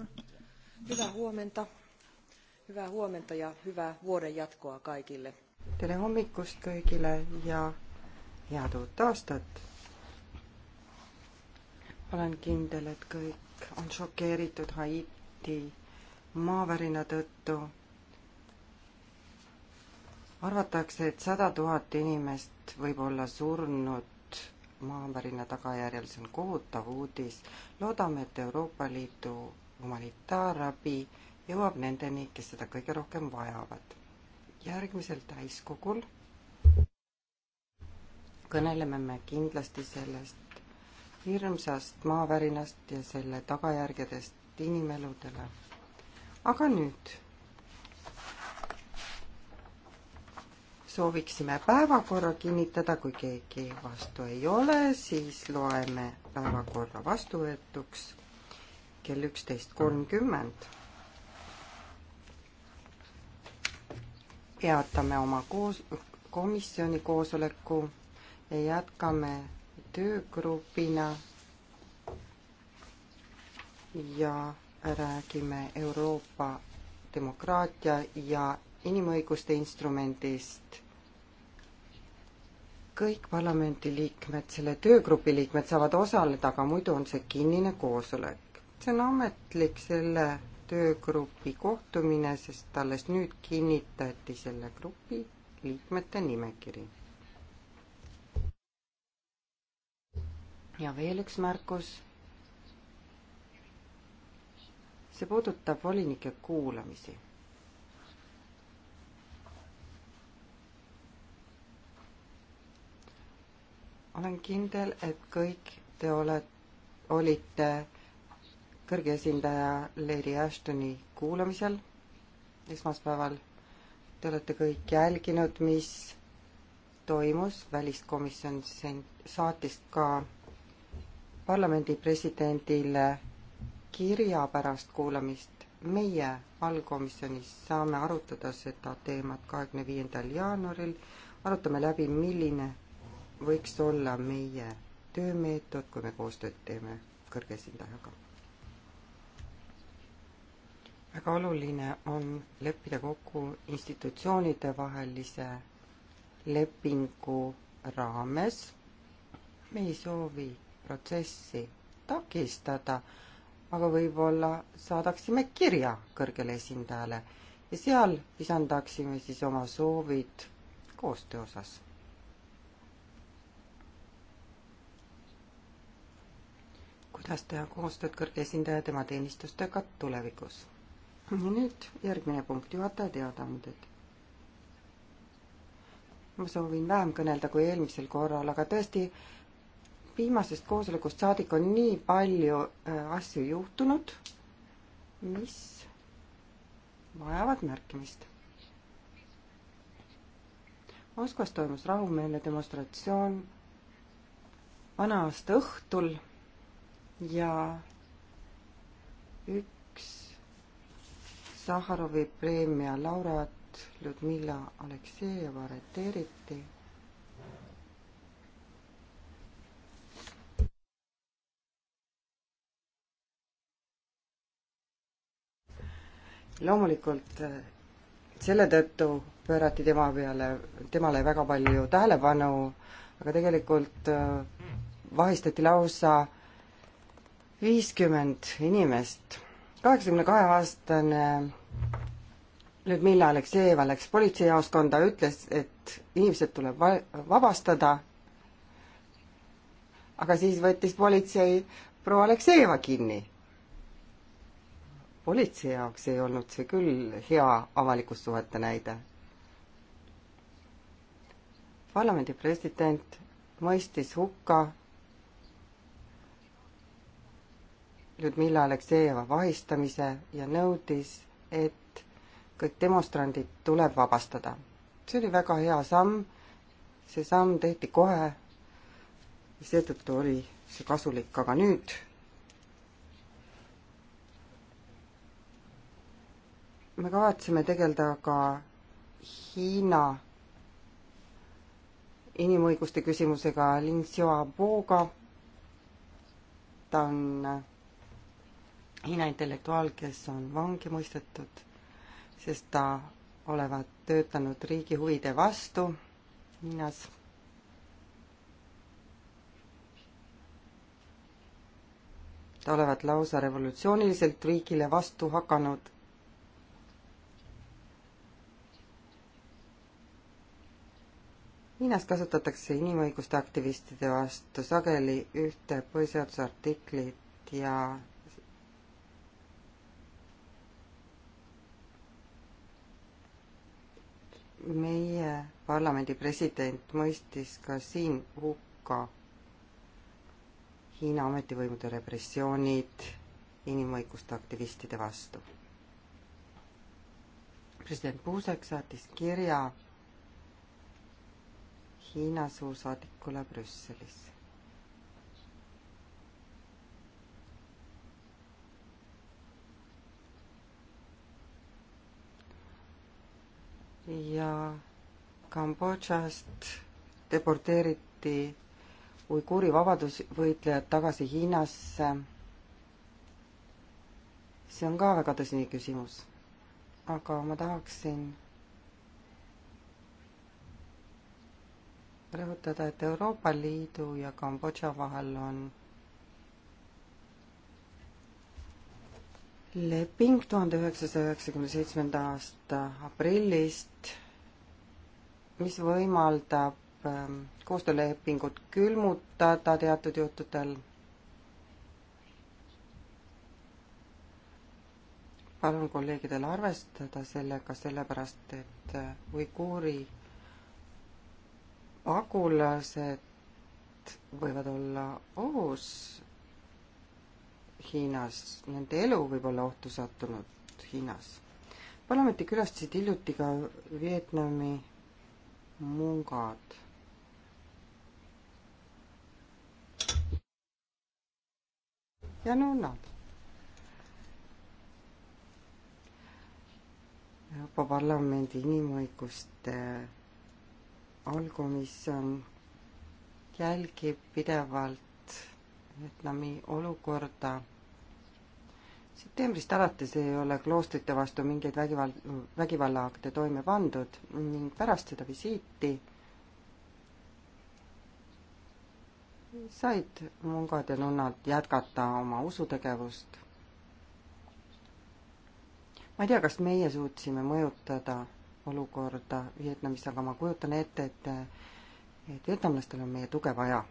on. Hyvää huomenta. Hyvää huomenta ja hyvää vuoden jatkoa kaikille. Tere hommikust kõigile ja head uut aastat. Olen kindel, et kõik on šokeeritud Haiti maavärina tõttu. arvatakse, et sada tuhat inimest võib olla surnud maavärina tagajärjel, see on kohutav uudis. loodame, et Euroopa Liidu humanitaarabi jõuab nendeni, kes seda kõige rohkem vajavad. järgmisel täiskogul kõneleme me kindlasti sellest hirmsast maavärinast ja selle tagajärgedest inimeludele. aga nüüd sooviksime päevakorra kinnitada, kui keegi vastu ei ole, siis loeme päevakorra vastuvõetuks kell üksteist kolmkümmend. peatame oma koos, komisjoni koosoleku ja jätkame töögrupina ja räägime Euroopa demokraatia ja inimõiguste instrumendist. kõik parlamendi liikmed, selle töögrupi liikmed saavad osaleda, aga muidu on see kinnine koosolek see on ametlik selle töögrupi kohtumine, sest alles nüüd kinnitati selle grupi liikmete nimekiri. ja veel üks märkus. see puudutab volinike kuulamisi. olen kindel, et kõik te olete, olite kõrge esindaja Lady Ashtoni kuulamisel esmaspäeval. Te olete kõik jälginud, mis toimus, väliskomisjon saatis ka parlamendi presidendile kirja pärast kuulamist. meie allkomisjonis saame arutada seda teemat kahekümne viiendal jaanuaril, arutame läbi, milline võiks olla meie töömeetod, kui me koostööd teeme kõrge esindajaga väga oluline on leppida kokku institutsioonide vahelise lepingu raames. me ei soovi protsessi takistada, aga võib-olla saadaksime kirja kõrgele esindajale ja seal lisandaksime siis oma soovid koostöö osas kuidas teha koostööd kõrge esindaja tema teenistustega tulevikus ja nüüd järgmine punkt, juhataja teadaanded. ma soovin vähem kõnelda kui eelmisel korral, aga tõesti, viimasest koosolekust saadik on nii palju äh, asju juhtunud, mis vajavad märkimist. Moskvas toimus rahumeelne demonstratsioon vana-aasta õhtul ja üks Saharovi preemia laureaat Ludmilla Aleksejeva arreteeriti. loomulikult eh, selle tõttu pöörati tema peale, temale väga palju tähelepanu, aga tegelikult eh, vahistati lausa viiskümmend inimest kaheksakümne kahe aastane Ludmilla Aleksejeva läks politseijaoskonda, ütles, et inimesed tuleb va-, vabastada, aga siis võttis politsei proua Aleksejeva kinni. politsei jaoks ei olnud see küll hea avalikussuhete näide. parlamendi president mõistis hukka Ljudmila Aleksejeva vahistamise ja nõudis, et kõik demonstrandid tuleb vabastada. see oli väga hea samm, see samm tehti kohe, seetõttu oli see kasulik, aga nüüd me kavatseme tegeleda ka Hiina inimõiguste küsimusega Ling Xiaoboga. ta on Hiina intellektuaal, kes on vangi mõistetud, sest ta olevat töötanud riigi huvide vastu Hiinas. ta olevat lausa revolutsiooniliselt riigile vastu hakanud Hiinas kasutatakse inimõiguste aktivistide vastu sageli ühte põhiseaduse artiklit ja meie parlamendi president mõistis ka siin hukka Hiina ametivõimude repressioonid inimõiguste aktivistide vastu. president Puusek saatis kirja Hiina suursaadikule Brüsselis ja Kambodžast deporteeriti uiguuri vabadusvõitlejad tagasi Hiinasse. see on ka väga tõsine küsimus. aga ma tahaksin rõhutada, et Euroopa Liidu ja Kambodža vahel on leping tuhande üheksasaja üheksakümne seitsmenda aasta aprillist, mis võimaldab ähm, koostöölepingut külmutada teatud juhtudel. palun kolleegidel arvestada sellega, sellepärast et äh, uiguuri pagulased võivad olla ohus Hiinas, nende elu võib olla ohtu sattunud Hiinas. parlamenti külastasid hiljuti ka Vietnami mungad. ja nunnad. Euroopa Parlamendi inimõiguste allkomisjon jälgib pidevalt Vietnami olukorda. septembrist alates ei ole kloostrite vastu mingeid vägivald, vägivallaakte toime pandud ning pärast seda visiiti said mungad ja nunnad jätkata oma usutegevust. ma ei tea, kas meie suutsime mõjutada olukorda Vietnamis, aga ma kujutan ette, et et vietnamlastel on meie tuge vaja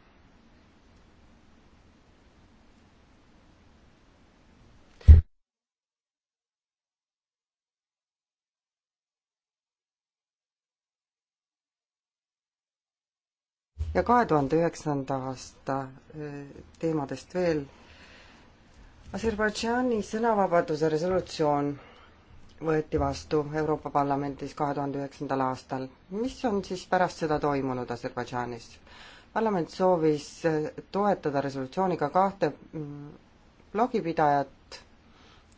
ja kahe tuhande üheksanda aasta teemadest veel. Aserbaidžaani sõnavabaduse resolutsioon võeti vastu Euroopa Parlamendis kahe tuhande üheksandal aastal. mis on siis pärast seda toimunud Aserbaidžaanis? parlament soovis toetada resolutsiooniga kahte blogipidajat,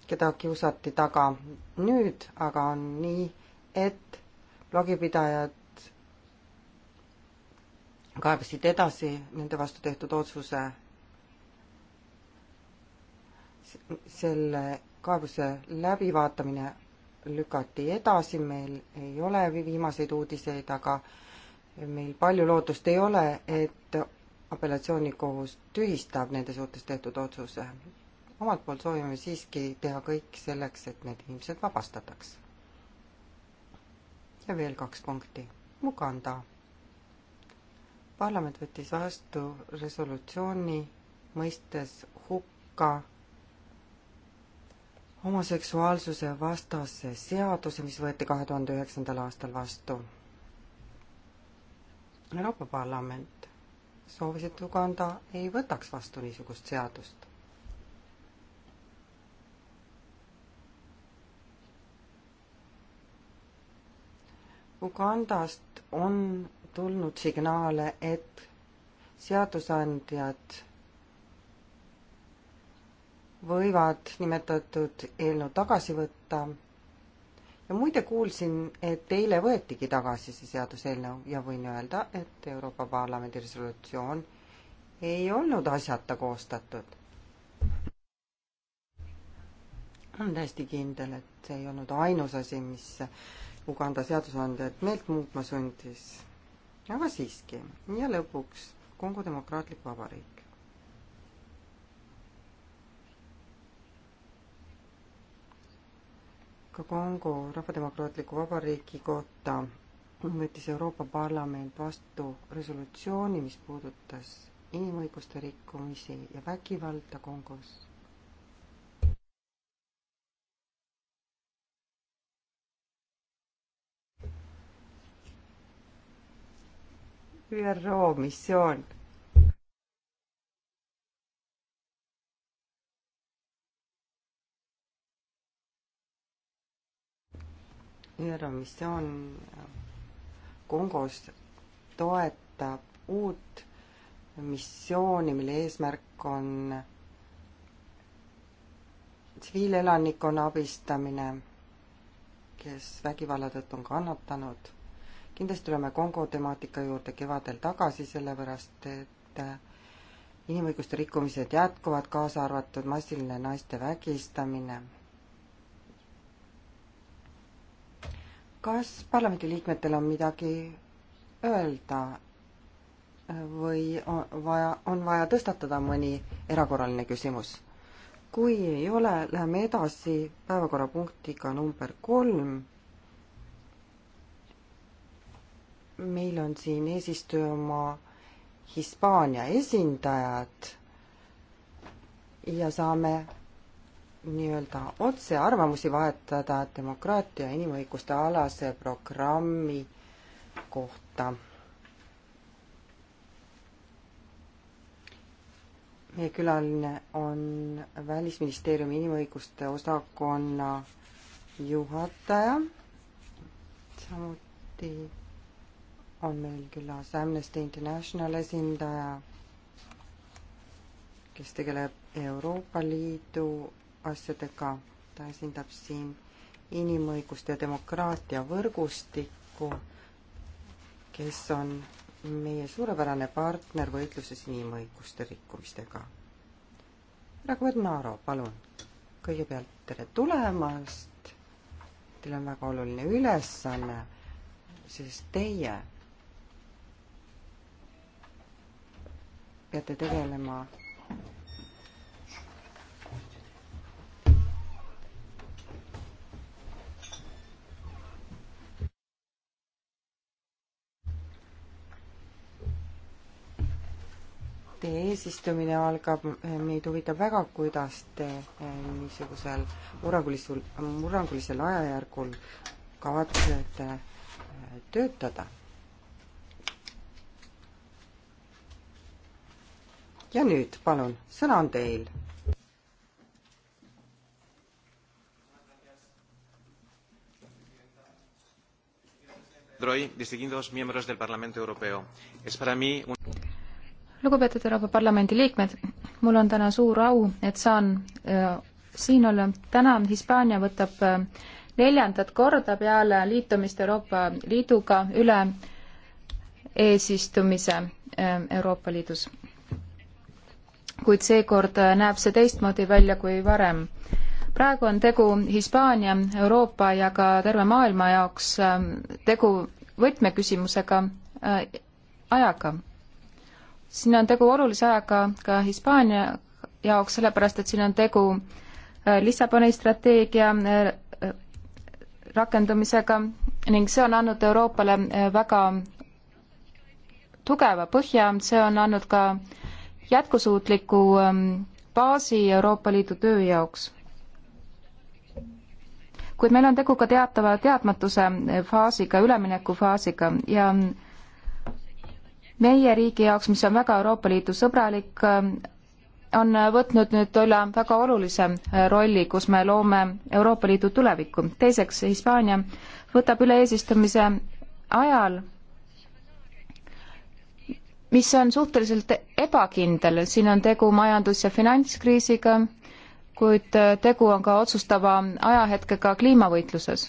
keda kiusati taga. nüüd aga on nii, et blogipidajad kaebasid edasi nende vastu tehtud otsuse. selle kaebuse läbivaatamine lükati edasi, meil ei ole viimaseid uudiseid, aga meil palju lootust ei ole, et apellatsioonikohus tühistab nende suhtes tehtud otsuse. omalt poolt soovime siiski teha kõik selleks, et need inimesed vabastataks. ja veel kaks punkti. Muganda parlament võttis vastu resolutsiooni mõistes hukka homoseksuaalsuse vastase seaduse, mis võeti kahe tuhande üheksandal aastal vastu. Euroopa Parlament soovis, et Uganda ei võtaks vastu niisugust seadust. Ugandast on tulnud signaale, et seadusandjad võivad nimetatud eelnõu tagasi võtta. ja muide kuulsin, et eile võetigi tagasi see seaduseelnõu ja võin öelda, et Euroopa Parlamendi resolutsioon ei olnud asjata koostatud. olen täiesti kindel, et see ei olnud ainus asi, mis Uganda seadusandjat meelt muutma sundis aga siiski. ja lõpuks Kongo Demokraatlik Vabariik. ka Kongo Rahvademokraatliku Vabariigi kohta võttis Euroopa Parlament vastu resolutsiooni, mis puudutas inimõiguste rikkumisi ja vägivalda Kongos ÜRO missioon. ÜRO missioon Kongos toetab uut missiooni, mille eesmärk on tsiviilelanikkonna abistamine, kes vägivalla tõttu on kannatanud kindlasti tuleme Kongo temaatika juurde kevadel tagasi, sellepärast et äh, inimõiguste rikkumised jätkuvad, kaasa arvatud massiline naiste vägistamine. kas parlamendiliikmetel on midagi öelda või on vaja, on vaja tõstatada mõni erakorraline küsimus? kui ei ole, läheme edasi päevakorrapunktiga number kolm meil on siin eesistuja oma Hispaania esindajad ja saame nii-öelda otse arvamusi vahetada demokraatia ja inimõiguste alase programmi kohta. meie külaline on Välisministeeriumi inimõiguste osakonna juhataja, samuti on meil külas Amnesty International esindaja, kes tegeleb Euroopa Liidu asjadega. ta esindab siin inimõiguste ja demokraatia võrgustikku, kes on meie suurepärane partner võitluses inimõiguste rikkumistega. härra Guernaro, palun, kõigepealt tere tulemast. Teil on väga oluline ülesanne, sest teie peate tegelema teie eesistumine algab, eh, meid huvitab väga, kuidas te eh, niisugusel murrangulisel, murrangulisel ajajärgul kavatsete eh, töötada ja nüüd palun, sõna on teil. lugupeetud Euroopa Parlamendi liikmed, mul on täna suur au, et saan äh, siin olla. täna Hispaania võtab äh, neljandat korda peale liitumist Euroopa Liiduga üle eesistumise äh, Euroopa Liidus kuid seekord äh, näeb see teistmoodi välja kui varem. praegu on tegu Hispaania, Euroopa ja ka terve maailma jaoks ähm, tegu võtmeküsimusega äh, ajaga. siin on tegu olulise ajaga ka Hispaania jaoks, sellepärast et siin on tegu äh, Lissaboni strateegia äh, äh rakendamisega ning see on andnud Euroopale äh, väga tugeva põhja, see on andnud ka äh, jätkusuutliku ähm, baasi Euroopa Liidu töö jaoks. kuid meil on tegu ka teatava teadmatuse äh, faasiga, üleminekufaasiga ja ähm, meie riigi jaoks, mis on väga Euroopa Liidu sõbralik, ähm, on äh, võtnud nüüd üle väga olulise äh, rolli, kus me loome Euroopa Liidu tulevikku. teiseks, Hispaania võtab üle eesistumise ajal mis on suhteliselt ebakindel, siin on tegu majandus- ja finantskriisiga, kuid äh, tegu on ka otsustava ajahetkega kliimavõitluses.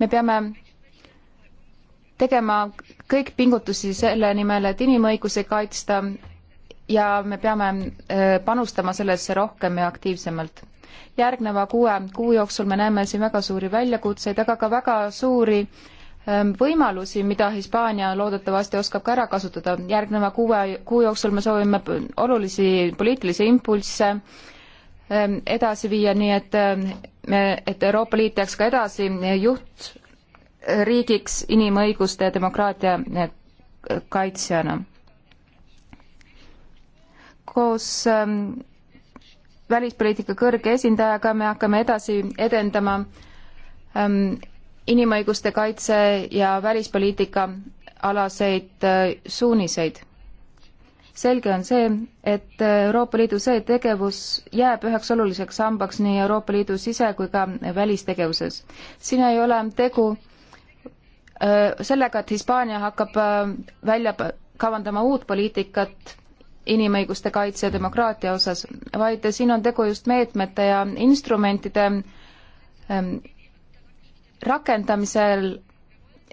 me peame tegema kõik pingutusi selle nimel, et inimõigusi kaitsta ja me peame äh, panustama sellesse rohkem ja aktiivsemalt. järgneva kuue kuu jooksul me näeme siin väga suuri väljakutseid, aga ka väga suuri äh, Ehm, võimalusi, mida Hispaania loodetavasti oskab ka ära kasutada. järgneva kuue kuu jooksul me soovime olulisi poliitilisi impulsse ehm, edasi viia, nii et, ehm, et Euroopa Liit jääks ka edasi juhtriigiks inimõiguste ja demokraatia eh, kaitsjana. koos välispoliitika kõrge esindajaga me hakkame edasi edendama inimõiguste kaitse ja välispoliitika alaseid äh, suuniseid. selge on see, et äh, Euroopa Liidu see tegevus jääb üheks oluliseks sambaks nii Euroopa Liidu sise- kui ka välistegevuses. siin ei ole tegu äh, sellega, et Hispaania hakkab välja kavandama uut poliitikat inimõiguste kaitse ja demokraatia osas, vaid siin on tegu just meetmete ja instrumentide ähm, rakendamisel,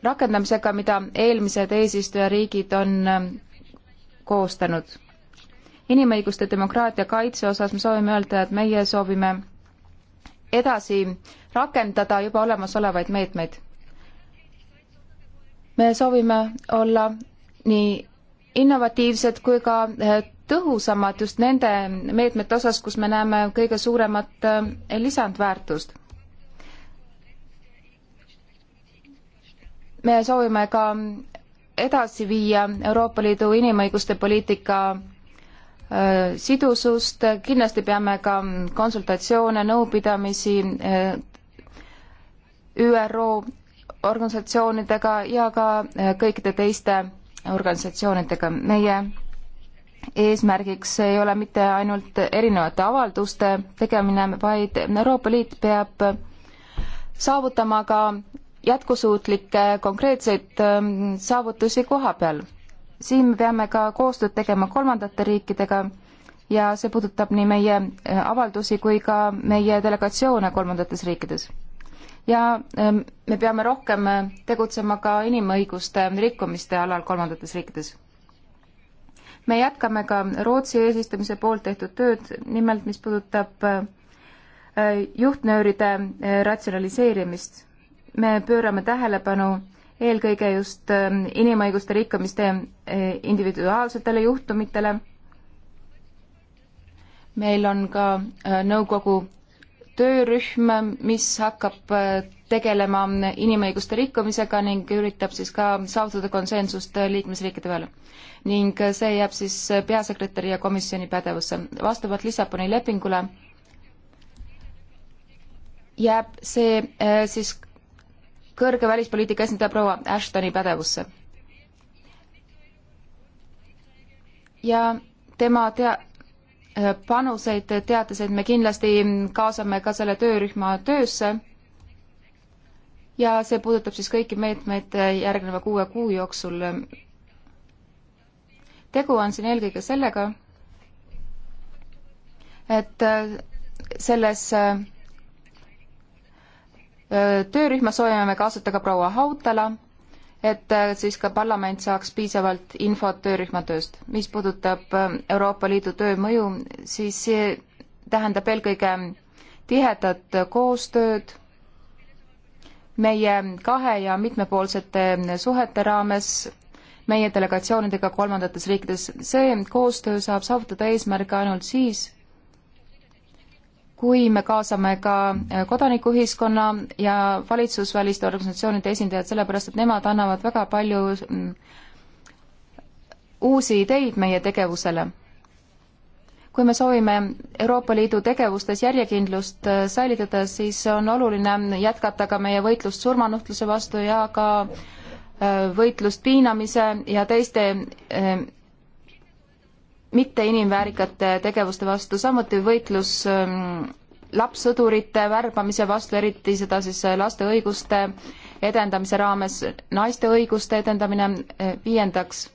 rakendamisega, mida eelmised eesistujariigid on ähm, koostanud. inimõiguste demokraatia kaitse osas me soovime öelda, et meie soovime edasi rakendada juba olemasolevaid meetmeid. me soovime olla nii innovatiivsed kui ka äh, tõhusamad just nende meetmete osas, kus me näeme kõige suuremat äh, lisandväärtust me soovime ka edasi viia Euroopa Liidu inimõiguste poliitika äh, sidusust, kindlasti peame ka konsultatsioone, nõupidamisi äh, ÜRO organisatsioonidega ja ka äh, kõikide teiste organisatsioonidega. meie eesmärgiks ei ole mitte ainult erinevate avalduste tegemine, vaid Euroopa Liit peab saavutama ka jätkusuutlikke konkreetseid ähm, saavutusi koha peal. siin me peame ka koostööd tegema kolmandate riikidega ja see puudutab nii meie äh, avaldusi kui ka meie delegatsioone kolmandates riikides. ja ähm, me peame rohkem äh, tegutsema ka inimõiguste rikkumiste alal kolmandates riikides. me jätkame ka Rootsi eesistumise poolt tehtud tööd, nimelt mis puudutab äh, juhtnööride ratsionaliseerimist me pöörame tähelepanu eelkõige just ähm, inimõiguste rikkumiste äh, individuaalsetele juhtumitele. meil on ka äh, nõukogu töörühm, mis hakkab äh, tegelema inimõiguste rikkumisega ning üritab siis ka saavutada konsensust liikmesriikide peale. ning see jääb siis peasekretäri ja komisjoni pädevusse. vastavalt Lissaboni lepingule jääb see siis kõrge välispoliitika esindaja proua Ashtoni pädevusse. ja tema tea-, panuseid, teatiseid me kindlasti kaasame ka selle töörühma töösse ja see puudutab siis kõiki meetmeid järgneva kuue kuu jooksul. tegu on siin eelkõige sellega, et selles töörühma soovime kaasata ka proua Hautala, et äh, siis ka parlament saaks piisavalt infot töörühma tööst. mis puudutab äh, Euroopa Liidu töö mõju, siis see tähendab eelkõige tihedat koostööd meie kahe- ja mitmepoolsete suhete raames meie delegatsioonidega kolmandates riikides. see koostöö saab saavutada eesmärke ainult siis, kui me kaasame ka äh, kodanikuühiskonna ja valitsusväliste organisatsioonide esindajad, sellepärast et nemad annavad väga palju mm, uusi ideid meie tegevusele. kui me soovime Euroopa Liidu tegevustes järjekindlust äh, säilitada, siis on oluline jätkata ka meie võitlust surmanuhtluse vastu ja ka äh, võitlust piinamise ja teiste mitte inimväärikate tegevuste vastu, samuti võitlus ähm, lapssõdurite värbamise vastu, eriti seda siis äh, laste õiguste edendamise raames, naiste õiguste edendamine, äh, viiendaks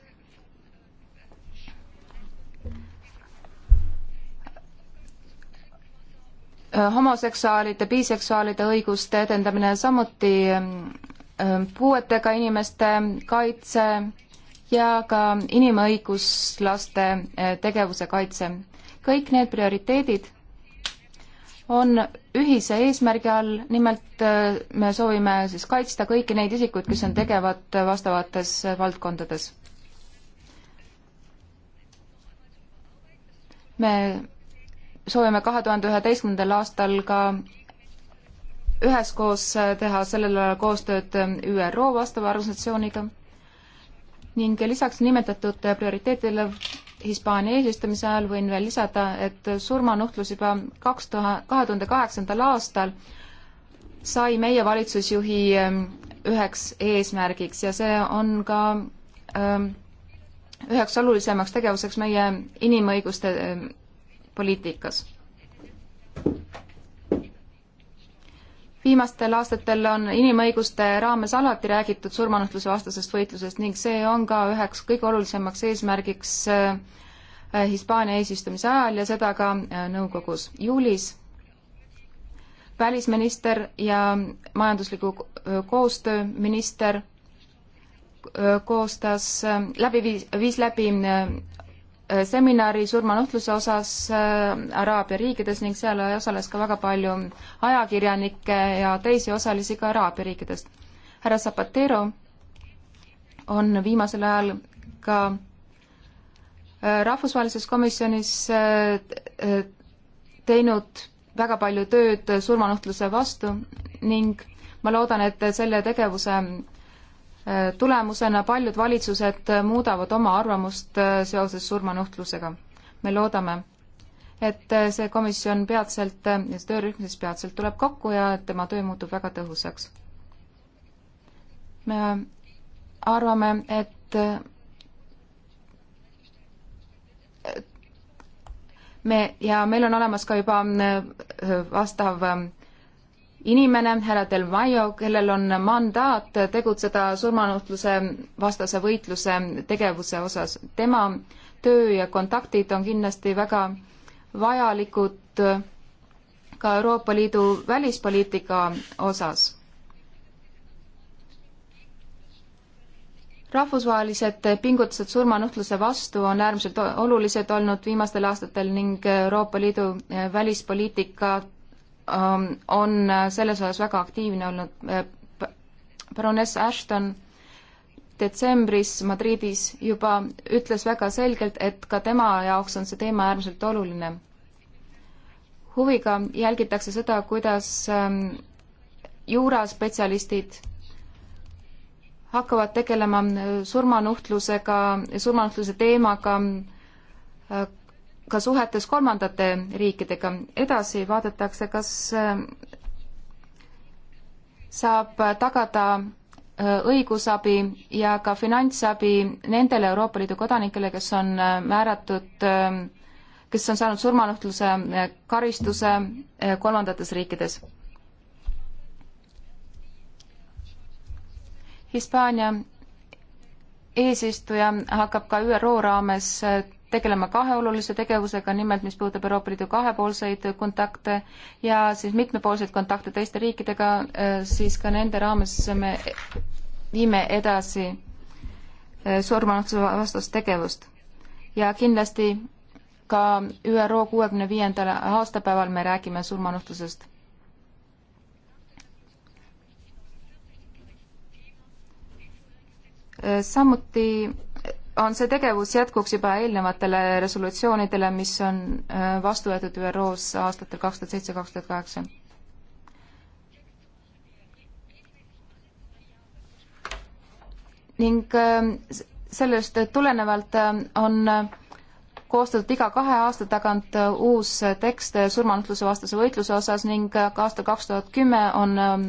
äh, homoseksuaalide, biseksuaalide õiguste edendamine, samuti ähm, puuetega inimeste kaitse, ja ka inimõiguslaste eh, tegevuse kaitse. kõik need prioriteedid on ühise eesmärgi all, nimelt eh, me soovime siis kaitsta kõiki neid isikuid, kes on tegevad vastavates valdkondades. me soovime kahe tuhande üheteistkümnendal aastal ka üheskoos teha sellel alal koostööd ÜRO vastava organisatsiooniga ning lisaks nimetatud prioriteetidele Hispaania eesistumise ajal võin veel lisada, et surmanuhtlus juba kaks tuhat, kahe tuhande kaheksandal aastal sai meie valitsusjuhi ähm, üheks eesmärgiks ja see on ka ähm, üheks olulisemaks tegevuseks meie inimõiguste ähm, poliitikas viimastel aastatel on inimõiguste raames alati räägitud surmanuhtluse vastasest võitlusest ning see on ka üheks kõige olulisemaks eesmärgiks äh, Hispaania eesistumise ajal ja seda ka äh, nõukogus. juulis välisminister ja majandusliku äh, koostöö minister koostas läbi, viis läbi Äh, seminari surmanuhtluse osas äh, Araabia riikides ning seal osales ka väga palju ajakirjanikke ja teisi osalisi ka Araabia riikidest. härra Zapatero on viimasel ajal ka äh, rahvusvahelises komisjonis teinud väga palju tööd surmanuhtluse vastu ning ma loodan, et selle tegevuse tulemusena paljud valitsused muudavad oma arvamust äh, seoses surmanuhtlusega. me loodame, et äh, see komisjon peatselt, äh, see töörühm siis peatselt tuleb kokku ja et tema töö muutub väga tõhusaks. me arvame, et me ja meil on olemas ka juba vastav inimene, härra Del Maio, kellel on mandaat tegutseda surmanuhtluse vastase võitluse tegevuse osas. tema töö ja kontaktid on kindlasti väga vajalikud ka Euroopa Liidu välispoliitika osas. rahvusvahelised pingutused surmanuhtluse vastu on äärmiselt olulised olnud viimastel aastatel ning Euroopa Liidu välispoliitikat Ähm, on äh, selles osas väga aktiivne olnud. Äh, baroness Ashton detsembris Madridis juba ütles väga selgelt, et ka tema jaoks on see teema äärmiselt oluline. huviga jälgitakse seda, kuidas ähm, juuraspetsialistid hakkavad tegelema surmanuhtlusega, surmanuhtluse teemaga äh, ka suhetes kolmandate riikidega. edasi vaadatakse, kas äh, saab tagada äh, õigusabi ja ka finantsabi nendele Euroopa Liidu kodanikele, kes on äh, määratud, kes on saanud surmanuhtluse karistuse kolmandates riikides. Hispaania eesistuja hakkab ka ÜRO raames tegelema kahe olulise tegevusega, nimelt mis puudutab Euroopa Liidu kahepoolseid kontakte ja siis mitmepoolseid kontakte teiste riikidega, äh, siis ka nende raames me viime edasi äh, surmanutuse tegevust. ja kindlasti ka ÜRO kuuekümne viiendal aastapäeval me räägime surmanuhtlusest. Äh, samuti on see tegevus jätkuks juba eelnevatele resolutsioonidele, mis on äh, vastu võetud ÜRO-s aastatel kaks tuhat seitse, kaks tuhat kaheksa. ning ähm, sellest tulenevalt ähm, on äh, koostatud iga kahe aasta tagant äh, uus tekst surmanutluse vastase võitluse osas ning ka aastal kaks tuhat kümme on ähm,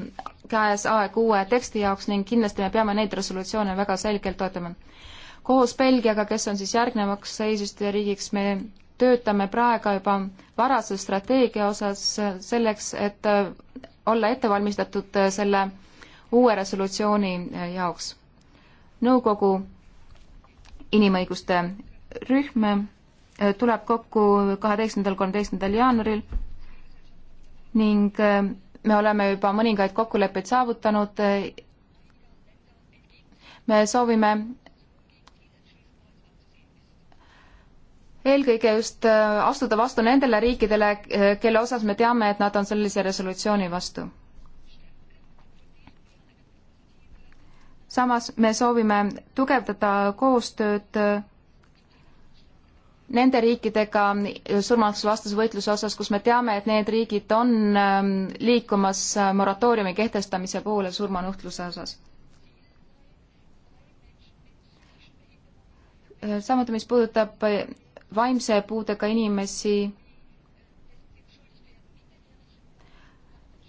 käes aeg uue teksti jaoks ning kindlasti me peame neid resolutsioone väga selgelt toetama koos Belgiaga, kes on siis järgnevaks eesistujariigiks, me töötame praegu juba varase strateegia osas selleks, et äh, olla ette valmistatud äh, selle uue resolutsiooni äh, jaoks. nõukogu inimõiguste rühm tuleb kokku kaheteistkümnendal, kolmeteistkümnendal jaanuaril ning me oleme juba mõningaid kokkuleppeid saavutanud. me soovime eelkõige just äh, astuda vastu nendele riikidele, äh, kelle osas me teame, et nad on sellise resolutsiooni vastu. samas me soovime tugevdada koostööd äh, nende riikidega surmasvastase võitluse osas, kus me teame, et need riigid on ähm, liikumas moratooriumi kehtestamise poole surmanuhtluse osas. samuti, mis puudutab vaimse puudega inimesi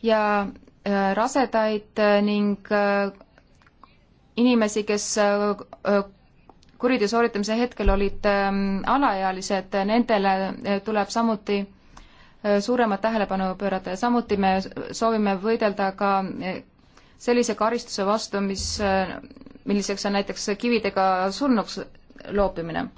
ja äh, rasedaid äh, ning äh, inimesi, kes kuriteo sooritamise hetkel olid ähm, alaealised, nendele tuleb samuti suuremat tähelepanu pöörata ja samuti me soovime võidelda ka sellise karistuse vastu, mis, milliseks on näiteks kividega surnuks loopimine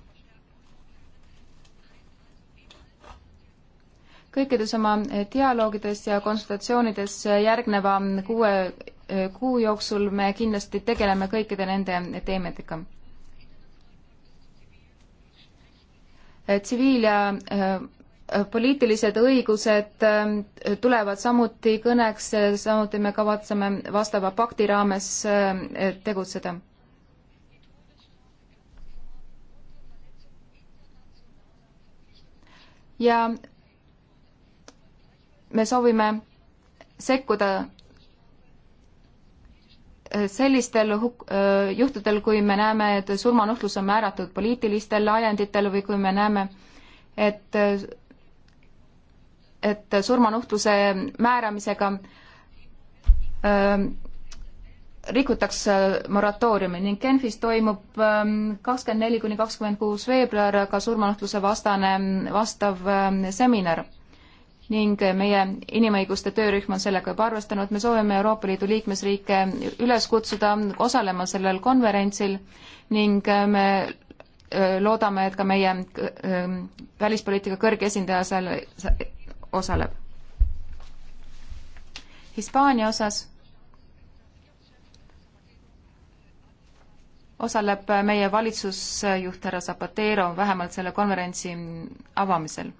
kõikides oma eh, dialoogides ja konsultatsioonides eh, järgneva mm, kuue eh, kuu jooksul me kindlasti tegeleme kõikide nende teemadega. tsiviil- ja poliitilised õigused tulevad samuti kõneks, samuti me kavatseme vastava pakti raames tegutseda ja me soovime sekkuda äh, sellistel huk-, äh, juhtudel, kui me näeme, et surmanuhtlus on määratud poliitilistel ajenditel või kui me näeme, et, et surmanuhtluse määramisega äh, rikutakse moratooriumi ning Genfis toimub ähm, kakskümmend neli kuni kakskümmend kuus veebruar ka surmanuhtluse vastane vastav äh, seminar ning meie inimõiguste töörühm on sellega juba arvestanud, me soovime Euroopa Liidu liikmesriike üles kutsuda osalema sellel konverentsil ning äh, me äh, loodame, et ka meie äh, välispoliitika kõrge esindaja seal osaleb. Hispaania osas osaleb meie valitsusjuht härra Zapatero vähemalt selle konverentsi avamisel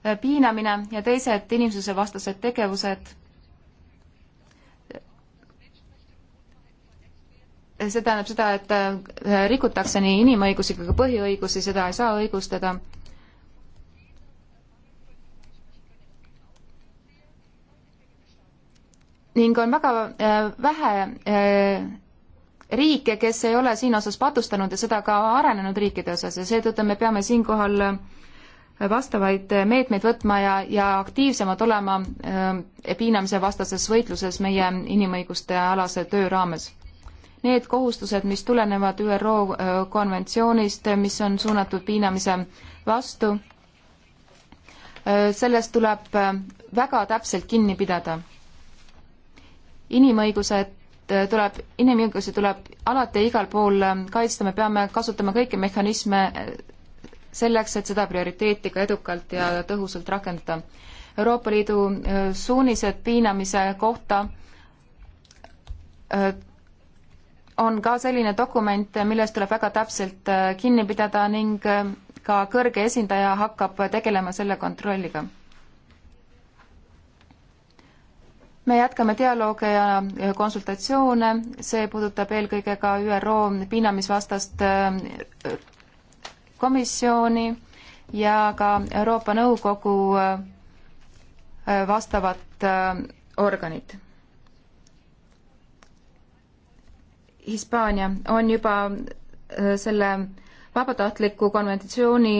Äh, piinamine ja teised inimsusevastased tegevused. see tähendab seda, et äh, rikutakse nii inimõigusi kui ka põhiõigusi, seda ei saa õigustada ning on väga äh, vähe riike, kes ei ole siin osas patustanud ja seda ka arenenud riikide osas ja seetõttu me peame siinkohal vastavaid meetmeid võtma ja, ja aktiivsemad olema äh, piinamise vastases võitluses meie inimõiguste alase töö raames. Need kohustused, mis tulenevad ÜRO äh, konventsioonist, mis on suunatud piinamise vastu, äh, sellest tuleb väga täpselt kinni pidada. inimõigused tuleb, inimõigusi tuleb alati ja igal pool kaitsta, me peame kasutama kõiki mehhanisme selleks, et seda prioriteeti ka edukalt ja tõhusalt rakendada. Euroopa Liidu äh, suunised piinamise kohta äh, on ka selline dokument, millest tuleb väga täpselt äh, kinni pidada ning ka kõrge esindaja hakkab tegelema selle kontrolliga. me jätkame dialoog ja konsultatsioone, see puudutab eelkõige ka ÜRO piinamisvastast komisjoni ja ka Euroopa Nõukogu äh, vastavat äh, organit. Hispaania on juba äh, selle vabatahtliku konventsiooni,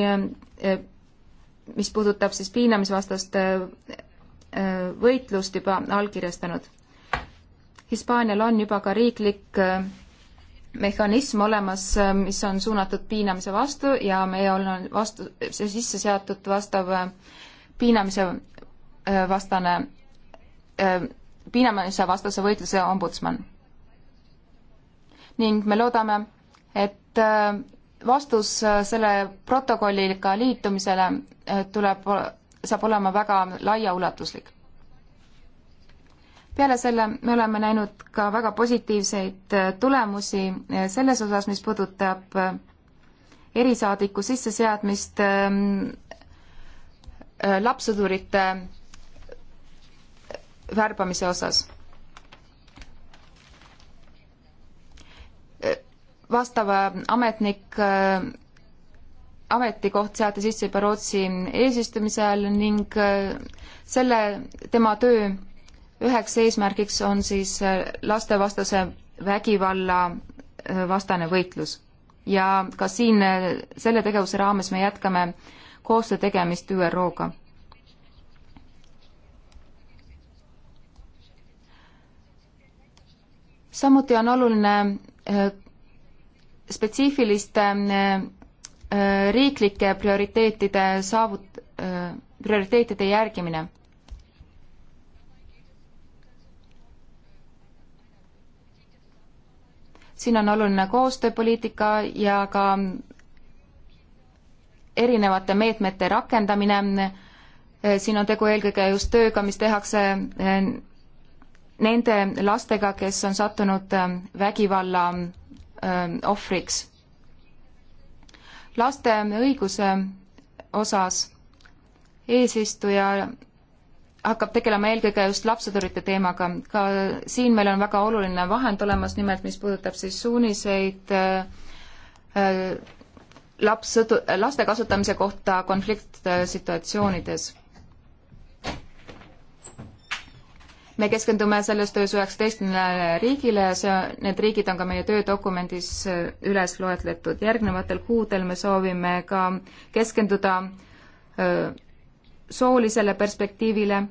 mis puudutab siis piinamisvastast võitlust juba allkirjastanud. Hispaanial on juba ka riiklik mehhanism olemas, mis on suunatud piinamise vastu ja meil on vastu, see sisse seatud vastav äh, piinamise äh, vastane, äh, piinamise vastase võitluse ombudsman. ning me loodame, et vastus selle protokolliga liitumisele tuleb, saab olema väga laiaulatuslik peale selle me oleme näinud ka väga positiivseid äh, tulemusi äh, selles osas, mis puudutab äh, erisaadiku sisseseadmist ähm, lapsõdurite värbamise osas. vastav ametnik, ametikoht seati sisse juba Rootsi eesistumise ajal ning selle, tema töö üheks eesmärgiks on siis äh, lastevastase vägivalla äh, vastane võitlus. ja ka siin äh, selle tegevuse raames me jätkame koostöö tegemist ÜRO-ga. samuti on oluline spetsiifiliste riiklike prioriteetide saavut-, prioriteetide järgimine siin on oluline koostööpoliitika ja ka erinevate meetmete rakendamine, siin on tegu eelkõige just tööga, mis tehakse eh, nende lastega, kes on sattunud eh, vägivalla eh, ohvriks. laste õiguse osas eesistuja hakkab tegelema eelkõige just lapsõdurite teemaga. ka siin meil on väga oluline vahend olemas, nimelt mis puudutab siis suuniseid äh, äh, lapssõdu-, laste kasutamise kohta konfliktsituatsioonides. me keskendume selles töös üheksateistkümnele riigile ja see, need riigid on ka meie töödokumendis äh, üles loetletud. järgnevatel kuudel me soovime ka keskenduda soolisele perspektiivile,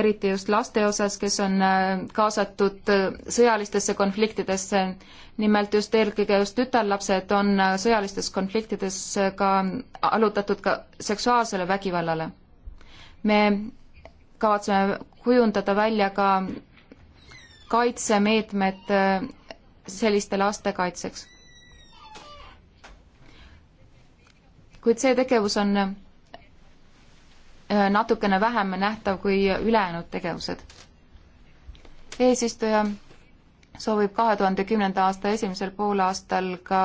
eriti just laste osas, kes on äh, kaasatud äh, sõjalistesse konfliktidesse. nimelt just eelkõige just tütarlapsed on äh, sõjalistes konfliktides ka allutatud ka seksuaalsele vägivallale. me kavatseme kujundada välja ka kaitsemeetmed selliste laste kaitseks. kuid see tegevus on Äh, natukene vähem nähtav kui ülejäänud tegevused. eesistuja soovib kahe tuhande kümnenda aasta esimesel poolaastal ka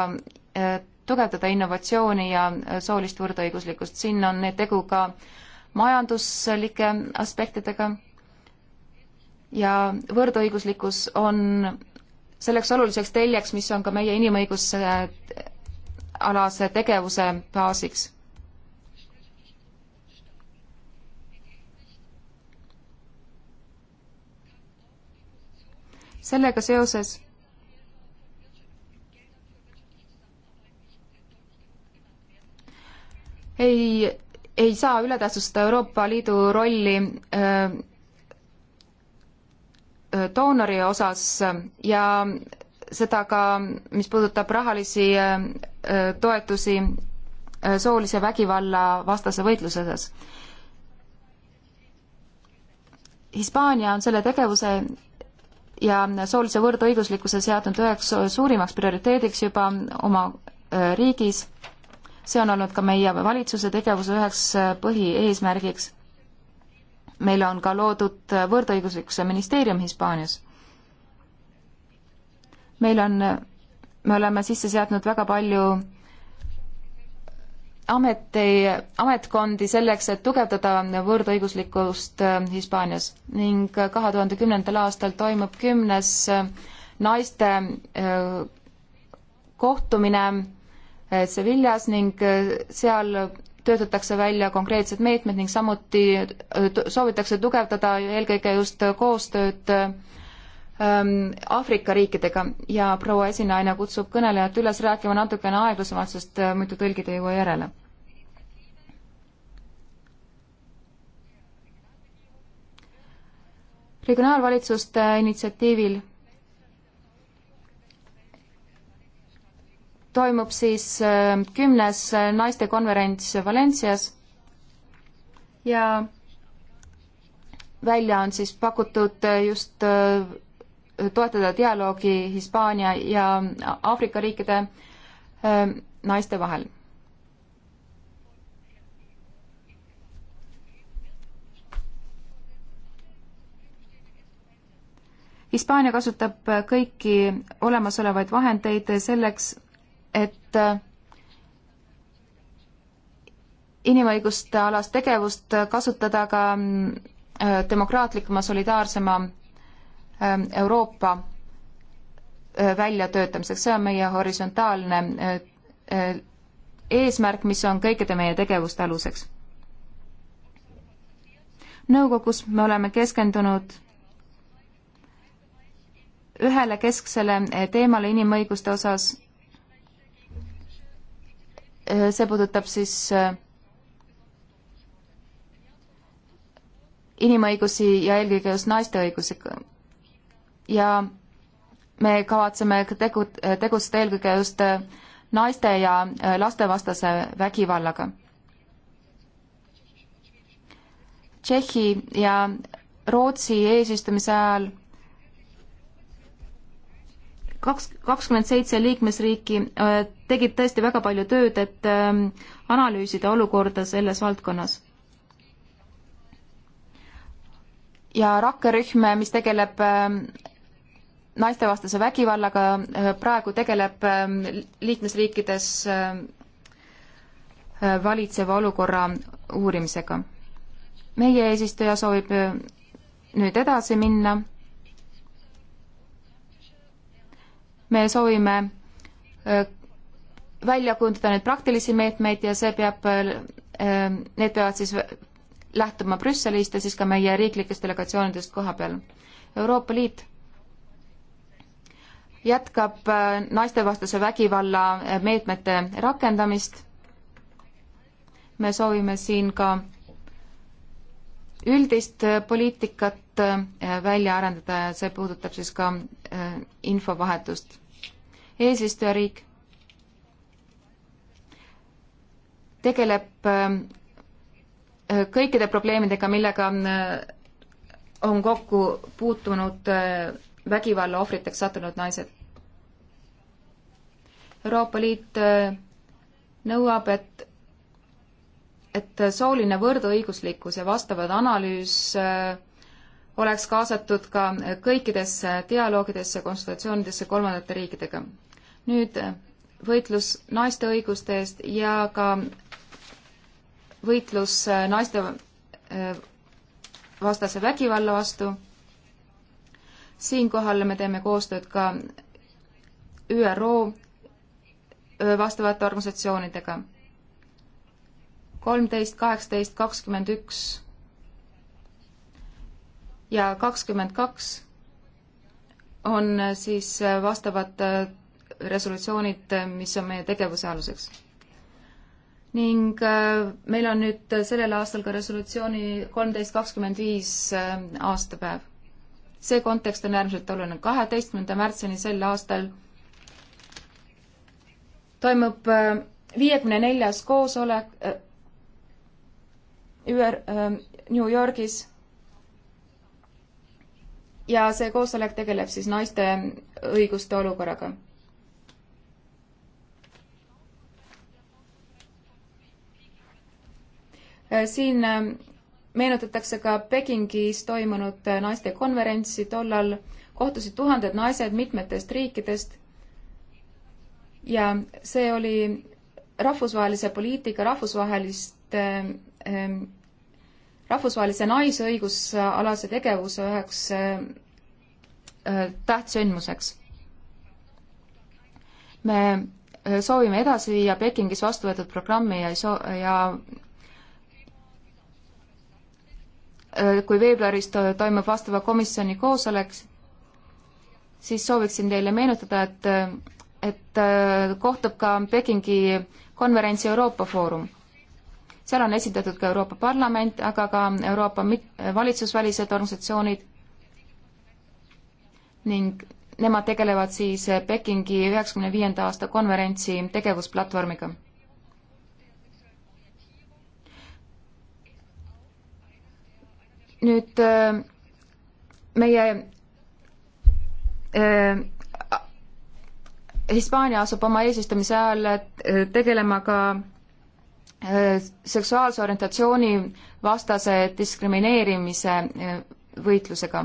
äh, tugevdada innovatsiooni ja äh, soolist võrdõiguslikkust. siin on tegu ka majanduslike aspektidega ja võrdõiguslikkus on selleks oluliseks teljeks, mis on ka meie inimõigusalase tegevuse baasiks sellega seoses ei, ei saa ületähtsustada Euroopa Liidu rolli äh, äh doonori osas ja seda ka, mis puudutab rahalisi äh, äh, toetusi soolise vägivalla vastase võitluse osas. Hispaania on selle tegevuse ja soolise võrdõiguslikkuse seadnud üheks suurimaks prioriteediks juba oma riigis. see on olnud ka meie valitsuse tegevuse üheks põhieesmärgiks. meil on ka loodud võrdõiguslikkuse ministeerium Hispaanias. meil on, me oleme sisse seadnud väga palju ameti, ametkondi selleks, et tugevdada võrdõiguslikkust äh, Hispaanias ning äh, kahe tuhande kümnendal aastal toimub kümnes äh, naiste kohtumine Sevillas ning seal töötatakse välja konkreetsed meetmed ning samuti soovitakse tugevdada eelkõige just koostööd Ähm, Aafrika riikidega ja proua esinaine kutsub kõnelejat üles rääkima natukene aeglasemalt, sest äh, muidu tõlgid ei jõua järele. regionaalvalitsuste initsiatiivil toimub siis äh, kümnes äh, naistekonverents Valencias ja välja on siis pakutud just toetada dialoogi Hispaania ja Aafrika riikide naiste vahel. Hispaania kasutab kõiki olemasolevaid vahendeid selleks, et inimõiguste alast tegevust kasutada ka demokraatlikuma, solidaarsema Ähm, Euroopa äh, väljatöötamiseks, see on meie horisontaalne äh, äh, eesmärk, mis on kõikide meie tegevuste aluseks. nõukogus me oleme keskendunud ühele kesksele teemale inimõiguste osas. see puudutab siis inimõigusi ja eelkõige just naiste õigusi ja me kavatseme tegu, tegutseda eelkõige just äh, naiste ja äh, lastevastase vägivallaga. Tšehhi ja Rootsi eesistumise ajal kaks, kakskümmend seitse liikmesriiki äh, tegid tõesti väga palju tööd, et analüüsida olukorda selles valdkonnas. ja rakkerühm, mis tegeleb naistevastase vägivallaga äh, praegu tegeleb ähm, liikmesriikides äh, äh, valitseva olukorra uurimisega. meie eesistuja soovib nüüd edasi minna. me soovime välja kujundada neid praktilisi meetmeid ja see peab, need peavad siis lähtuma Brüsselist ja siis ka meie riiklikest delegatsioonidest koha peal. Euroopa Liit jätkab äh, naistevastase vägivalla äh, meetmete rakendamist. me soovime siin ka üldist äh, poliitikat välja arendada ja see puudutab siis ka infovahetust. eesistujariik tegeleb kõikide probleemidega, millega on kokku puutunud vägivalla ohvriteks sattunud naised. Euroopa Liit äh, nõuab, et et sooline võrdõiguslikkus ja vastavad analüüs äh, oleks kaasatud ka kõikidesse dialoogidesse, konsultatsioonidesse kolmandate riikidega. nüüd äh, võitlus naiste õiguste eest ja ka võitlus naiste vastase vägivalla vastu. siinkohal me teeme koostööd ka ÜRO vastavate organisatsioonidega. kolmteist, kaheksateist, kakskümmend üks ja kakskümmend kaks on äh, siis äh, vastavad äh, resolutsioonid, mis on meie tegevuse aluseks. ning meil on nüüd sellel aastal ka resolutsiooni kolmteist kakskümmend viis aastapäev. see kontekst on äärmiselt oluline. kaheteistkümnenda märtsini sel aastal toimub äh, viiekümne neljas koosolek äh, ÜR äh, New Yorgis. ja see koosolek tegeleb siis naiste õiguste olukorraga. siin meenutatakse ka Pekingis toimunud naistekonverentsi, tollal kohtusid tuhanded naised mitmetest riikidest ja see oli rahvusvahelise poliitika, rahvusvaheliste ähm,, rahvusvahelise naisõigusalase tegevuse üheks äh, tähtsündmuseks. me äh, soovime edasi viia Pekingis vastu võetud programmi ja ei soo-, ja äh, kui veebruaris to toimub vastava komisjoni koosolek, siis sooviksin teile meenutada, et äh, et äh, kohtub ka Pekingi konverentsi Euroopa Foorum. seal on esindatud ka Euroopa Parlament, aga ka Euroopa valitsusvälised organisatsioonid ning nemad tegelevad siis Pekingi üheksakümne viienda aasta konverentsi tegevusplatvormiga. nüüd äh, meie äh, Hispaania asub oma eesistumise ajal äh, tegelema ka äh, seksuaalse orientatsiooni vastase diskrimineerimise äh, võitlusega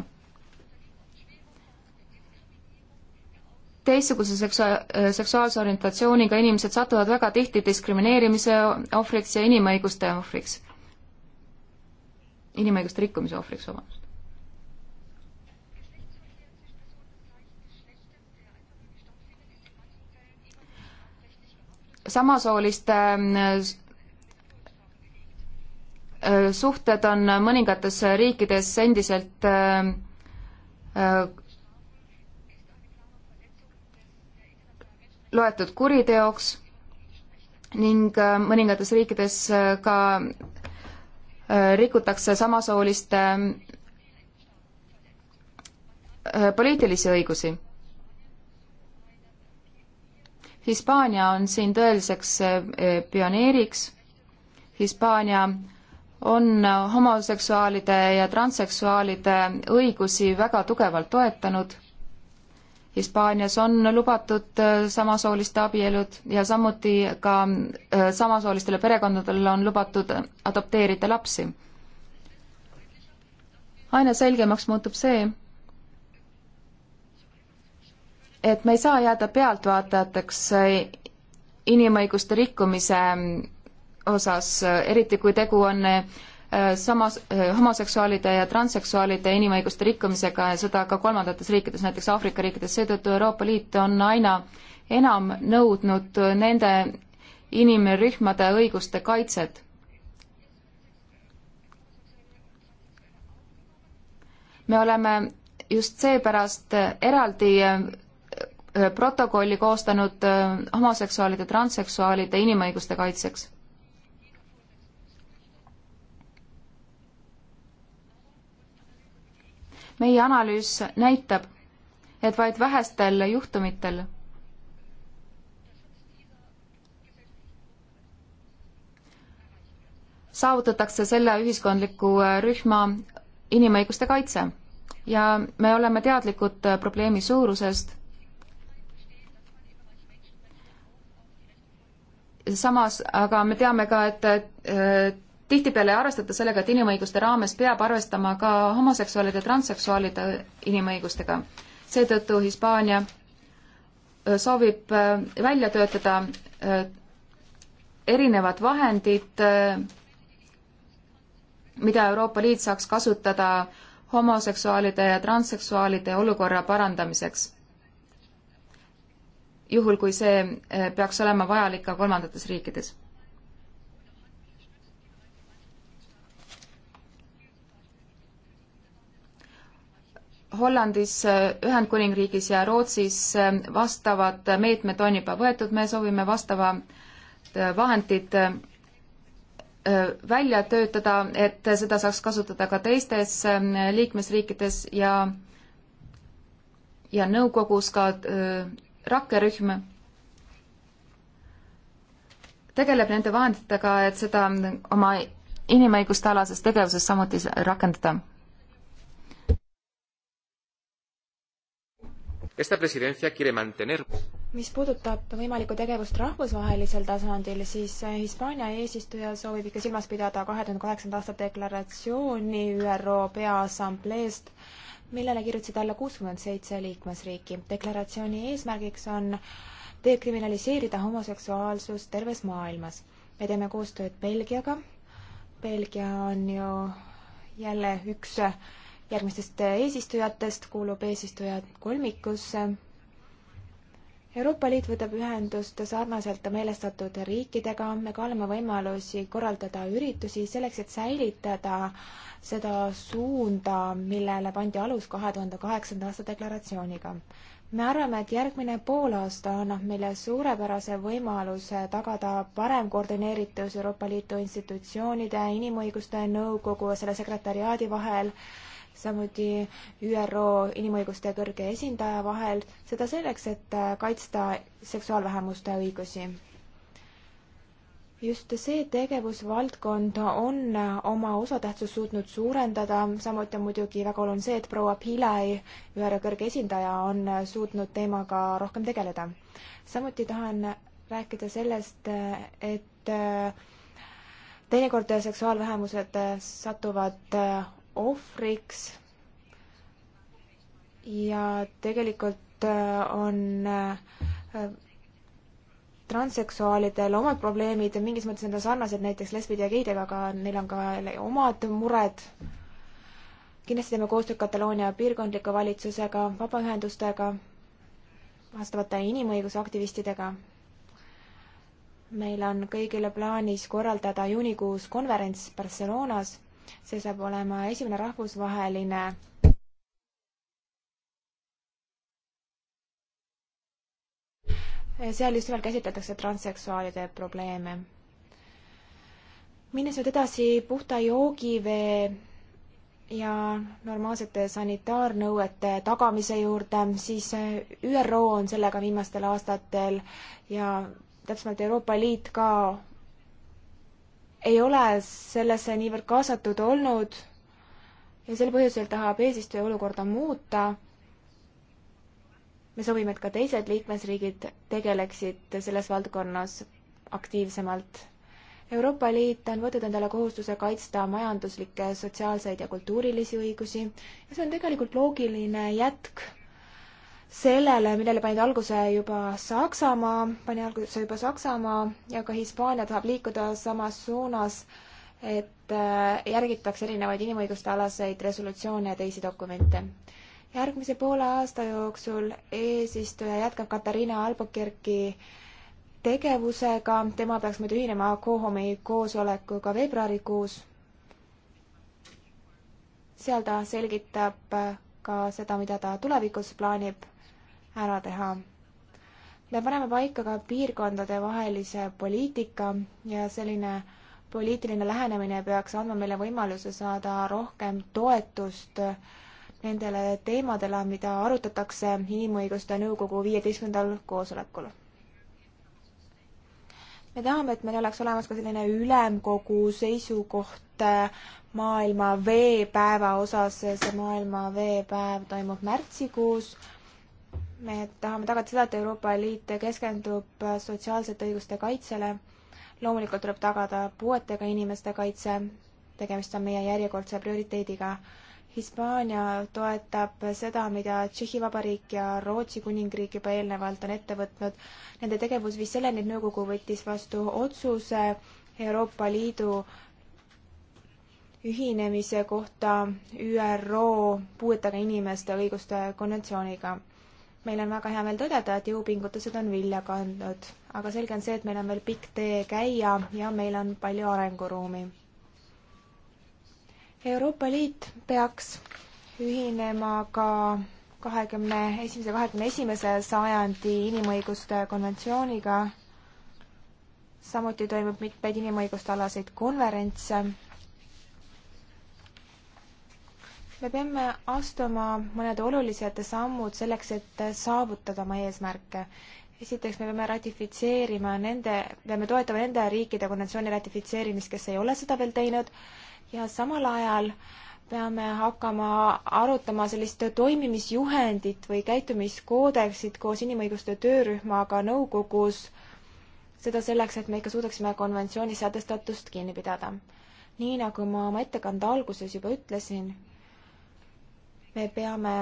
teistsuguse seksua-, seksuaalse orientatsiooniga inimesed satuvad väga tihti diskrimineerimise ohvriks ja inimõiguste ohvriks. inimõiguste rikkumise ohvriks, vabandust. samasooliste ähm, äh, suhted on mõningates riikides endiselt ähm, äh, loetud kuriteoks ning äh, mõningates riikides ka rikutakse samasooliste poliitilisi õigusi Hispaania on siin tõeliseks eh, eh, pioneeriks. Hispaania on eh, homoseksuaalide ja transseksuaalide õigusi väga tugevalt toetanud. Hispaanias on lubatud samasooliste abielud ja samuti ka samasoolistele perekondadele on lubatud adopteerida lapsi. aina selgemaks muutub see, et me ei saa jääda pealtvaatajateks äh, inimõiguste rikkumise mm, osas, äh, eriti kui tegu on äh, samas, homoseksuaalide ja transseksuaalide inimõiguste rikkumisega ja seda ka kolmandates riikides, näiteks Aafrika riikides, seetõttu Euroopa Liit on aina enam nõudnud nende inimrühmade õiguste kaitset. me oleme just seepärast eraldi Äh, protokolli koostanud äh, homoseksuaalide, transseksuaalide inimõiguste kaitseks. meie analüüs näitab, et vaid vähestel juhtumitel saavutatakse selle ühiskondliku äh, rühma inimõiguste kaitse ja me oleme teadlikud probleemi suurusest samas aga me teame ka, et äh, tihtipeale ei arvestata sellega, et inimõiguste raames peab arvestama ka homoseksuaalide, transseksuaalide inimõigustega. seetõttu Hispaania äh, soovib äh, välja töötada erinevad vahendid, mida Euroopa Liit saaks kasutada homoseksuaalide ja transseksuaalide olukorra parandamiseks juhul, kui see eh, peaks olema vajalik ka kolmandates riikides. Hollandis, eh, Ühendkuningriigis ja Rootsis eh, vastavad meetmed on juba võetud, me soovime vastavad vahendid välja töötada, et seda saaks kasutada ka teistes liikmesriikides ja ja nõukogus ka öö, rakkerühm tegeleb nende vahenditega, et seda oma inimõiguste alases tegevuses samuti rakendada. mis puudutab võimalikku tegevust rahvusvahelisel tasandil, siis Hispaania eesistuja soovib ikka silmas pidada kahe tuhande kaheksanda aasta deklaratsiooni ÜRO Peaassambleest millele kirjutasid alla kuuskümmend seitse liikmesriiki. deklaratsiooni eesmärgiks on dekriminaliseerida homoseksuaalsus terves maailmas. me teeme koostööd Belgiaga. Belgia on ju jälle üks järgmistest eesistujatest, kuulub eesistujad kolmikusse Euroopa Liit võtab ühendust sarnaselt meelestatud riikidega, me kaalume võimalusi korraldada üritusi selleks, et säilitada seda suunda, millele pandi alus kahe tuhande kaheksanda aasta deklaratsiooniga. me arvame, et järgmine poolaasta annab meile suurepärase võimaluse tagada parem koordineeritus Euroopa Liidu institutsioonide, Inimõiguste Nõukogu ja selle sekretäriaadi vahel samuti ÜRO inimõiguste kõrge esindaja vahel, seda selleks, et äh, kaitsta seksuaalvähemuste õigusi. just see tegevusvaldkond on äh, oma osatähtsust suutnud suurendada, samuti on muidugi väga oluline see, et proua Pillai, ÜRO kõrge esindaja, on äh, suutnud teemaga rohkem tegeleda. samuti tahan rääkida sellest, et teinekord seksuaalvähemused satuvad ohvriks ja tegelikult äh, on äh, transseksuaalidel omad probleemid, mingis mõttes nad on sarnased näiteks lesbide ja geidega, aga neil on ka omad mured. kindlasti teeme koostööd Kataloonia piirkondliku valitsusega, vabaühendustega, vastavate inimõiguse aktivistidega. meil on kõigile plaanis korraldada juunikuus konverents Barcelonas see saab olema esimene rahvusvaheline seal just nimelt käsitletakse transseksuaalide probleeme. minnes nüüd edasi puhta joogivee ja normaalsete sanitaarnõuete tagamise juurde, siis ÜRO on sellega viimastel aastatel ja täpsemalt Euroopa Liit ka ei ole sellesse niivõrd kaasatud olnud ja sel põhjusel tahab eesistuja olukorda muuta. me soovime, et ka teised liikmesriigid tegeleksid selles valdkonnas aktiivsemalt. Euroopa Liit on võtnud endale kohustuse kaitsta majanduslikke, sotsiaalseid ja kultuurilisi õigusi ja see on tegelikult loogiline jätk sellele, millele panid alguse juba Saksamaa, pani alguse juba Saksamaa ja ka Hispaania tahab liikuda samas suunas, et äh, järgitakse erinevaid inimõiguste alaseid resolutsioone ja teisi dokumente. järgmise poole aasta jooksul eesistuja jätkab Katariina Albuquerque'i tegevusega, tema peaks muidu ühinema Kohomi koosolekuga veebruarikuus. seal ta selgitab äh, ka seda, mida ta tulevikus plaanib ära teha. me paneme paika ka piirkondadevahelise poliitika ja selline poliitiline lähenemine peaks andma meile võimaluse saada rohkem toetust nendele teemadele, mida arutatakse Inimõiguste Nõukogu viieteistkümnendal koosolekul. me tahame, et meil oleks olemas ka selline ülemkogu seisukoht maailma veepäeva osas, see maailma veepäev toimub märtsikuus me tahame tagada seda, et Euroopa Liit keskendub sotsiaalsete õiguste kaitsele. loomulikult tuleb tagada puuetega inimeste kaitse, tegemist on meie järjekordse prioriteediga. Hispaania toetab seda, mida Tšehhi Vabariik ja Rootsi Kuningriik juba eelnevalt on ette võtnud. Nende tegevus viis selleni, et nõukogu võttis vastu otsuse Euroopa Liidu ühinemise kohta ÜRO puuetega inimeste õiguste konventsiooniga meil on väga hea meel tõdeda, et jõupingutused on vilja kandnud, aga selge on see, et meil on veel pikk tee käia ja meil on palju arenguruumi. Euroopa Liit peaks ühinema ka kahekümne esimese, kahekümne esimese sajandi inimõiguste konventsiooniga. samuti toimub mitmeid inimõiguste alaseid konverentse me peame astuma mõned olulised sammud selleks, et saavutada oma eesmärke. esiteks me peame ratifitseerima nende, peame toetama nende riikide konventsiooni ratifitseerimist, kes ei ole seda veel teinud ja samal ajal peame hakkama arutama sellist toimimisjuhendit või käitumiskoodeksit koos inimõiguste töörühmaga nõukogus, seda selleks, et me ikka suudaksime konventsiooni sätestatust kinni pidada. nii, nagu ma oma ettekande alguses juba ütlesin, me peame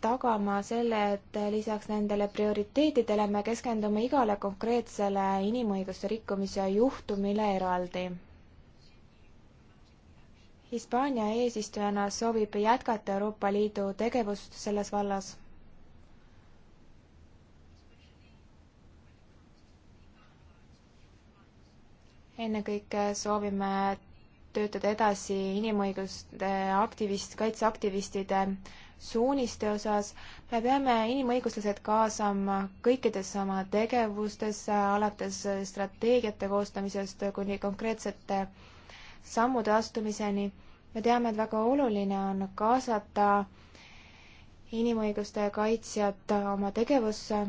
tagama selle, et lisaks nendele prioriteetidele me keskendume igale konkreetsele inimõiguste rikkumise juhtumile eraldi. Hispaania eesistujana soovib jätkata Euroopa Liidu tegevust selles vallas. ennekõike soovime töötada edasi inimõiguste aktivist, kaitseaktivistide suuniste osas. me peame inimõiguslased kaasama kõikidesse oma tegevustesse, alates strateegiate koostamisest kuni konkreetsete sammude astumiseni. me teame, et väga oluline on kaasata inimõiguste kaitsjad oma tegevusse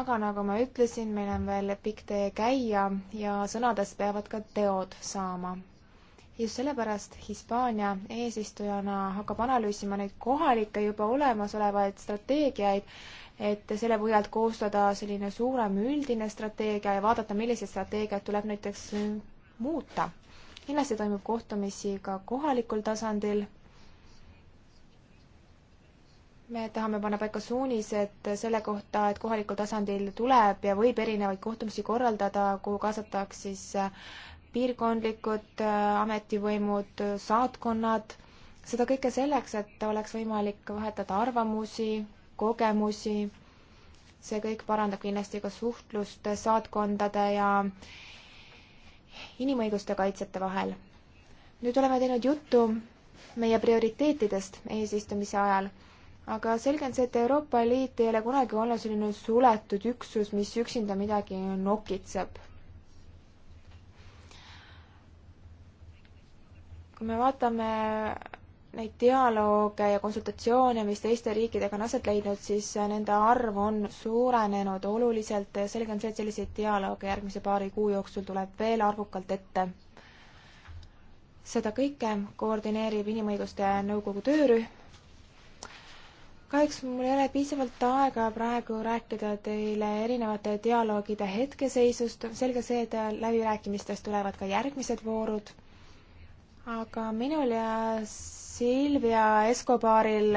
aga nagu ma ütlesin, meil on veel pikk tee käia ja sõnades peavad ka teod saama just sellepärast Hispaania eesistujana hakkab analüüsima neid kohalikke juba olemasolevaid strateegiaid, et selle põhjalt koostada selline suurem üldine strateegia ja vaadata, millised strateegiad tuleb näiteks muuta. kindlasti toimub kohtumisi ka kohalikul tasandil me tahame panna paika suunised selle kohta, et kohalikul tasandil tuleb ja võib erinevaid kohtumisi korraldada, kuhu kaasataks siis piirkondlikud äh, ametivõimud, saatkonnad, seda kõike selleks, et oleks võimalik vahetada arvamusi, kogemusi, see kõik parandab kindlasti ka suhtlust saatkondade ja inimõiguste kaitsjate vahel. nüüd oleme teinud juttu meie prioriteetidest eesistumise ajal, aga selge on see, et Euroopa Liit ei ole kunagi olnud selline suletud üksus, mis üksinda midagi nokitseb kui me vaatame neid dialoog ja konsultatsioone, mis teiste riikidega on aset leidnud, siis nende arv on suurenenud oluliselt ja selge on see, et selliseid dialoog järgmise paari kuu jooksul tuleb veel arvukalt ette. seda kõike koordineerib Inimõiguste Nõukogu töörühm. kahjuks mul ei ole piisavalt aega praegu rääkida teile erinevate dialoogide hetkeseisust, selge see, et läbirääkimistest tulevad ka järgmised voorud aga minul ja Silvia Escobaril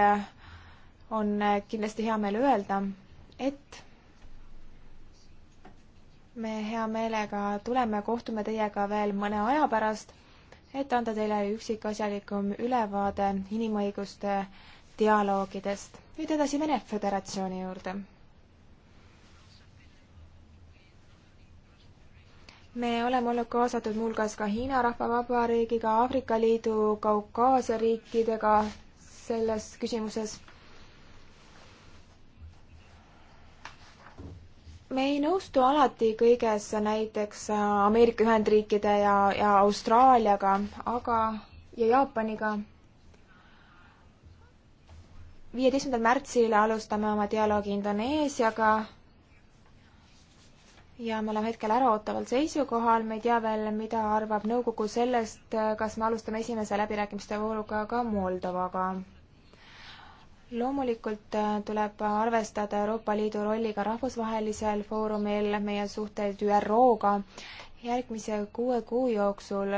on kindlasti hea meel öelda, et me hea meelega tuleme, kohtume teiega veel mõne aja pärast, et anda teile üksikasjalikum ülevaade inimõiguste dialoogidest. nüüd edasi Vene Föderatsiooni juurde me oleme olnud kaasatud muuhulgas ka Hiina Rahvavabariigiga, Aafrika Liidu, Kaukaasia riikidega selles küsimuses. me ei nõustu alati kõiges näiteks Ameerika Ühendriikide ja, ja Austraaliaga, aga, ja Jaapaniga. viieteistkümnendal märtsil alustame oma dialoogi Indoneesiaga ja me oleme hetkel äraootaval seisukohal, me ei tea veel, mida arvab nõukogu sellest, kas me alustame esimese läbirääkimiste vooruga ka Moldovaga. loomulikult äh, tuleb arvestada Euroopa Liidu rolliga rahvusvahelisel foorumil, meie suhteid ÜRO-ga. järgmise kuue kuu jooksul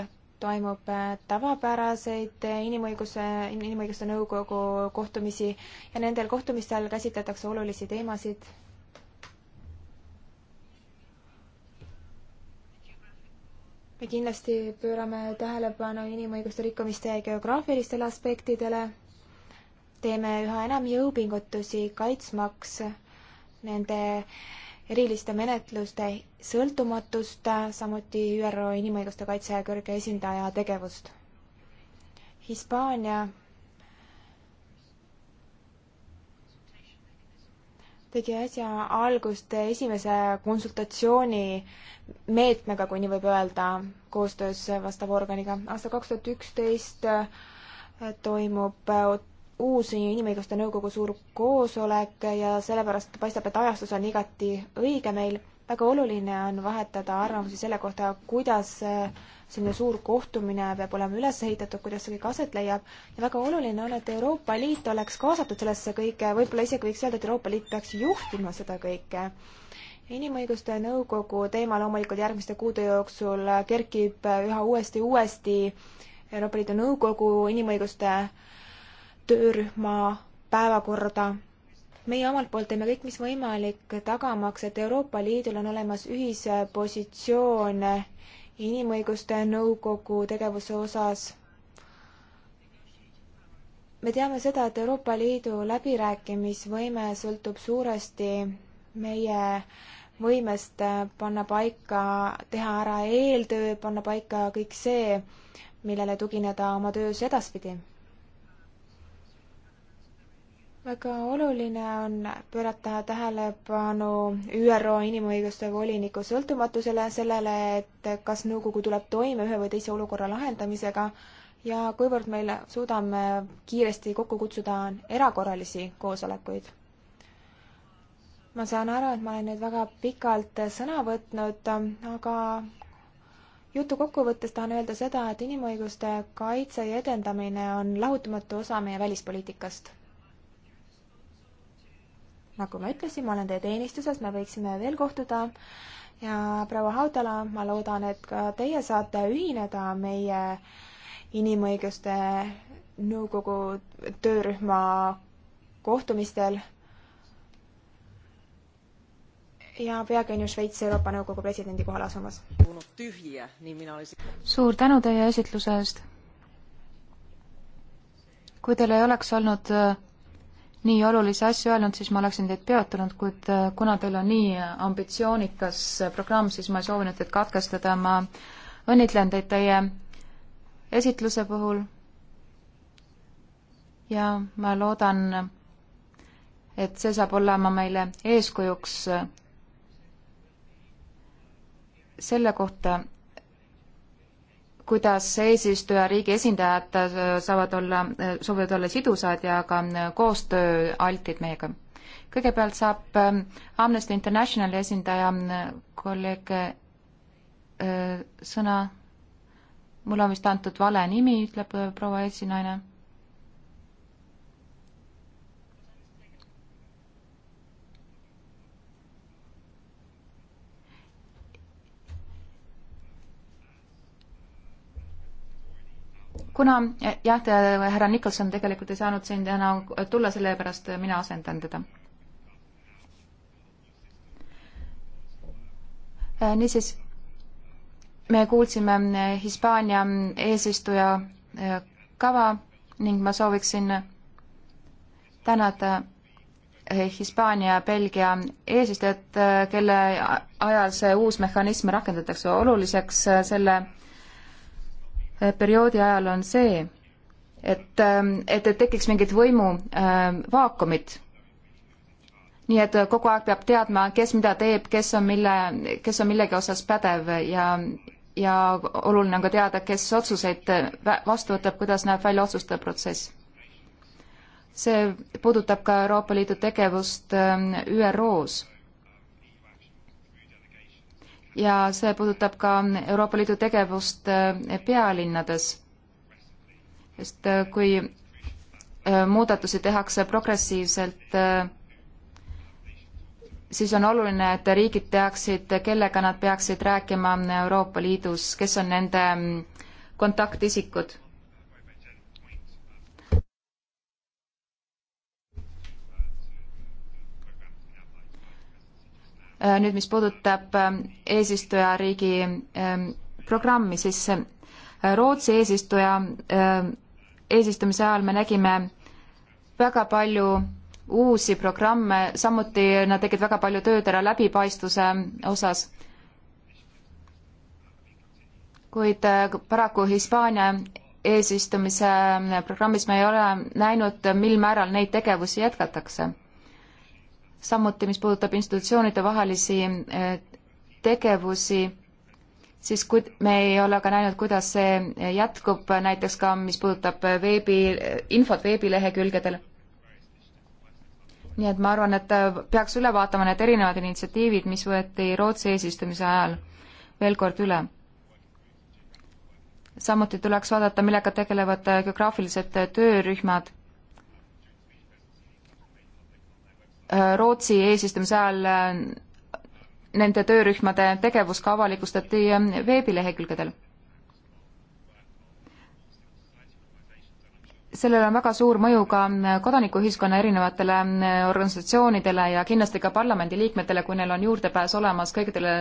toimub äh, tavapäraseid äh, inimõiguse, inimõiguste nõukogu kohtumisi ja nendel kohtumistel käsitletakse olulisi teemasid me kindlasti pöörame tähelepanu inimõiguste rikkumiste geograafilistele aspektidele, teeme üha enam jõupingutusi kaitsmaks nende eriliste menetluste sõltumatust, samuti ÜRO inimõiguste kaitse kõrge esindaja tegevust. Hispaania tegi äsja algust esimese konsultatsiooni meetmega, kui nii võib öelda, koostöös vastava organiga. aastal kaks tuhat üksteist äh, toimub äh, uus Inimõiguste Nõukogu suur koosolek ja sellepärast paistab, et ajastus on igati õige meil. väga oluline on vahetada arvamusi selle kohta, kuidas äh, selline suur kohtumine peab olema üles ehitatud, kuidas see kõik aset leiab. ja väga oluline on, et Euroopa Liit oleks kaasatud sellesse kõike, võib-olla isegi võiks öelda, et Euroopa Liit peaks juhtima seda kõike. inimõiguste nõukogu teema loomulikult järgmiste kuude jooksul kerkib üha uuesti, uuesti Euroopa Liidu Nõukogu inimõiguste töörühma päevakorda meie omalt poolt teeme kõik, mis võimalik, tagamaks, et Euroopa Liidul on olemas ühispositsioon inimõiguste nõukogu tegevuse osas. me teame seda, et Euroopa Liidu läbirääkimisvõime sõltub suuresti meie võimest panna paika, teha ära eeltöö, panna paika kõik see, millele tugineda oma töös edaspidi väga oluline on pöörata tähelepanu ÜRO inimõiguste voliniku sõltumatusele, sellele, et kas nõukogu tuleb toime ühe või teise olukorra lahendamisega ja kuivõrd meil suudame kiiresti kokku kutsuda erakorralisi koosolekuid. ma saan aru, et ma olen nüüd väga pikalt sõna võtnud, aga jutu kokkuvõttes tahan öelda seda, et inimõiguste kaitse ja edendamine on lahutamatu osa meie välispoliitikast nagu ma ütlesin, ma olen teie teenistuses, me võiksime veel kohtuda ja proua Haudala, ma loodan, et ka teie saate ühineda meie inimõiguste nõukogu töörühma kohtumistel ja peagi on ju Šveits Euroopa Nõukogu presidendi kohale asumas. suur tänu teie esitluse eest. kui teil ei oleks olnud äh, nii olulisi asju öelnud, siis ma oleksin teid peatunud, kuid äh, kuna teil on nii äh, ambitsioonikas äh, programm, siis ma ei soovinud teid katkestada, ma õnnitlen teid teie esitluse puhul ja ma loodan, et see saab olema meile eeskujuks selle kohta, kuidas eesistuja riigi esindajad äh, saavad olla, äh, soovivad olla sidusad ja ka äh, koostööaltid meiega. kõigepealt saab ähm, Amnesty Internationali esindaja kolleeg sõna, mulle on vist antud vale nimi, ütleb proua esinaine kuna eh, jah, härra Nicholson tegelikult ei saanud siin täna tulla, sellepärast mina asendan teda. Eh, niisiis, me kuulsime eh, Hispaania eesistuja kava ning ma sooviksin tänada Hispaania ja Belgia eesistujat, kelle ajal see uus mehhanism rakendatakse oluliseks selle perioodi ajal on see, et, ähm, et, et tekiks mingit võimu ähm, vaakumit. nii et kogu aeg peab teadma, kes mida teeb, kes on mille, kes on millegi osas pädev ja, ja oluline on ka teada, kes otsuseid äh, vastu võtab, kuidas näeb välja otsuste protsess. see puudutab ka Euroopa Liidu tegevust ähm, ÜRO-s ja see puudutab ka Euroopa Liidu tegevust eh, pealinnades. sest eh, kui eh, muudatusi tehakse progressiivselt, siis on oluline, et riigid teaksid, kellega nad peaksid rääkima Euroopa Liidus, kes on nende mm, kontaktisikud Äh, nüüd, mis puudutab ähm, eesistujariigi ähm, programmi, siis äh, Rootsi eesistuja, ähm, eesistumise ajal me nägime väga palju uusi programme, samuti nad tegid väga palju tööd ära läbipaistvuse osas. kuid äh, paraku Hispaania eesistumise programmis me ei ole näinud, mil määral neid tegevusi jätkatakse samuti mis puudutab institutsioonide vahelisi eh, tegevusi, siis kui me ei ole ka näinud, kuidas see eh, jätkub näiteks ka, mis puudutab eh, veebi, infot veebilehekülgedel. nii et ma arvan, et peaks üle vaatama need erinevad initsiatiivid, mis võeti Rootsi eesistumise ajal veel kord üle. samuti tuleks vaadata, millega tegelevad geograafilised töörühmad Rootsi eesistumise ajal äh, nende töörühmade tegevus ka avalikustati äh, veebilehekülgedel. sellel on väga suur mõju ka äh, kodanikuühiskonna erinevatele organisatsioonidele ja kindlasti ka parlamendiliikmetele, kui neil on juurdepääs olemas kõikidele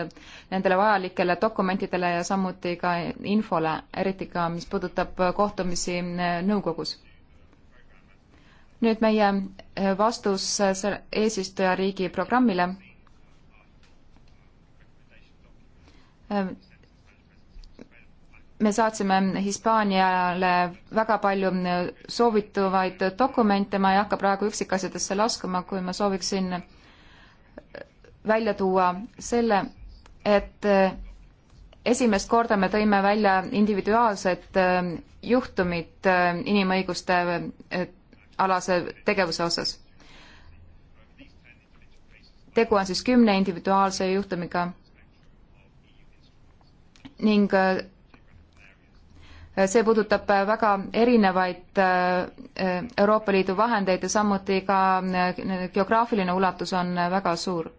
nendele vajalikele dokumentidele ja samuti ka infole, eriti ka mis puudutab kohtumisi nõukogus nüüd meie äh, vastus äh, eesistujariigi programmile. Ähm, me saatsime Hispaaniale väga palju äh, soovituvaid dokumente, ma ei hakka praegu üksikasjadesse laskuma, kui ma sooviksin välja tuua selle, et esimest korda me tõime välja individuaalsed juhtumid inimõiguste alase tegevuse osas. tegu on siis kümne individuaalse juhtumiga ning äh, see puudutab äh, väga erinevaid äh, Euroopa Liidu vahendeid ja samuti ka geograafiline ulatus on väga suur.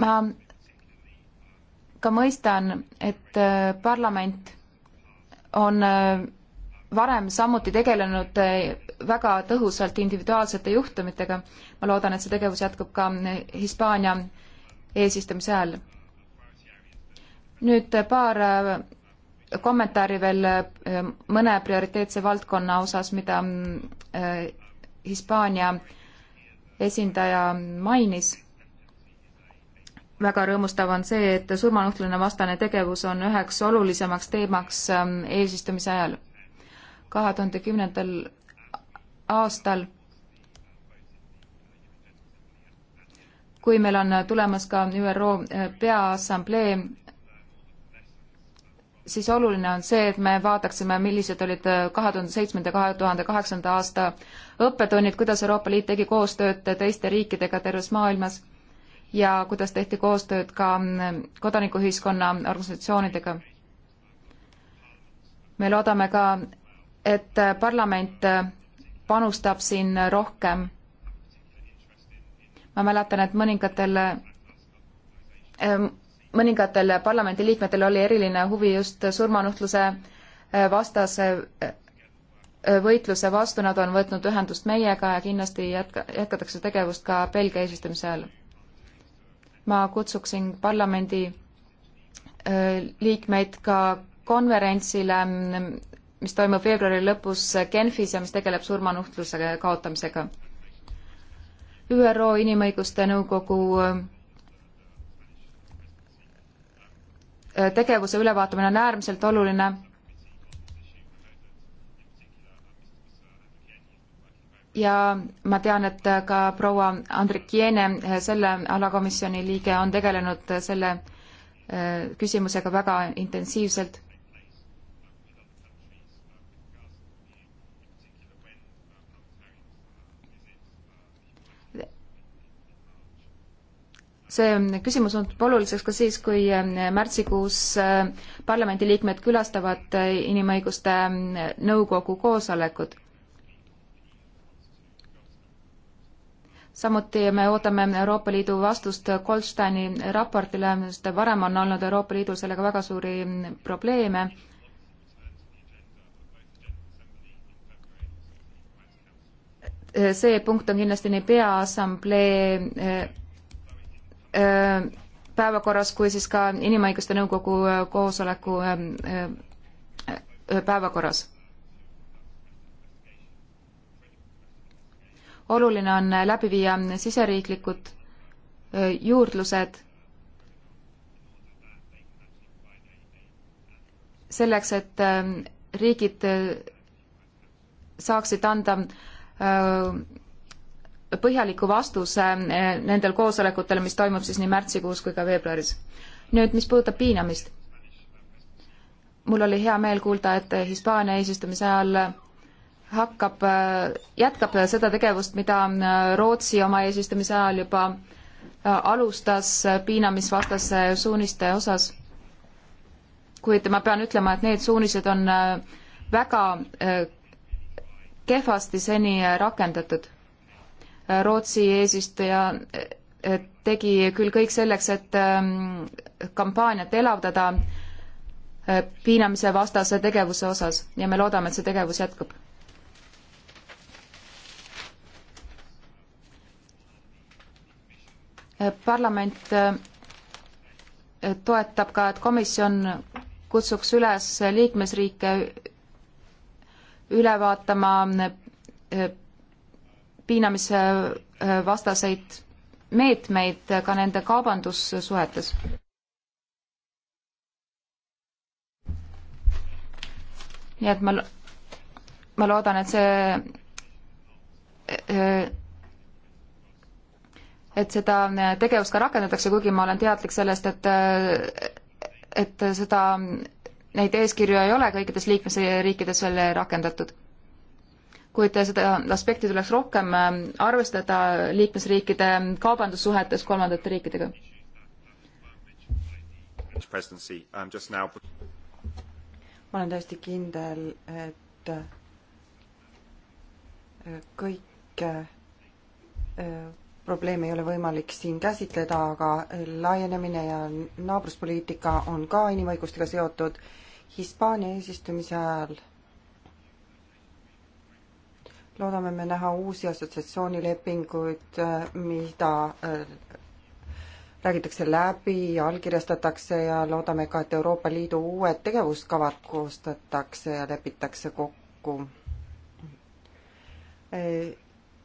ma ka mõistan, et äh, parlament on äh, varem samuti tegelenud äh, väga tõhusalt individuaalsete juhtumitega. ma loodan, et see tegevus jätkub ka Hispaania eesistumise ajal. nüüd paar kommentaari veel mõne prioriteetse valdkonna osas, mida Hispaania esindaja mainis väga rõõmustav on see, et surmanuhtlane vastane tegevus on üheks olulisemaks teemaks ähm, eesistumise ajal. kahe tuhande kümnendal aastal, kui meil on tulemas ka ÜRO äh, Peaassamblee, siis oluline on see, et me vaataksime, millised olid äh, kahe tuhande seitsmenda, kahe tuhande kaheksanda aasta õppetunnid, kuidas Euroopa Liit tegi koostööd teiste riikidega terves maailmas ja kuidas tehti koostööd ka kodanikuühiskonna organisatsioonidega. me loodame ka, et parlament panustab siin rohkem. ma mäletan, et mõningatel, mõningatel parlamendiliikmetel oli eriline huvi just surmanuhtluse vastase võitluse vastu, nad on võtnud ühendust meiega ja kindlasti jätka, jätkatakse tegevust ka Belgia eesistumise ajal ma kutsuksin parlamendi äh, liikmeid ka konverentsile, mis toimub veebruari lõpus Genfis ja mis tegeleb surmanuhtluse kaotamisega. ÜRO Inimõiguste Nõukogu äh, tegevuse ülevaatamine on äärmiselt oluline ja ma tean, et ka proua Andrikiene, selle alakomisjoni liige, on tegelenud selle äh, küsimusega väga intensiivselt. see küsimus muutub oluliseks ka siis, kui äh, märtsikuus äh, parlamendiliikmed külastavad inimõiguste nõukogu koosolekut samuti me ootame Euroopa Liidu vastust Goldsteini raportile, sest varem on olnud Euroopa Liidul sellega väga suuri probleeme. see punkt on kindlasti nii Peaassamblee eh, eh, päevakorras kui siis ka Inimõiguste Nõukogu eh, koosoleku päevakorras oluline on läbi viia siseriiklikud juurdlused selleks, et riigid saaksid anda põhjaliku vastuse nendel koosolekutel, mis toimub siis nii märtsikuus kui ka veebruaris. nüüd, mis puudutab piinamist. mul oli hea meel kuulda, et Hispaania eesistumise ajal hakkab, jätkab seda tegevust, mida Rootsi oma eesistumise ajal juba alustas piinamisvastase suuniste osas. kuid ma pean ütlema, et need suunised on väga kehvasti seni rakendatud. Rootsi eesistuja tegi küll kõik selleks, et ähm, kampaaniat elavdada äh, piinamise vastase tegevuse osas ja me loodame, et see tegevus jätkub parlament äh, toetab ka, et komisjon kutsuks üles liikmesriike üle vaatama äh, piinamise äh, vastaseid meetmeid ka nende kaubandussuhetes. nii et ma, ma loodan, et see et seda äh, tegevust ka rakendatakse, kuigi ma olen teadlik sellest, et äh, et seda, neid eeskirju ei ole kõikides liikmesriikides veel rakendatud. kuid äh, seda aspekti tuleks rohkem arvestada liikmesriikide kaubandussuhetes kolmandate riikidega. ma olen täiesti kindel, et kõik probleeme ei ole võimalik siin käsitleda, aga laienemine ja naabruspoliitika on ka inimõigustega seotud. Hispaania eesistumise ajal loodame me näha uusi assotsiatsioonilepinguid, mida äh, räägitakse läbi, allkirjastatakse ja loodame ka, et Euroopa Liidu uued tegevuskavad koostatakse ja lepitakse kokku äh,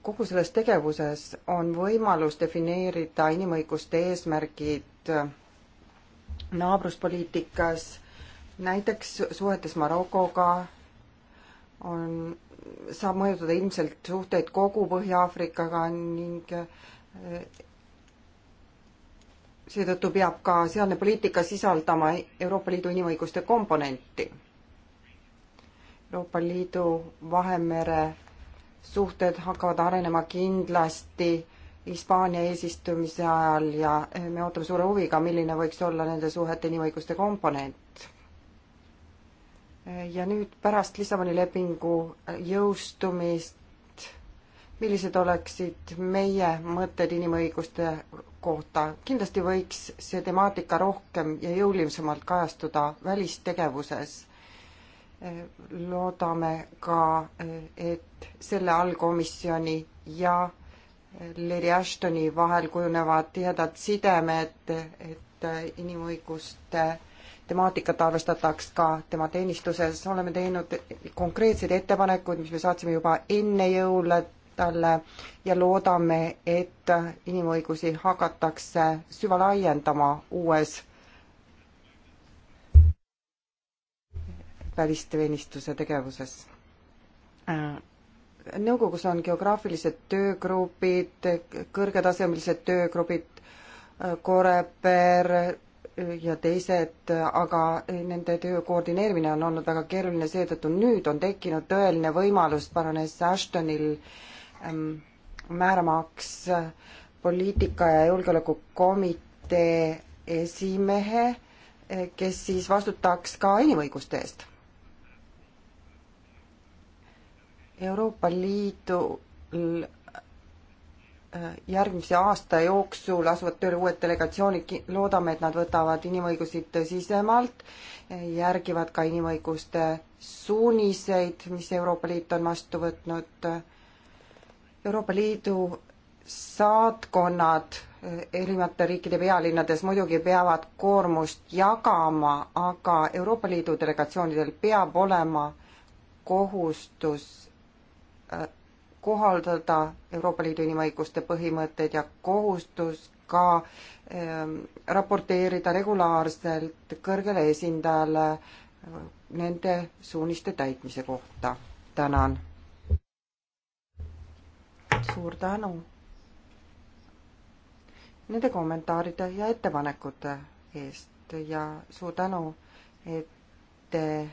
kogu selles tegevuses on võimalus defineerida inimõiguste eesmärgid äh, naabruspoliitikas, näiteks suhetes Marokoga on, saab mõjutada ilmselt suhteid kogu Põhja-Aafrikaga ning äh, seetõttu peab ka sealne poliitika sisaldama Euroopa Liidu inimõiguste komponenti. Euroopa Liidu Vahemere suhted hakkavad arenema kindlasti Hispaania eesistumise ajal ja eh, me ootame suure huviga, milline võiks olla nende suhete inimõiguste komponent. Eh, ja nüüd pärast Lissaboni lepingu eh, jõustumist, millised oleksid meie mõtted inimõiguste kohta? kindlasti võiks see temaatika rohkem ja jõulisemalt kajastuda välistegevuses loodame ka, et selle allkomisjoni ja Leri Ashtoni vahel kujunevad tihedad sidemed, et inimõiguste temaatikat arvestataks ka tema teenistuses, oleme teinud konkreetseid ettepanekuid, mis me saatsime juba enne jõule talle ja loodame, et inimõigusi hakatakse süvalaiendama uues välisteenistuse tegevuses. Äh, nõukogus on geograafilised töögrupid, kõrgetasemelised töögrupid, äh, Koreper äh, ja teised, aga nende töö koordineerimine on olnud väga keeruline, seetõttu nüüd on tekkinud tõeline võimalus baroness Ashtonil ähm, määramaks poliitika- ja julgeolekukomitee esimehe, kes siis vastutaks ka inimõiguste eest. Euroopa Liidul äh, järgmise aasta jooksul asuvad tööle uued delegatsioonid, loodame, et nad võtavad inimõigusi tõsisemalt, järgivad ka inimõiguste suuniseid, mis Euroopa Liit on vastu võtnud. Euroopa Liidu saatkonnad eh, erinevate riikide pealinnades muidugi peavad koormust jagama, aga Euroopa Liidu delegatsioonidel peab olema kohustus kohaldada Euroopa Liidu inimõiguste põhimõtteid ja kohustus ka ehm, raporteerida regulaarselt kõrgele esindajale ehm, nende suuniste täitmise kohta. tänan. suur tänu nende kommentaaride ja ettepanekute eest ja suur tänu, et te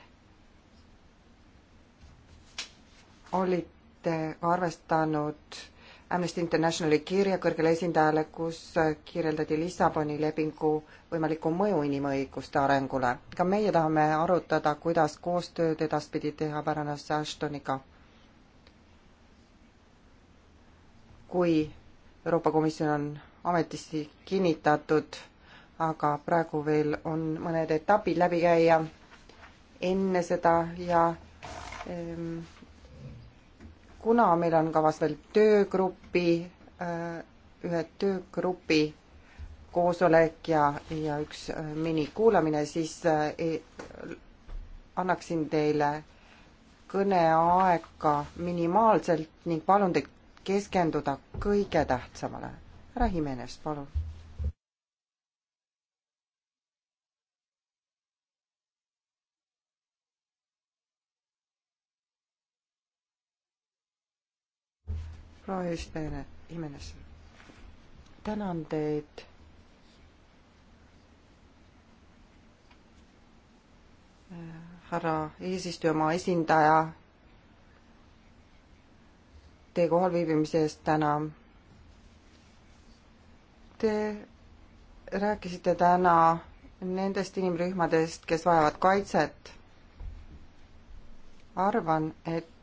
olite olete arvestanud Amnesty Internationali kirja kõrgele esindajale, kus kirjeldati Lissaboni lepingu võimalikku mõju inimõiguste arengule. ka meie tahame arutada, kuidas koostööd edaspidi teha Baronasse Ashtoniga. kui Euroopa Komisjon on ametisse kinnitatud, aga praegu veel on mõned etapid läbi käia enne seda ja ähm, kuna meil on kavas veel töögrupi, äh, ühe töögrupi koosolek ja, ja üks äh, minikuulamine, siis äh, e-, annaksin teile kõneaega minimaalselt ning palun teid keskenduda kõige tähtsamale. härra Jimenez, palun proua Hüstmene, Himenes. tänan teid. härra eesistuja, oma esindaja, teie kohalviibimise eest täna. Te rääkisite täna nendest inimrühmadest, kes vajavad kaitset. arvan, et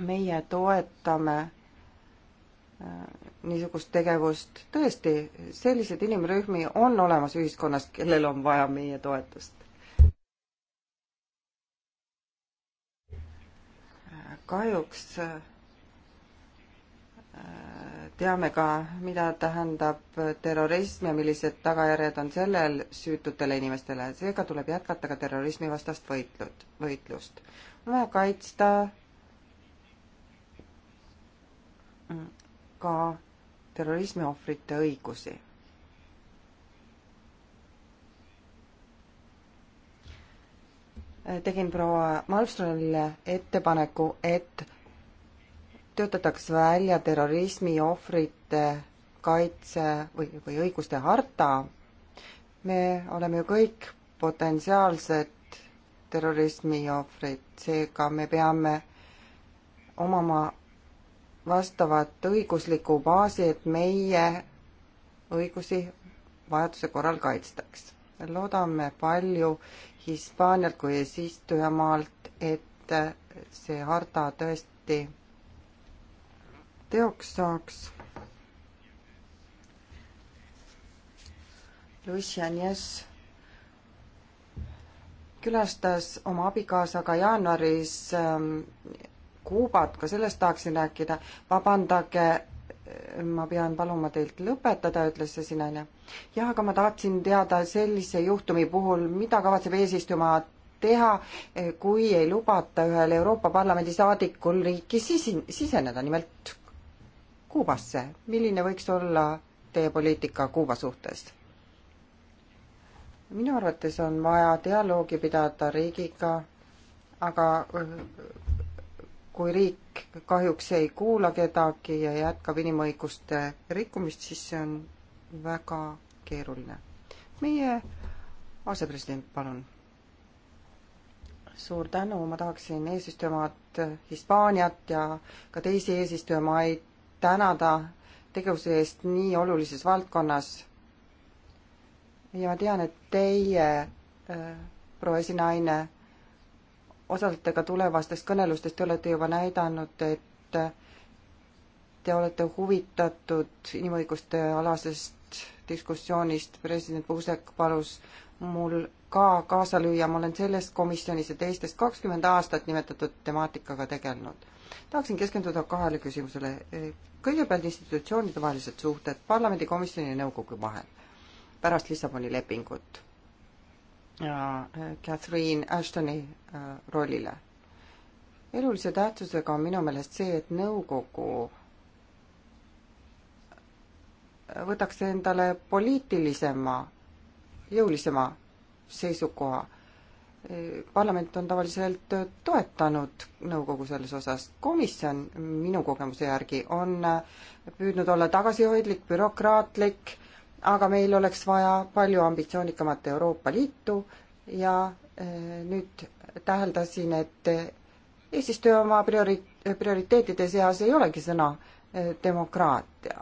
meie toetame äh, niisugust tegevust, tõesti, selliseid inimrühmi on olemas ühiskonnas, kellel on vaja meie toetust. kahjuks äh, teame ka, mida tähendab terrorism ja millised tagajärjed on sellel süütutele inimestele, seega tuleb jätkata ka terrorismivastast võitlud, võitlust. on vaja kaitsta ka terrorismi ohvrite õigusi. tegin proua Malmströmile ettepaneku, et töötataks välja terrorismi ohvrite kaitse või, või õiguste harta. me oleme ju kõik potentsiaalsed terrorismi ohvrid, seega me peame omama vastavat õiguslikku baasi, et meie õigusi vajaduse korral kaitstaks. loodame palju Hispaanialt kui eesistujamaalt, et see harta tõesti teoks saaks. Luis Janjes külastas oma abikaasaga jaanuaris ähm, Kuubat, ka sellest tahaksin rääkida. vabandage, ma pean paluma teilt lõpetada, ütles see sinaine. jah, aga ma tahtsin teada sellise juhtumi puhul, mida kavatseb eesistuma teha, kui ei lubata ühel Euroopa Parlamendi saadikul riiki sisin-, siseneda, nimelt Kuubasse. milline võiks olla teie poliitika Kuuba suhtes? minu arvates on vaja dialoogi pidada riigiga, aga kui riik kahjuks ei kuula kedagi ja jätkab inimõiguste rikkumist, siis see on väga keeruline. meie asepresident, palun. suur tänu, ma tahaksin eesistujamaad Hispaaniat ja ka teisi eesistujamaid tänada tegevuse eest nii olulises valdkonnas. ja ma tean, et teie äh, proua esinaine osalt ka tulevastest kõnelustest te olete juba näidanud, et te olete huvitatud inimõiguste alasest diskussioonist, president Puusek palus mul ka kaasa lüüa, ma olen selles komisjonis ja teistes kakskümmend aastat nimetatud temaatikaga tegelenud. tahaksin keskenduda kahele küsimusele. kõigepealt institutsioonide vahelised suhted parlamendikomisjoni ja nõukogu vahel pärast Lissaboni lepingut Äh, Catherine Ashtoni äh, rollile. elulise tähtsusega on minu meelest see, et nõukogu äh, võtaks endale poliitilisema, jõulisema seisukoha. parlament on tavaliselt toetanud nõukogu selles osas. komisjon minu kogemuse järgi on püüdnud olla tagasihoidlik, bürokraatlik aga meil oleks vaja palju ambitsioonikamat Euroopa Liitu ja eh, nüüd täheldasin, et eesistuja oma priori-, prioriteetide seas ei olegi sõna eh, demokraatia.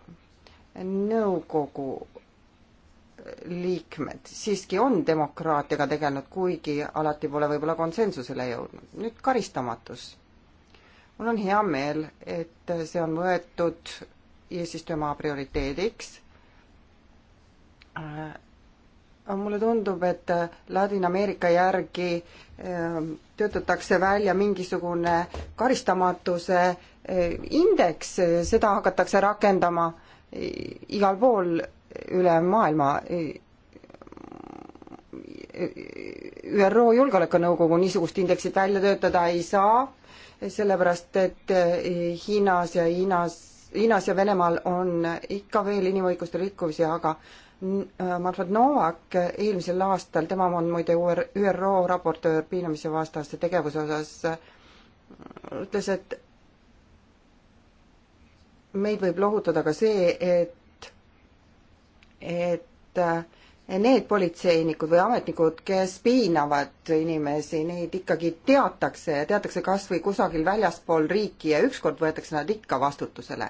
nõukogu eh, liikmed siiski on demokraatiaga tegelenud, kuigi alati pole võib-olla konsensusele jõudnud. nüüd karistamatus. mul on hea meel, et see on võetud eesistuja maa prioriteediks Äh, mulle tundub, et äh, Ladina-Ameerika järgi äh, töötatakse välja mingisugune karistamatuse indeks, seda hakatakse rakendama igal pool üle maailma. ÜRO Julgeolekunõukogu niisugust indeksit välja töötada ei saa, sellepärast et Hiinas ja Hiinas Hiinas ja Venemaal on ikka veel inimõiguste rikkumisi, aga Äh, Manfred Novak eelmisel aastal, tema on muide ÜRO raportöör piinamise vastaste tegevuse osas, ütles, et meid võib lohutada ka see, et, et äh, need politseinikud või ametnikud, kes piinavad inimesi, neid ikkagi teatakse ja teatakse kas või kusagil väljaspool riiki ja ükskord võetakse nad ikka vastutusele.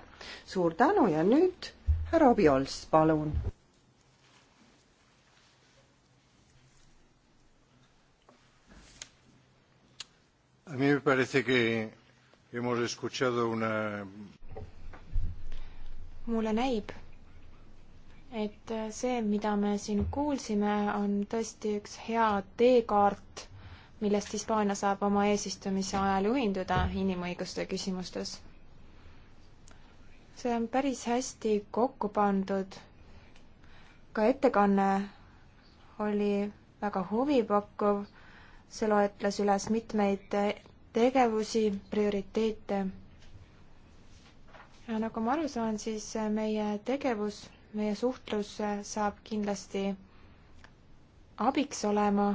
suur tänu ja nüüd härra Obiols, palun! A mí me parece que hemos escuchado una... mulle näib, et see, mida me siin kuulsime, on tõesti üks hea teekaart, millest Hispaania saab oma eesistumise ajal juhinduda inimõiguste küsimustes. see on päris hästi kokku pandud. ka ettekanne oli väga huvipakkuv see loetles üles mitmeid tegevusi, prioriteete. ja nagu ma aru saan, siis meie tegevus, meie suhtlus saab kindlasti abiks olema.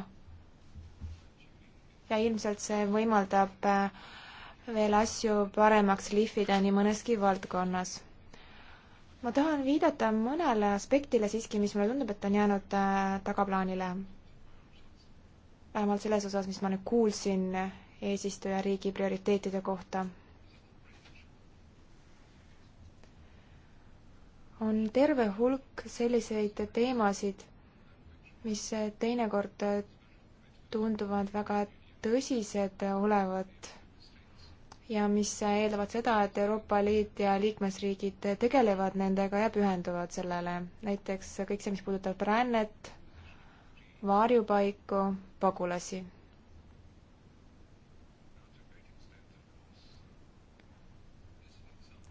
ja ilmselt see võimaldab veel asju paremaks lihvida nii mõneski valdkonnas. ma tahan viidata mõnele aspektile siiski, mis mulle tundub, et on jäänud tagaplaanile vähemalt selles osas, mis ma nüüd kuulsin eesistujariigi prioriteetide kohta. on terve hulk selliseid teemasid, mis teinekord tunduvad väga tõsised olevat ja mis eeldavad seda, et Euroopa Liit ja liikmesriigid tegelevad nendega ja pühenduvad sellele. näiteks kõik see, mis puudutab rännet varjupaiku pagulasi.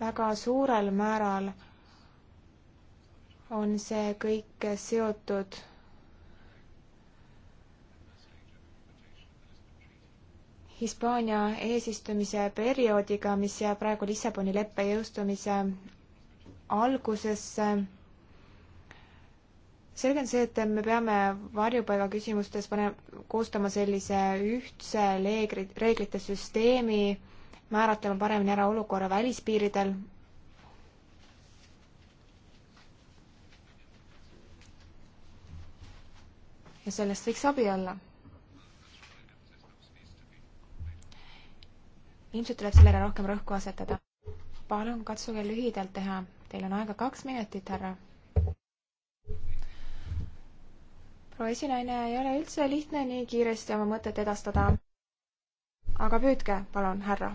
väga suurel määral on see kõik seotud Hispaania eesistumise perioodiga, mis jääb praegu Lissaboni leppe jõustumise algusesse selge on see, et me peame varjupaiga küsimustes pane-, koostama sellise ühtse leegri, reeglite süsteemi, määratlema paremini ära olukorra välispiiridel. ja sellest võiks abi olla. ilmselt tuleb sellele rohkem rõhku asetada. palun katsuge lühidalt teha, teil on aega kaks minutit, härra proua esinaine, ei ole üldse lihtne nii kiiresti oma mõtet edastada. aga püüdke, palun, härra.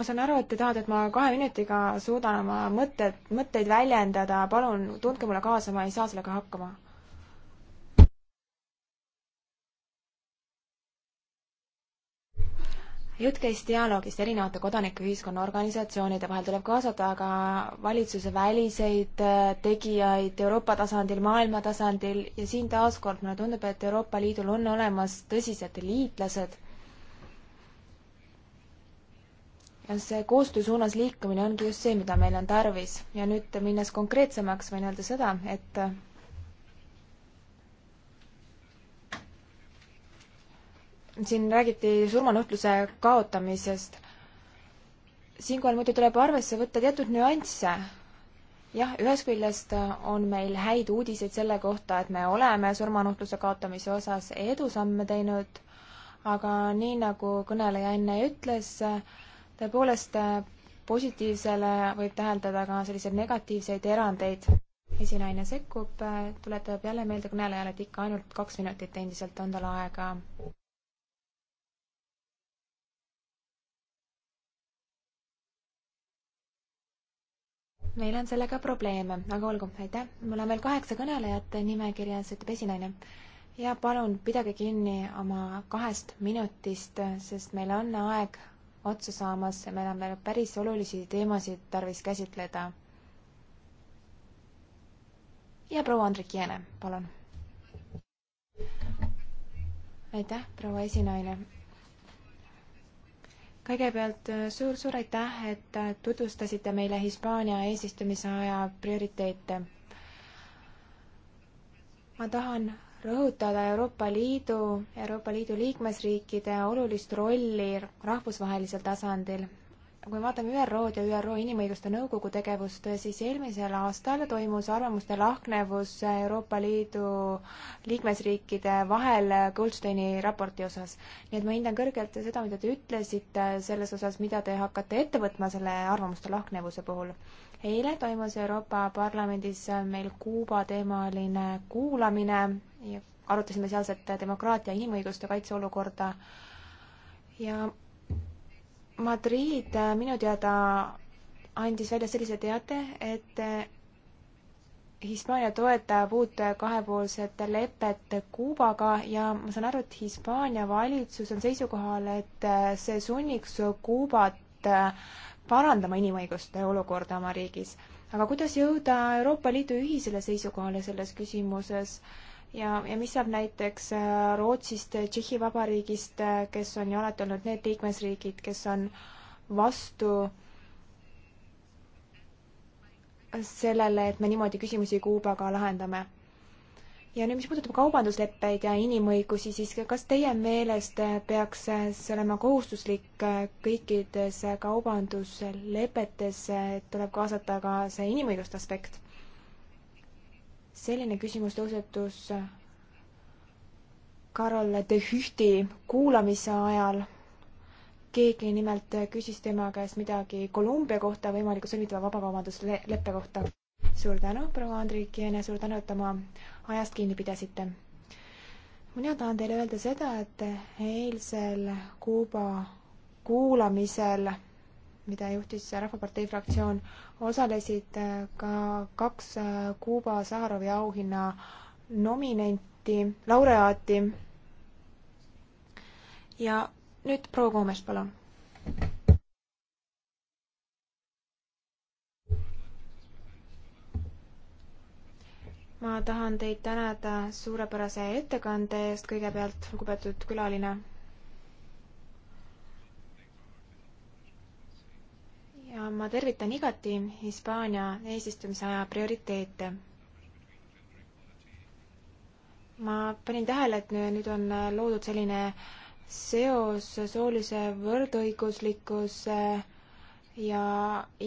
ma saan aru, et te tahate, et ma kahe minutiga suudan oma mõtted, mõtteid väljendada, palun tundke mulle kaasa, ma ei saa sellega hakkama jutt käis dialoogist erinevate kodanikuühiskonna organisatsioonide vahel, tuleb kaasata ka valitsuse väliseid äh, tegijaid Euroopa tasandil, maailma tasandil ja siin taaskord mulle tundub, et Euroopa Liidul on olemas tõsised liitlased. ja see koostöö suunas liikumine ongi just see, mida meil on tarvis ja nüüd minnes konkreetsemaks, võin öelda seda, et siin räägiti surmanuhtluse kaotamisest. siinkohal muidu tuleb arvesse võtta teatud nüansse. jah, ühest küljest on meil häid uudiseid selle kohta, et me oleme surmanuhtluse kaotamise osas edusamme teinud, aga nii, nagu kõneleja enne ütles, tõepoolest positiivsele võib täheldada ka selliseid negatiivseid erandeid esinaine sekkub, tuletab jälle meelde kõnelejale, et ikka ainult kaks minutit endiselt on tal aega meil on sellega probleeme, aga olgu, aitäh. mul on veel kaheksa kõnelejat nimekirjas, ütleb esinaine. ja palun pidage kinni oma kahest minutist, sest meil on aeg otsa saamas ja meil on veel päris olulisi teemasid tarvis käsitleda. ja proua Andrik Jääne, palun. aitäh, proua esinaine kõigepealt suur-suur äh, aitäh, et äh, tutvustasite meile Hispaania eesistumise aja prioriteete. ma tahan rõhutada Euroopa Liidu, Euroopa Liidu liikmesriikide olulist rolli rahvusvahelisel tasandil kui vaatame ÜRO-d ja ÜRO Inimõiguste Nõukogu tegevust, siis eelmisel aastal toimus arvamuste lahknevus Euroopa Liidu liikmesriikide vahel Goldsteini raporti osas. nii et ma hindan kõrgelt seda, mida te ütlesite selles osas, mida te hakkate ette võtma selle arvamuste lahknevuse puhul. eile toimus Euroopa Parlamendis meil Kuuba teemaline kuulamine ja arutasime sealset demokraatia ja inimõiguste kaitse olukorda ja Madrid äh, minu teada andis välja sellise teate, et äh, Hispaania toetab uut kahepoolset lepet Kuubaga ja ma saan aru, et Hispaania valitsus on seisukohal, et äh, see sunniks Kuubat parandama inimõiguste olukorda oma riigis. aga kuidas jõuda Euroopa Liidu ühisele seisukohale selles küsimuses äh, ja, ja mis saab näiteks äh, Rootsist, äh, Tšehhi Vabariigist, äh, kes on ju alati olnud need liikmesriigid, kes on vastu sellele, et me niimoodi küsimusi Kuubaga lahendame. ja nüüd, mis puudutab kaubandusleppeid ja inimõigusi, siis kas teie meelest peaks see olema kohustuslik kõikides kaubanduslepetes, et tuleb kaasata ka see inimõiguste aspekt? selline küsimus tõusetus Karol äh, de Hühti kuulamise ajal. keegi nimelt küsis tema käest midagi Kolumbia kohta, võimaliku sõlmitava vabakaubandusleppe kohta. suur tänu, proua Andrikiene, suur tänu, et oma ajast kinni pidasite. mina tahan teile öelda seda, et eilsel Kuuba kuulamisel mida juhtis Rahvapartei fraktsioon, osalesid äh, ka kaks äh, Kuuba Saharovi auhinna nominenti, laureaati. ja nüüd proua Koomest, palun. ma tahan teid tänada suurepärase ettekande eest kõigepealt, lugupeetud külaline ja ma tervitan igati Hispaania eesistumise aja prioriteete. ma panin tähele, et nüüd on loodud selline seos soolise võrdõiguslikkuse ja,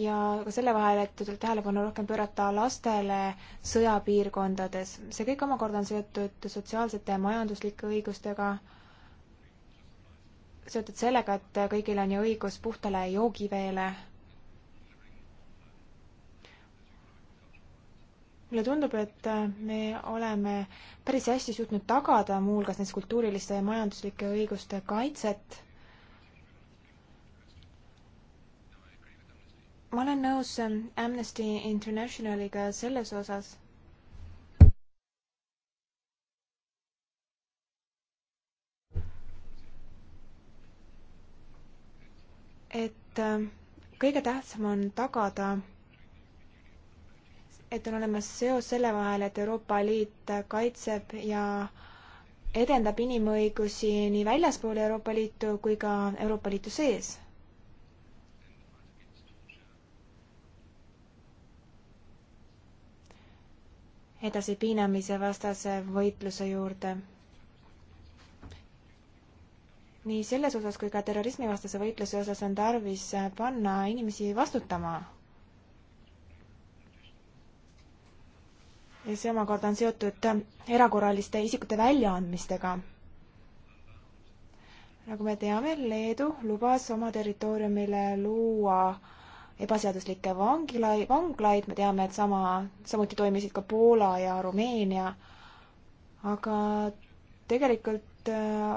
ja ka selle vahel, et tähelepanu rohkem pöörata lastele sõjapiirkondades. see kõik omakorda on seotud sotsiaalsete ja majanduslike õigustega, seotud sellega, et kõigil on ju õigus puhtale joogiveele mulle tundub, et äh, me oleme päris hästi suutnud tagada muuhulgas näiteks kultuuriliste ja majanduslike õiguste kaitset ma olen nõus ähm, Amnesty Internationaliga selles osas. et ähm, kõige tähtsam on tagada et on olemas seos selle vahel, et Euroopa Liit kaitseb ja edendab inimõigusi nii väljaspool Euroopa Liitu kui ka Euroopa Liidu sees. edasi piinamise vastase võitluse juurde. nii selles osas kui ka terrorismivastase võitluse osas on tarvis panna inimesi vastutama ja see omakorda on seotud äh, erakorraliste isikute väljaandmistega. nagu me teame, Leedu lubas oma territooriumile luua ebaseaduslikke vangila, vanglaid, me teame, et sama, samuti toimisid ka Poola ja Rumeenia, aga tegelikult äh,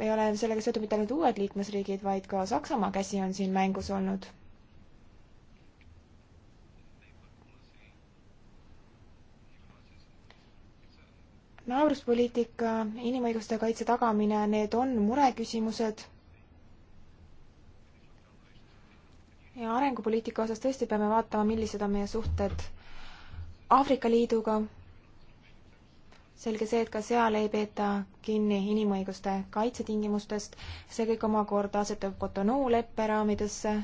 ei ole sellega seotud mitte ainult uued liikmesriigid, vaid ka Saksamaa käsi on siin mängus olnud naabruspoliitika, inimõiguste kaitse tagamine, need on mureküsimused. ja arengupoliitika osas tõesti peame vaatama, millised on meie suhted Aafrika Liiduga. selge see, et ka seal ei peeta kinni inimõiguste kaitsetingimustest, see kõik omakorda asetub Cotonou leppe raamidesse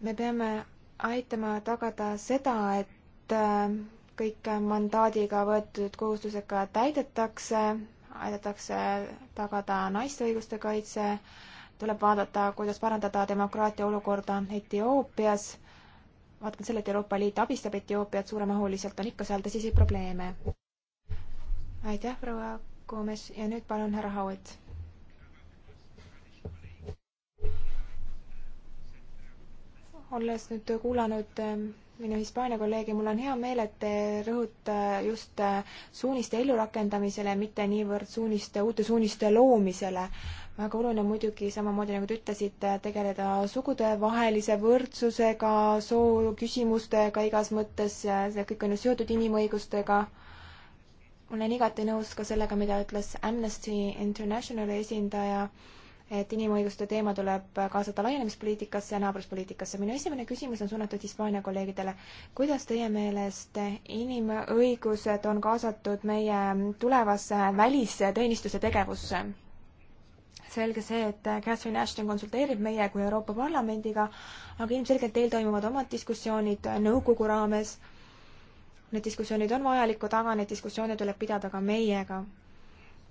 me peame aitama tagada seda, et äh, kõik mandaadiga võetud kohustused ka täidetakse, aidatakse tagada naiste õiguste kaitse, tuleb vaadata, kuidas parandada demokraatia olukorda Etioopias vaatamata sellele, et Euroopa Liit abistab Etioopiat suuremahuliselt, on ikka seal tõsiseid probleeme. aitäh, proua Koomes ja nüüd palun härra Hauet. olles nüüd kuulanud ähm, minu Hispaania kolleegi, mul on hea meel, et te rõhute just äh, suuniste ellurakendamisele, mitte niivõrd suuniste, uute suuniste loomisele. väga oluline muidugi samamoodi, nagu te ütlesite, tegeleda sugudevahelise võrdsusega, sooküsimustega igas mõttes, see kõik on ju seotud inimõigustega. olen igati nõus ka sellega, mida ütles Amnesty Internationali esindaja et inimõiguste teema tuleb kaasata laienemispoliitikasse ja naabruspoliitikasse. minu esimene küsimus on suunatud Hispaania kolleegidele. kuidas teie meelest inimõigused on kaasatud meie tulevasse välisteenistuse tegevusse? selge see, et Catherine Ashton konsulteerib meie kui Euroopa Parlamendiga, aga ilmselgelt teil toimuvad omad diskussioonid nõukogu raames. Need diskussioonid on vajalikud, aga neid diskussioone tuleb pidada ka meiega.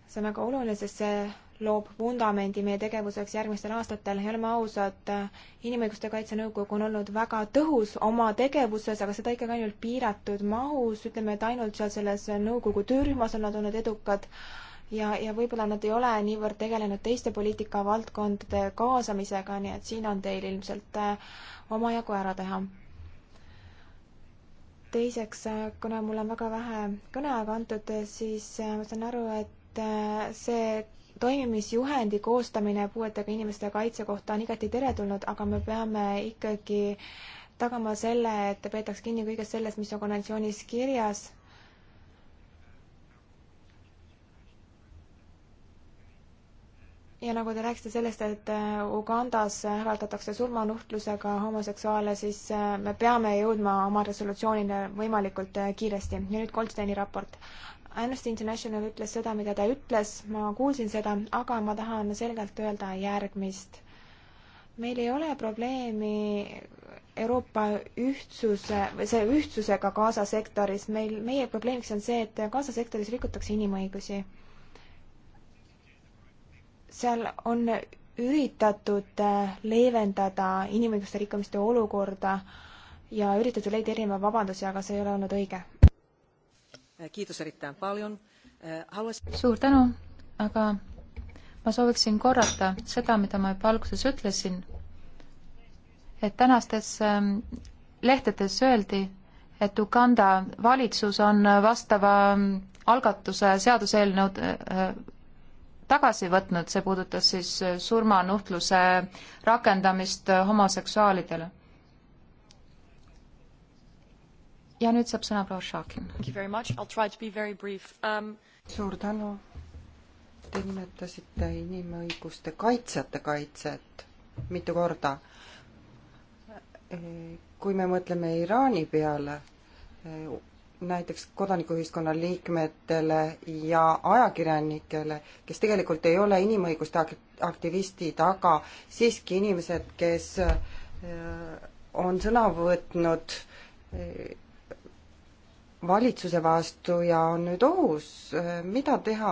see on väga oluline, sest see loob vundamendi meie tegevuseks järgmistel aastatel ja oleme ausad, Inimõiguste Kaitse Nõukogu on olnud väga tõhus oma tegevuses, aga seda ikkagi ainult piiratud mahus, ütleme, et ainult seal selles nõukogu töörühmas on nad olnud edukad ja, ja võib-olla nad ei ole niivõrd tegelenud teiste poliitikavaldkondade kaasamisega, nii et siin on teil ilmselt äh, omajagu ära teha. teiseks, äh, kuna mul on väga vähe kõneaega antud, siis äh, ma saan aru, et see toimimisjuhendi koostamine puuetega inimeste kaitse kohta on igati teretulnud, aga me peame ikkagi tagama selle, et peetaks kinni kõigest sellest, mis on konventsioonis kirjas. ja nagu te rääkisite sellest, et äh, Ugandas ähvardatakse surmanuhtlusega homoseksuaale, siis äh, me peame jõudma oma resolutsioonile võimalikult äh, kiiresti. ja nüüd Goldsteini raport. Amnesty International ütles seda, mida ta ütles, ma kuulsin seda, aga ma tahan selgelt öelda järgmist. meil ei ole probleemi Euroopa ühtsuse või see ühtsusega Gaza sektoris, meil, meie probleemiks on see, et Gaza sektoris rikutakse inimõigusi. seal on üritatud äh, leevendada inimõiguste rikkumiste olukorda ja üritatud leida erinevaid vabandusi, aga see ei ole olnud õige Kiitos erittäin paljon. Äh, Haluaisin... Suur tänu, aga ma sooviksin korrata seda, mida ma juba alguses ütlesin, et tänastes ähm, lehtedes öeldi, et Uganda valitsus on vastava ähm, algatuse seaduseelnõu äh, äh, tagasi võtnud, see puudutas siis surmanuhtluse rakendamist homoseksuaalidele ja nüüd saab sõna proua Šakin. Um, suur tänu. Te nimetasite inimõiguste kaitsjate kaitset mitu korda. Eh, kui me mõtleme Iraani peale, eh, näiteks kodanikuühiskonna liikmetele ja ajakirjanikele, kes tegelikult ei ole inimõiguste aktivistid, aga siiski inimesed, kes eh, on sõna võtnud valitsuse vastu ja on nüüd ohus, mida teha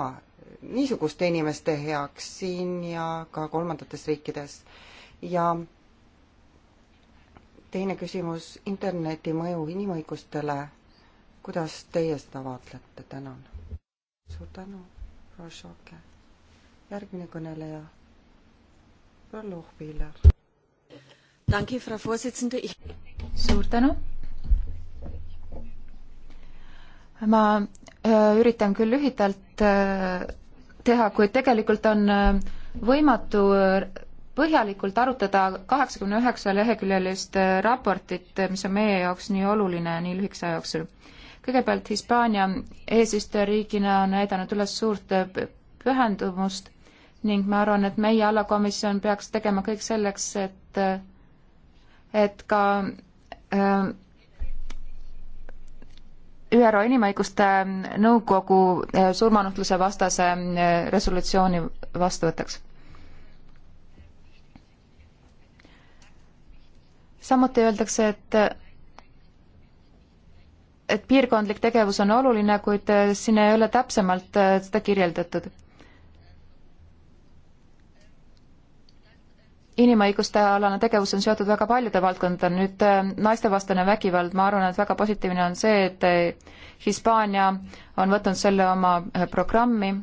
niisuguste inimeste heaks siin ja ka kolmandates riikides? ja teine küsimus, interneti mõju inimõigustele, kuidas teie seda vaatlete, tänan. suur tänu, Rošoke. järgmine kõneleja, Rollo Piilar. suur tänu ma äh, üritan küll lühidalt äh, teha, kuid tegelikult on äh, võimatu põhjalikult arutada kaheksakümne üheksa leheküljelist raportit, mis on meie jaoks nii oluline nii lühikese aja jooksul. kõigepealt Hispaania eesistujariigina on näidanud üles suurt pühendumust ning ma arvan, et meie alakomisjon peaks tegema kõik selleks, et et ka äh, ÜRO Inimõiguste Nõukogu äh, surmanuhtluse vastase äh, resolutsiooni vastu võtaks. samuti öeldakse, et et piirkondlik tegevus on oluline, kuid äh, siin ei ole täpsemalt seda kirjeldatud inimõiguste alane tegevus on seotud väga paljude valdkondadega, nüüd äh, naistevastane vägivald, ma arvan, et väga positiivne on see, et äh, Hispaania on võtnud selle oma äh, programmi,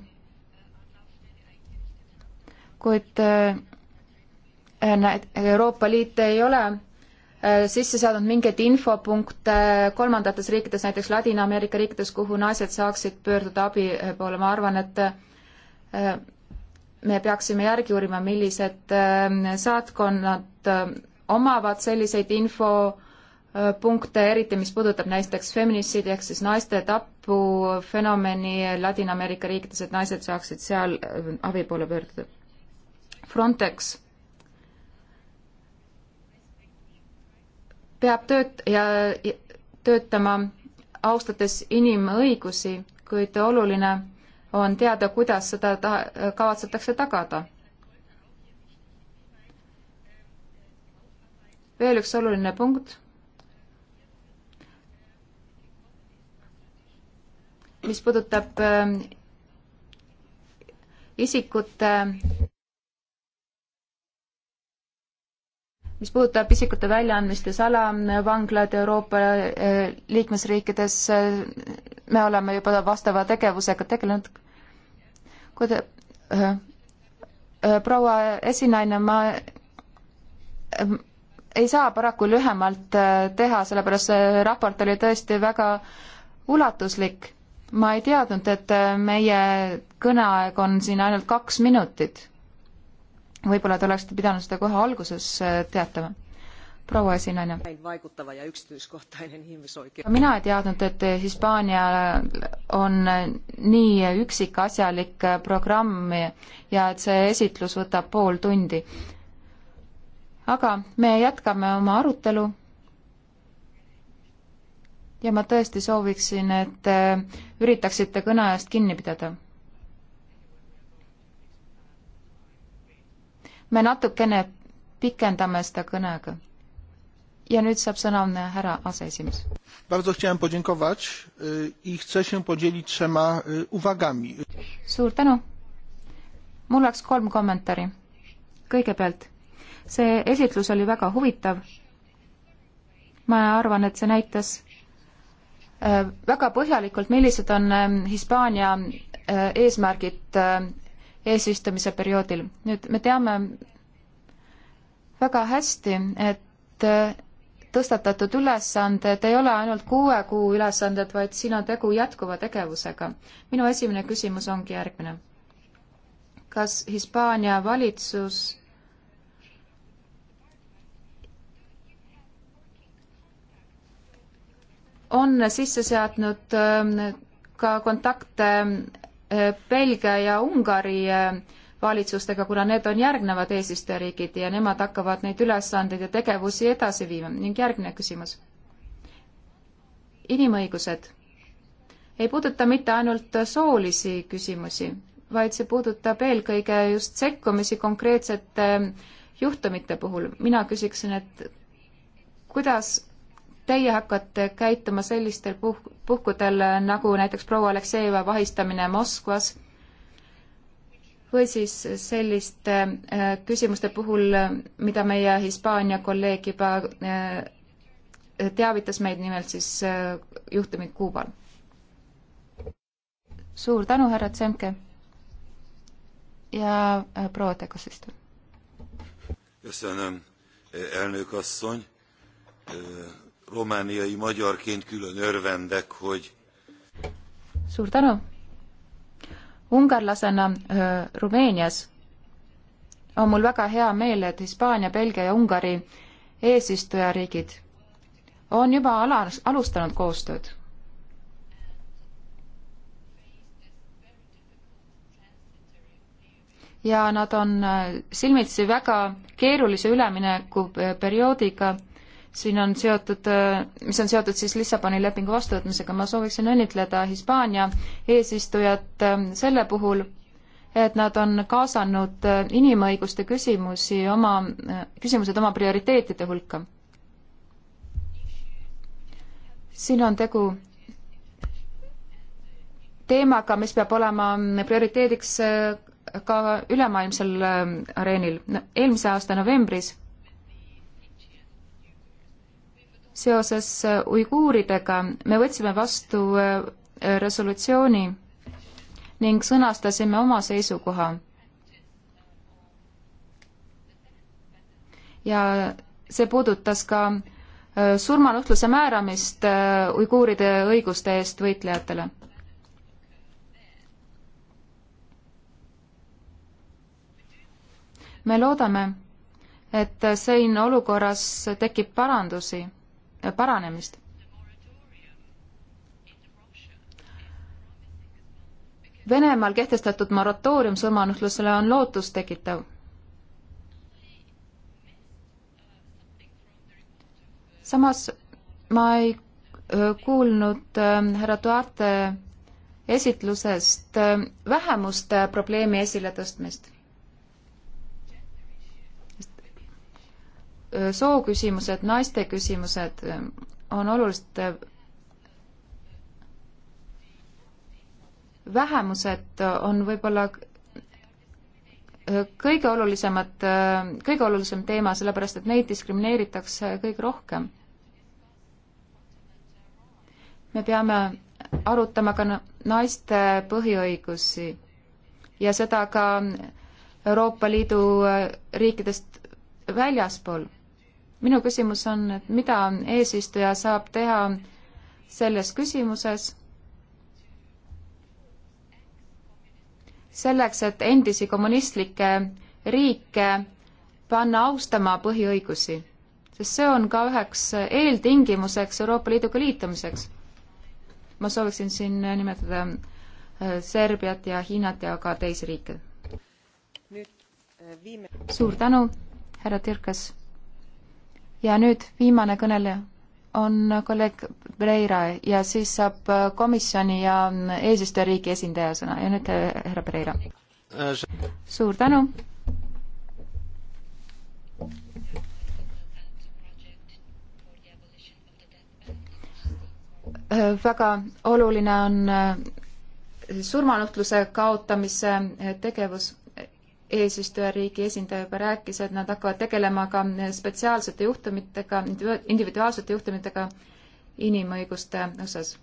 kuid Euroopa Liit ei ole sisse seadnud mingeid infopunkte kolmandates riikides, näiteks Ladina-Ameerika riikides, kuhu naised saaksid pöörduda abi poole, ma arvan, et me peaksime järgi uurima, millised ähm, saatkonnad ähm, omavad selliseid infopunkte, äh, eriti mis puudutab näiteks feminissiidi ehk siis naiste tapufenomeni Ladina-Ameerika riikides, et naised saaksid seal äh, abi poole pöörduda. Frontex peab tööt- ja töötama austades inimõigusi, kuid oluline on teada, kuidas seda ta-, kavatsetakse tagada. veel üks oluline punkt, mis puudutab ähm, isikute mis puudutab isikute väljaandmist ja salavanglad Euroopa eh, liikmesriikides, eh, me oleme juba vastava tegevusega tegelenud. kuid äh, eh, proua esinaine, ma äh, ei saa paraku lühemalt äh, teha, sellepärast see raport oli tõesti väga ulatuslik. ma ei teadnud, et meie kõneaeg on siin ainult kaks minutit võib-olla te oleksite pidanud seda kohe alguses äh, teatama. proua esinaine. vaikuttava ja yksityiskohtainen ihmisoikeus. mina ei teadnud, et äh, Hispaanial äh, on nii üksikasjalik programm ja et see esitlus võtab pool tundi. aga me jätkame oma arutelu. ja ma tõesti sooviksin, et üritaksite kõne ajast kinni pidada me natukene pikendame seda kõnega. ja nüüd saab sõna härra aseesimees. Bardzo chciałem podziękować i chcę się podzielić trzema uwagami. suur tänu. mul oleks kolm kommentaari. kõigepealt, see esitlus oli väga huvitav. ma arvan, et see näitas äh, väga põhjalikult, millised on äh, Hispaania äh, eesmärgid eesistumise perioodil. nüüd me teame väga hästi, et äh, tõstatatud ülesanded ei ole ainult kuue kuu ülesanded, vaid siin on tegu jätkuva tegevusega. minu esimene küsimus ongi järgmine. kas Hispaania valitsus on sisse seadnud ähm, ka kontakte Äh, Belgia ja Ungari äh, valitsustega, kuna need on järgnevad eesistujariigid ja nemad hakkavad neid ülesandeid ja tegevusi edasi viima. ning järgmine küsimus. inimõigused ei puuduta mitte ainult soolisi küsimusi, vaid see puudutab eelkõige just sekkumisi konkreetsete juhtumite puhul. mina küsiksin, et kuidas teie hakkate käituma sellistel puh-, puhkudel, nagu näiteks proua Aleksejeva vahistamine Moskvas, või siis selliste äh, küsimuste puhul, mida meie Hispaania kolleeg juba äh, teavitas meid, nimelt siis äh, juhtumid Kuubal. suur tänu, härra Tsemke ja proua Tekosist. köszönöm, elnök asszony romániai magyarként külön örvendek, hogy suur tänu! ungarlasena Rumeenias on mul väga hea meel, et Hispaania, Belgia ja Ungari eesistujariigid on juba alas, alustanud koostööd. ja nad on äh, silmitsi väga keerulise üleminekuperioodiga äh, siin on seotud, äh, mis on seotud siis Lissaboni lepingu vastuvõtmisega, ma sooviksin õnnitleda Hispaania eesistujat ähm, selle puhul, et nad on kaasanud äh, inimõiguste küsimusi oma, äh, küsimused oma prioriteetide hulka. siin on tegu teemaga, mis peab olema mm, prioriteediks ka ülemaailmsel ähm, areenil. eelmise aasta novembris seoses äh, uiguuridega me võtsime vastu äh, resolutsiooni ning sõnastasime oma seisukoha. ja see puudutas ka äh, surmanuhtluse määramist uiguuride õiguste eest võitlejatele me loodame, et siin olukorras tekib parandusi paranemist. Venemaal kehtestatud moratoorium surmanuhtlusele on lootustekitav. samas ma ei kuulnud härra Duarte esitlusest vähemuste probleemi esiletõstmist sooküsimused, naiste küsimused ähm, on oluliselt äh, vähemused äh, on võib-olla äh, kõige olulisemad, kõige olulisem teema, sellepärast et neid diskrimineeritakse kõige rohkem. me peame arutama ka naiste põhiõigusi ja seda ka Euroopa Liidu riikidest väljaspool minu küsimus on, et mida eesistuja saab teha selles küsimuses selleks, et endisi kommunistlikke riike panna austama põhiõigusi, sest see on ka üheks eeltingimuseks Euroopa Liiduga liitumiseks. ma sooviksin siin nimetada äh, Serbiat ja Hiinat ja ka teisi riike. Äh, suur tänu, härra Tirkas ja nüüd viimane kõneleja on kolleeg Pereira ja siis saab komisjoni ja eesistujariigi esindaja sõna ja nüüd härra Pereira. suur tänu. väga oluline on surmanuhtluse kaotamise tegevus eesistujariigi esindaja juba rääkis, et nad hakkavad tegelema ka spetsiaalsete juhtumitega, individuaalsete juhtumitega inimõiguste osas.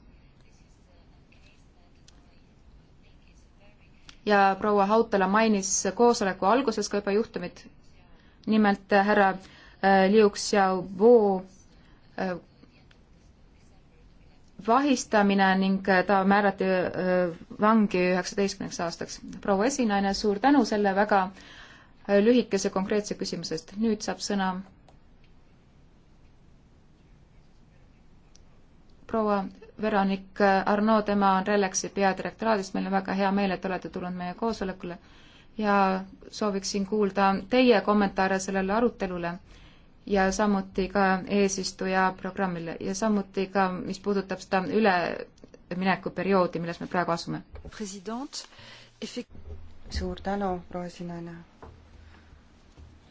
ja proua Hautala mainis koosoleku alguses ka juba juhtumit. nimelt härra äh, Liuks ja Voo vahistamine ning ta määrati vangi üheksateistkümneks aastaks. proua esinaine, suur tänu selle väga lühikese konkreetse küsimuse eest. nüüd saab sõna proua Veronik Arno, tema on Relexi peadirektoraadist, meil on väga hea meel, et olete tulnud meie koosolekule ja sooviksin kuulda teie kommentaare sellele arutelule ja samuti ka eesistuja programmile ja samuti ka, mis puudutab seda üleminekuperioodi, milles me praegu asume. suur tänu, proua Sinane.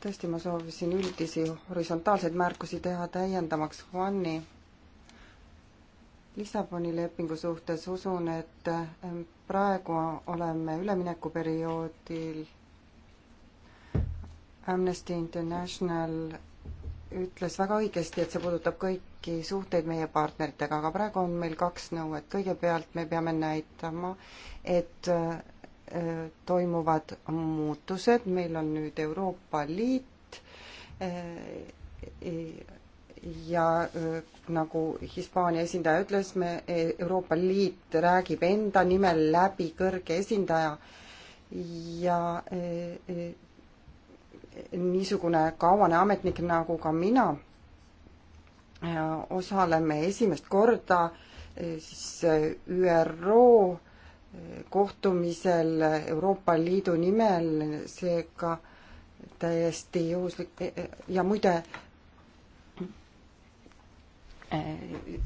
tõesti, ma soovisin üldisi horisontaalseid märkusi teha täiendamaks Juani Lissaboni lepingu suhtes usun, et ähm, praegu oleme üleminekuperioodil Amnesty International ütles väga õigesti, et see puudutab kõiki suhteid meie partneritega, aga praegu on meil kaks nõuet. kõigepealt me peame näitama, et äh, toimuvad muutused, meil on nüüd Euroopa Liit äh, ja äh, nagu Hispaania esindaja ütles, me, e, Euroopa Liit räägib enda nimel läbi kõrge esindaja ja e, e, niisugune kauane ametnik nagu ka mina äh, osaleme esimest korda äh, siis äh, ÜRO kohtumisel Euroopa Liidu nimel, seega täiesti juhuslik ja muide,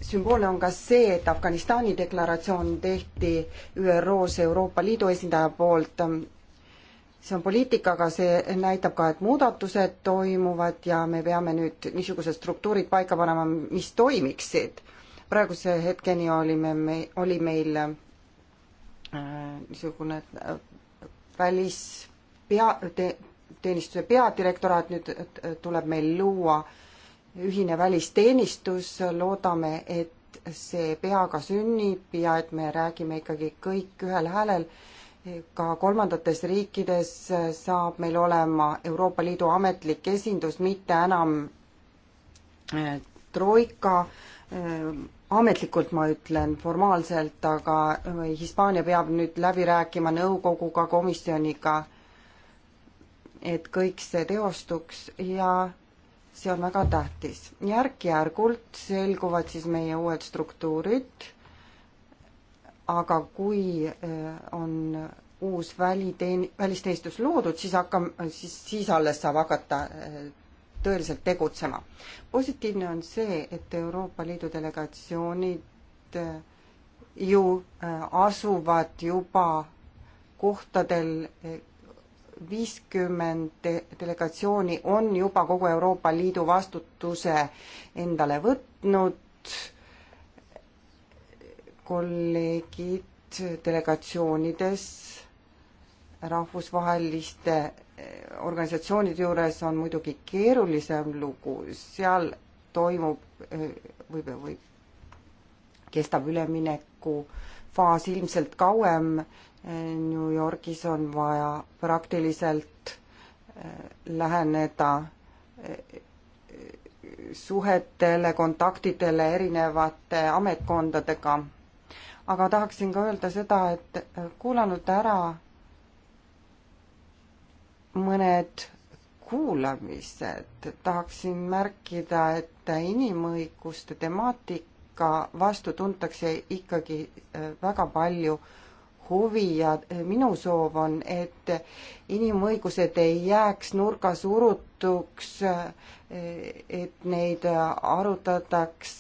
sümboolne on ka see, et Afganistani deklaratsioon tehti ÜRO-s Euroopa Liidu esindaja poolt see on poliitika, aga see näitab ka, et muudatused toimuvad ja me peame nüüd niisugused struktuurid paika panema, mis toimiksid. praeguse hetkeni olime me, oli meil äh, niisugune äh, välispea te,, teenistuse peadirektoraat, nüüd tuleb meil luua ühine välisteenistus, loodame, et see peaga sünnib ja et me räägime ikkagi kõik ühel häälel äh, ka kolmandates riikides saab meil olema Euroopa Liidu ametlik esindus, mitte enam eh, troika, eh, ametlikult ma ütlen formaalselt, aga eh, Hispaania peab nüüd läbi rääkima nõukoguga, komisjoniga, et kõik see teostuks ja see on väga tähtis. järk-järgult selguvad siis meie uued struktuurid aga kui äh, on äh, uus väliteen-, välisteenistus loodud, siis hakkame, siis, siis alles saab hakata äh, tõeliselt tegutsema. positiivne on see, et Euroopa Liidu delegatsioonid ju asuvad juba kohtadel viiskümmend delegatsiooni on juba kogu Euroopa Liidu vastutuse endale võtnud kolleegid delegatsioonides rahvusvaheliste eh, organisatsioonide juures on muidugi keerulisem lugu, seal toimub eh, või, või kestab ülemineku faas ilmselt kauem. Eh, New Yorgis on vaja praktiliselt läheneda suhetele, kontaktidele erinevate ametkondadega aga tahaksin ka öelda seda, et äh, kuulanud ära mõned kuulamised, tahaksin märkida, et inimõiguste temaatika vastu tuntakse ikkagi äh, väga palju huvi ja äh, minu soov on, et inimõigused ei jääks nurga surutuks, et neid arutataks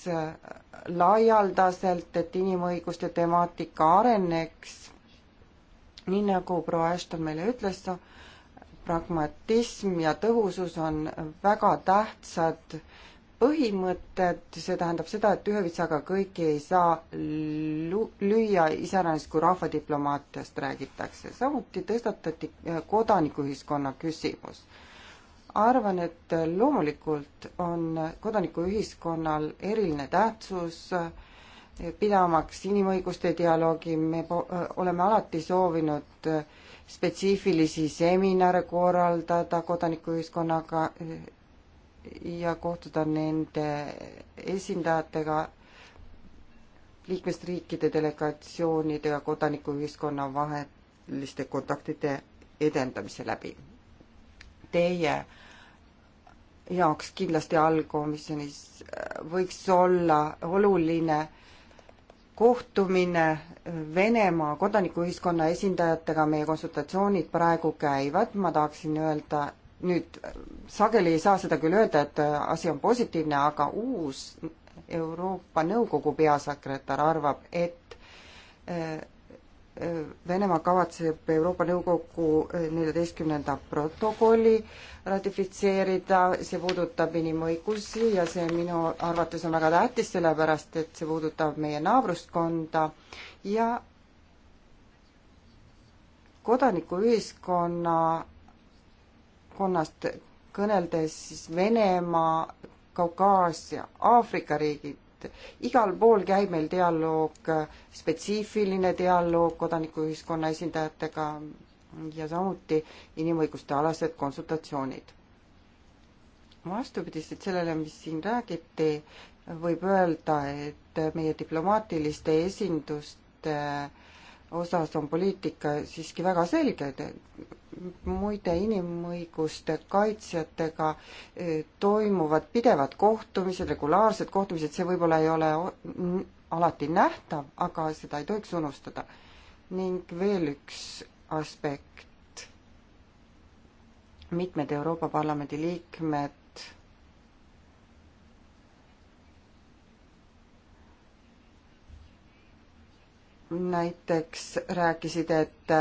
laialdaselt, et inimõiguste temaatika areneks. nii nagu proua Ashton meile ütles, pragmatism ja tõhusus on väga tähtsad põhimõtted, see tähendab seda, et ühe vitsaga kõiki ei saa lüüa, iseäranis kui rahvadiplomaatiast räägitakse. samuti tõstatati kodanikuühiskonna küsimus arvan, et loomulikult on kodanikuühiskonnal eriline tähtsus pidamaks inimõiguste dialoogi, me oleme alati soovinud spetsiifilisi seminare korraldada kodanikuühiskonnaga ja kohtuda nende esindajatega, liikmesriikide delegatsioonidega kodanikuühiskonna vaheliste kontaktide edendamise läbi. Teie jaoks kindlasti allkomisjonis äh, võiks olla oluline kohtumine Venemaa kodanikuühiskonna esindajatega, meie konsultatsioonid praegu käivad, ma tahaksin öelda, nüüd äh, sageli ei saa seda küll öelda, et äh, asi on positiivne, aga uus Euroopa Nõukogu peasekretär arvab, et Venemaa kavatseb Euroopa Nõukogu neljateistkümnenda protokolli ratifitseerida, see puudutab inimõigusi ja see minu arvates on väga tähtis, sellepärast et see puudutab meie naabruskonda ja kodanikuühiskonna, konnast kõneldes siis Venemaa, Kaukaasia, Aafrika riigid, igal pool käib meil dialoog, spetsiifiline dialoog kodanikuühiskonna esindajatega, ja samuti inimõiguste alased konsultatsioonid. vastupidiselt sellele, mis siin räägiti, võib öelda, et meie diplomaatiliste esinduste osas on poliitika siiski väga selge, muide inimõiguste kaitsjatega e, toimuvad pidevad kohtumised, regulaarsed kohtumised, see võib-olla ei ole alati nähtav, aga seda ei tohiks unustada. ning veel üks aspekt. mitmed Euroopa Parlamendi liikmed näiteks rääkisid, et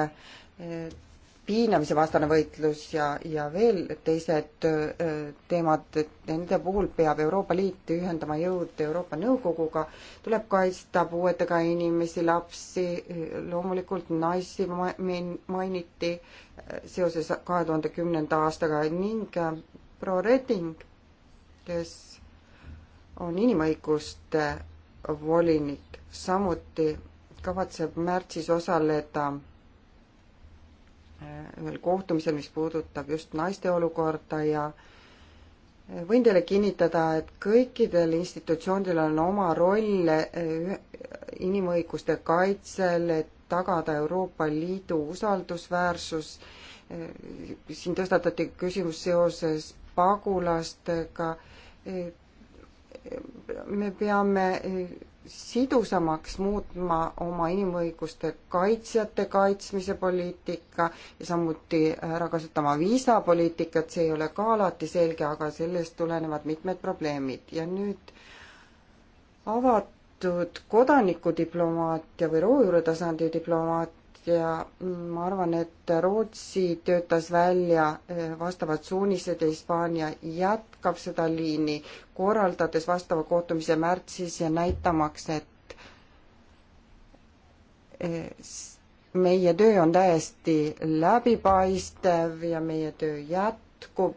piinamise vastane võitlus ja, ja veel teised äh, teemad, et nende puhul peab Euroopa Liit ühendama jõud Euroopa Nõukoguga, tuleb kaitsta puuetega inimesi, lapsi, loomulikult naisi mainiti äh, seoses kahe tuhande kümnenda aastaga ning äh, proua Reding, kes on inimõiguste volinik, samuti kavatseb märtsis osaleda Äh, ühel kohtumisel, mis puudutab just naiste olukorda ja äh, võin teile kinnitada, et kõikidel institutsioonidel on oma roll äh, inimõiguste kaitsel, et tagada Euroopa Liidu usaldusväärsus. siin tõstatati küsimus seoses pagulastega. me peame sidusamaks muutma oma inimõiguste kaitsjate kaitsmise poliitika ja samuti ära kasutama viisapoliitikat, see ei ole ka alati selge, aga sellest tulenevad mitmed probleemid ja nüüd avatud kodanikudiplomaatia või rohujuure tasandi diplomaat, ja ma arvan, et Rootsi töötas välja eh, vastavad suunised ja Hispaania jätkab seda liini, korraldades vastava kohtumise märtsis ja näitamaks, et eh, meie töö on täiesti läbipaistev ja meie töö jätkub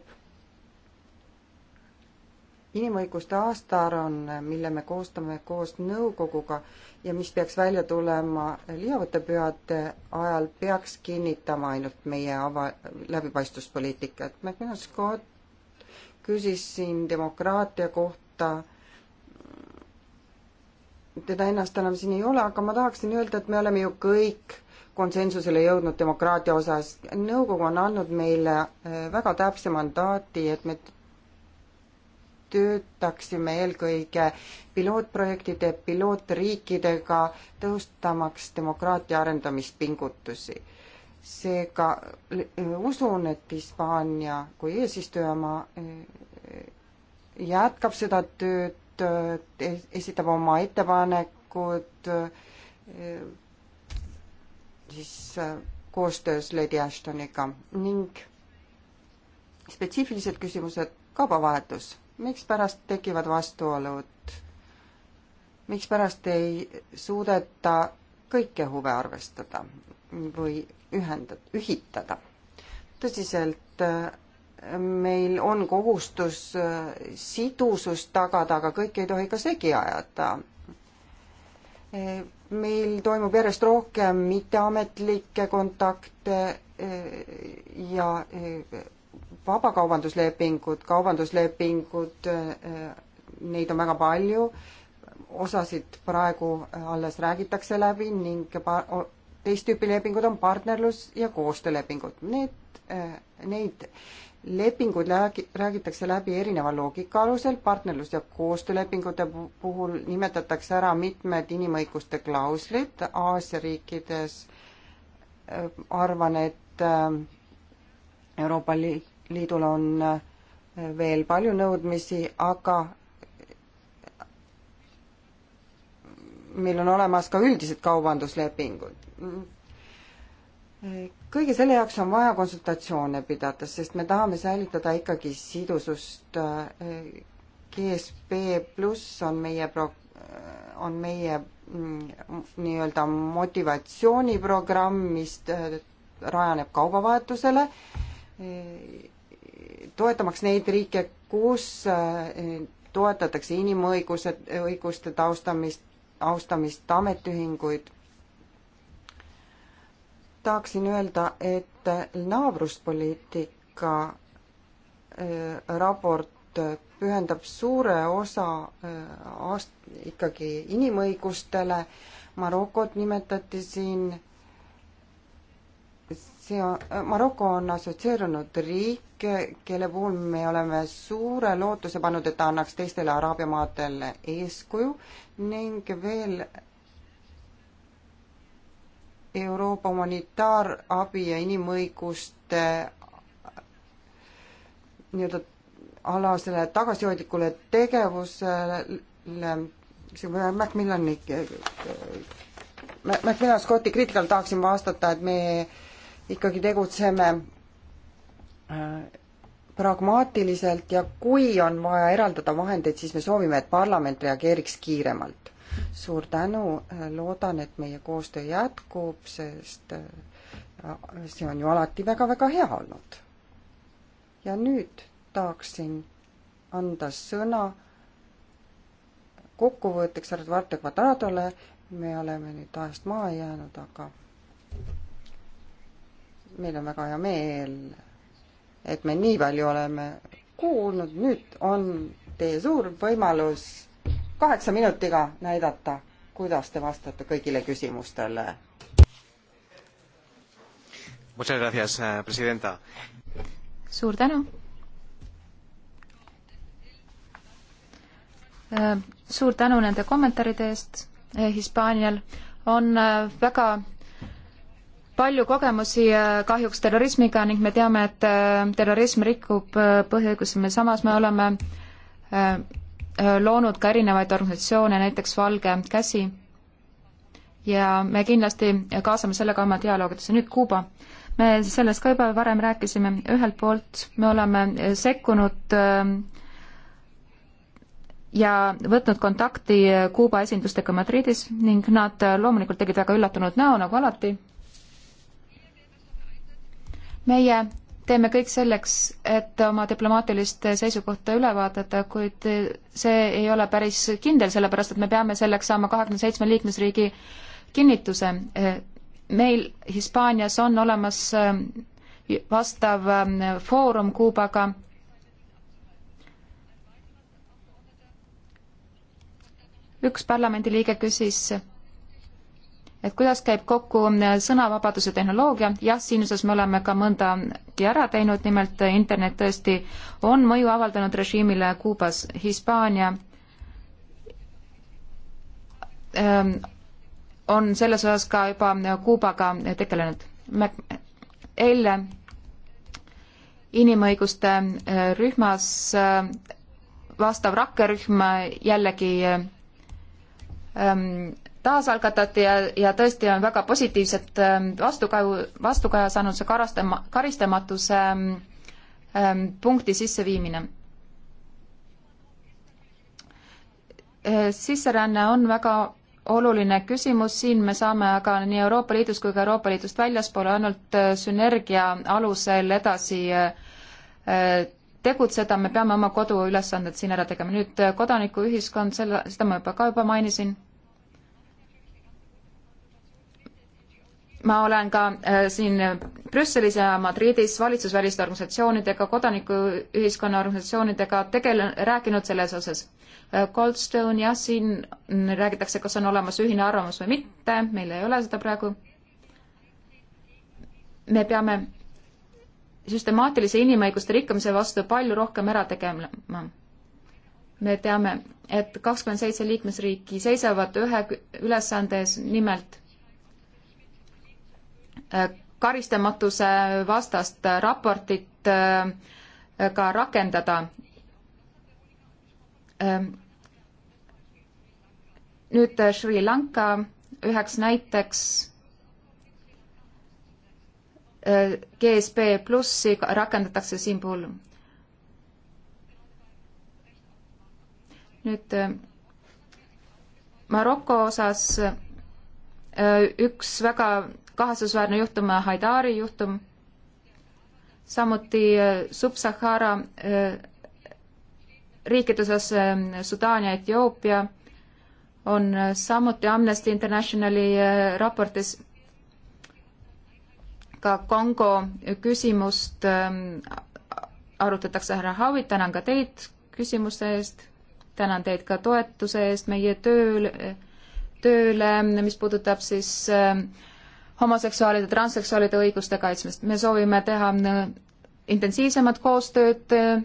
inimõiguste aastaaruanne, mille me koostame koos nõukoguga ja mis peaks välja tulema lihavõttepühade ajal, peaks kinnitama ainult meie ava-, läbipaistvuspoliitikat. Macmillan Scott küsis siin demokraatia kohta, teda ennast enam siin ei ole, aga ma tahaksin öelda, et me oleme ju kõik konsensusele jõudnud demokraatia osas. nõukogu on andnud meile eh, väga täpse mandaati, et me töötaksime eelkõige pilootprojektide, pilootriikidega, tõhustamaks demokraatia arendamispingutusi. seega äh, usun, et Hispaania kui eesistujamaa äh, jätkab seda tööd, äh, esitab oma ettepanekud siis koostöös Lady Ashtoniga ning spetsiifilised küsimused, kaubavahetus mikspärast tekivad vastuolud? mikspärast ei suudeta kõiki huve arvestada või ühendada, ühitada? tõsiselt, äh, meil on kohustus äh, sidusust tagada, aga kõike ei tohi ka segi ajada. Äh, meil toimub järjest rohkem mitteametlikke kontakte ja vabakaubanduslepingud, kaubanduslepingud, äh, neid on väga palju, osasid praegu alles räägitakse läbi ning teist tüüpi lepingud on partnerlus- ja koostöölepingud. Need, äh, neid lepingud räägi-, räägitakse läbi erineva loogika alusel, partnerlus- ja koostöölepingute puhul nimetatakse ära mitmed inimõiguste klauslid Aasia riikides, äh, arvan, et Euroopa Liidul on äh, veel palju nõudmisi, aga meil on olemas ka üldised kaubanduslepingud. kõige selle jaoks on vaja konsultatsioone pidada, sest me tahame säilitada ikkagi sidusust. Äh, GSP pluss on meie pro-, on meie mm, nii-öelda motivatsiooniprogramm, mis äh, rajaneb kaubavahetusele toetamaks neid riike, kus eh, toetatakse inimõigused, õiguste taustamist, austamist, ametiühinguid. tahaksin öelda, et naabruspoliitika eh, raport pühendab suure osa eh, aast-, ikkagi inimõigustele, Marokot nimetati siin see on, äh, Maroko on assotsieerunud riik, kelle puhul me oleme suure lootuse pannud, et ta annaks teistele Araabia maadele eeskuju ning veel Euroopa humanitaarabi ja inimõiguste äh, nii-öelda alasele tagasihoidlikule tegevusele, see Mac Millani Mac Millan Scotti kriitikale tahaksin vastata, et me ikkagi tegutseme äh, pragmaatiliselt ja kui on vaja eraldada vahendeid, siis me soovime, et parlament reageeriks kiiremalt. suur tänu, äh, loodan, et meie koostöö jätkub, sest äh, see on ju alati väga-väga hea olnud. ja nüüd tahaksin anda sõna kokkuvõtteks härra Duarte Quadradole, me oleme nüüd ajast maha jäänud, aga meil on väga hea meel, et me nii palju oleme kuulnud, nüüd on teie suur võimalus kaheksa minutiga näidata, kuidas te vastate kõigile küsimustele. Eh, suur tänu. Eh, suur tänu nende kommentaaride eest eh, Hispaanial on väga palju kogemusi äh, kahjuks terrorismiga ning me teame, et äh, terrorism rikub äh, põhiõigusi, me samas me oleme loonud ka erinevaid organisatsioone, näiteks Valge Käsi, ja me kindlasti kaasame selle ka oma dialoogidesse. nüüd Kuuba. me sellest ka juba varem rääkisime, ühelt poolt me oleme sekkunud ja võtnud kontakti Kuuba esindustega Madridis ning nad loomulikult tegid väga üllatunud näo, nagu alati, meie teeme kõik selleks, et oma diplomaatilist seisukohta üle vaadata, kuid see ei ole päris kindel, sellepärast et me peame selleks saama kahekümne seitsme liikmesriigi kinnituse. meil Hispaanias on olemas eh, vastav eh, foorum Kuubaga. üks parlamendiliige küsis et kuidas käib kokku äh, sõnavabaduse tehnoloogia, jah, siin osas me oleme ka mõndagi ära teinud, nimelt äh, internet tõesti on mõju avaldanud režiimile Kuubas, Hispaania ähm, on selles osas ka juba äh, Kuubaga tegelenud. me eile inimõiguste rühmas vastav rakkerühm jällegi ähm, taasalgatati ja, ja tõesti on väga positiivset ähm, vastukaju, vastukaja saanud see karastama, karistamatuse ähm, punkti sisseviimine äh,. sisseränne on väga oluline küsimus, siin me saame aga nii Euroopa Liidus kui ka Euroopa Liidust väljaspool ainult äh, sünergia alusel edasi äh, tegutseda, me peame oma koduülesanded siin ära tegema. nüüd äh, kodanikuühiskond, selle, seda ma juba ka juba mainisin ma olen ka äh, siin Brüsselis ja Madridis valitsusväliste organisatsioonidega, kodanikuühiskonna organisatsioonidega tegelen-, rääkinud selles osas. Äh, Goldstone, jah, siin räägitakse, kas on olemas ühine arvamus või mitte, meil ei ole seda praegu. me peame süstemaatilise inimõiguste rikkumise vastu palju rohkem ära tegema. me teame, et kakskümmend seitse liikmesriiki seisavad ühe ülesande ees, nimelt karistamatuse vastast raportit äh, ka rakendada. Ähm, nüüd äh, Sri Lanka üheks näiteks äh, GSB plussi rakendatakse siin puhul. nüüd Maroko osas üks väga kahetsusväärne juhtum, Haidari juhtum, samuti äh, Sub-Sahara äh, riikide osas äh, Sudaan ja Etioopia on samuti Amnesty Internationali raportis ka Kongo küsimust ähm, arutatakse, härra Haavit, tänan ka teid küsimuse eest, tänan teid ka toetuse eest meie tööl, tööle, mis puudutab siis äh, homoseksuaalide, transseksuaalide õiguste kaitsmist. me soovime teha äh, intensiivsemat koostööd äh,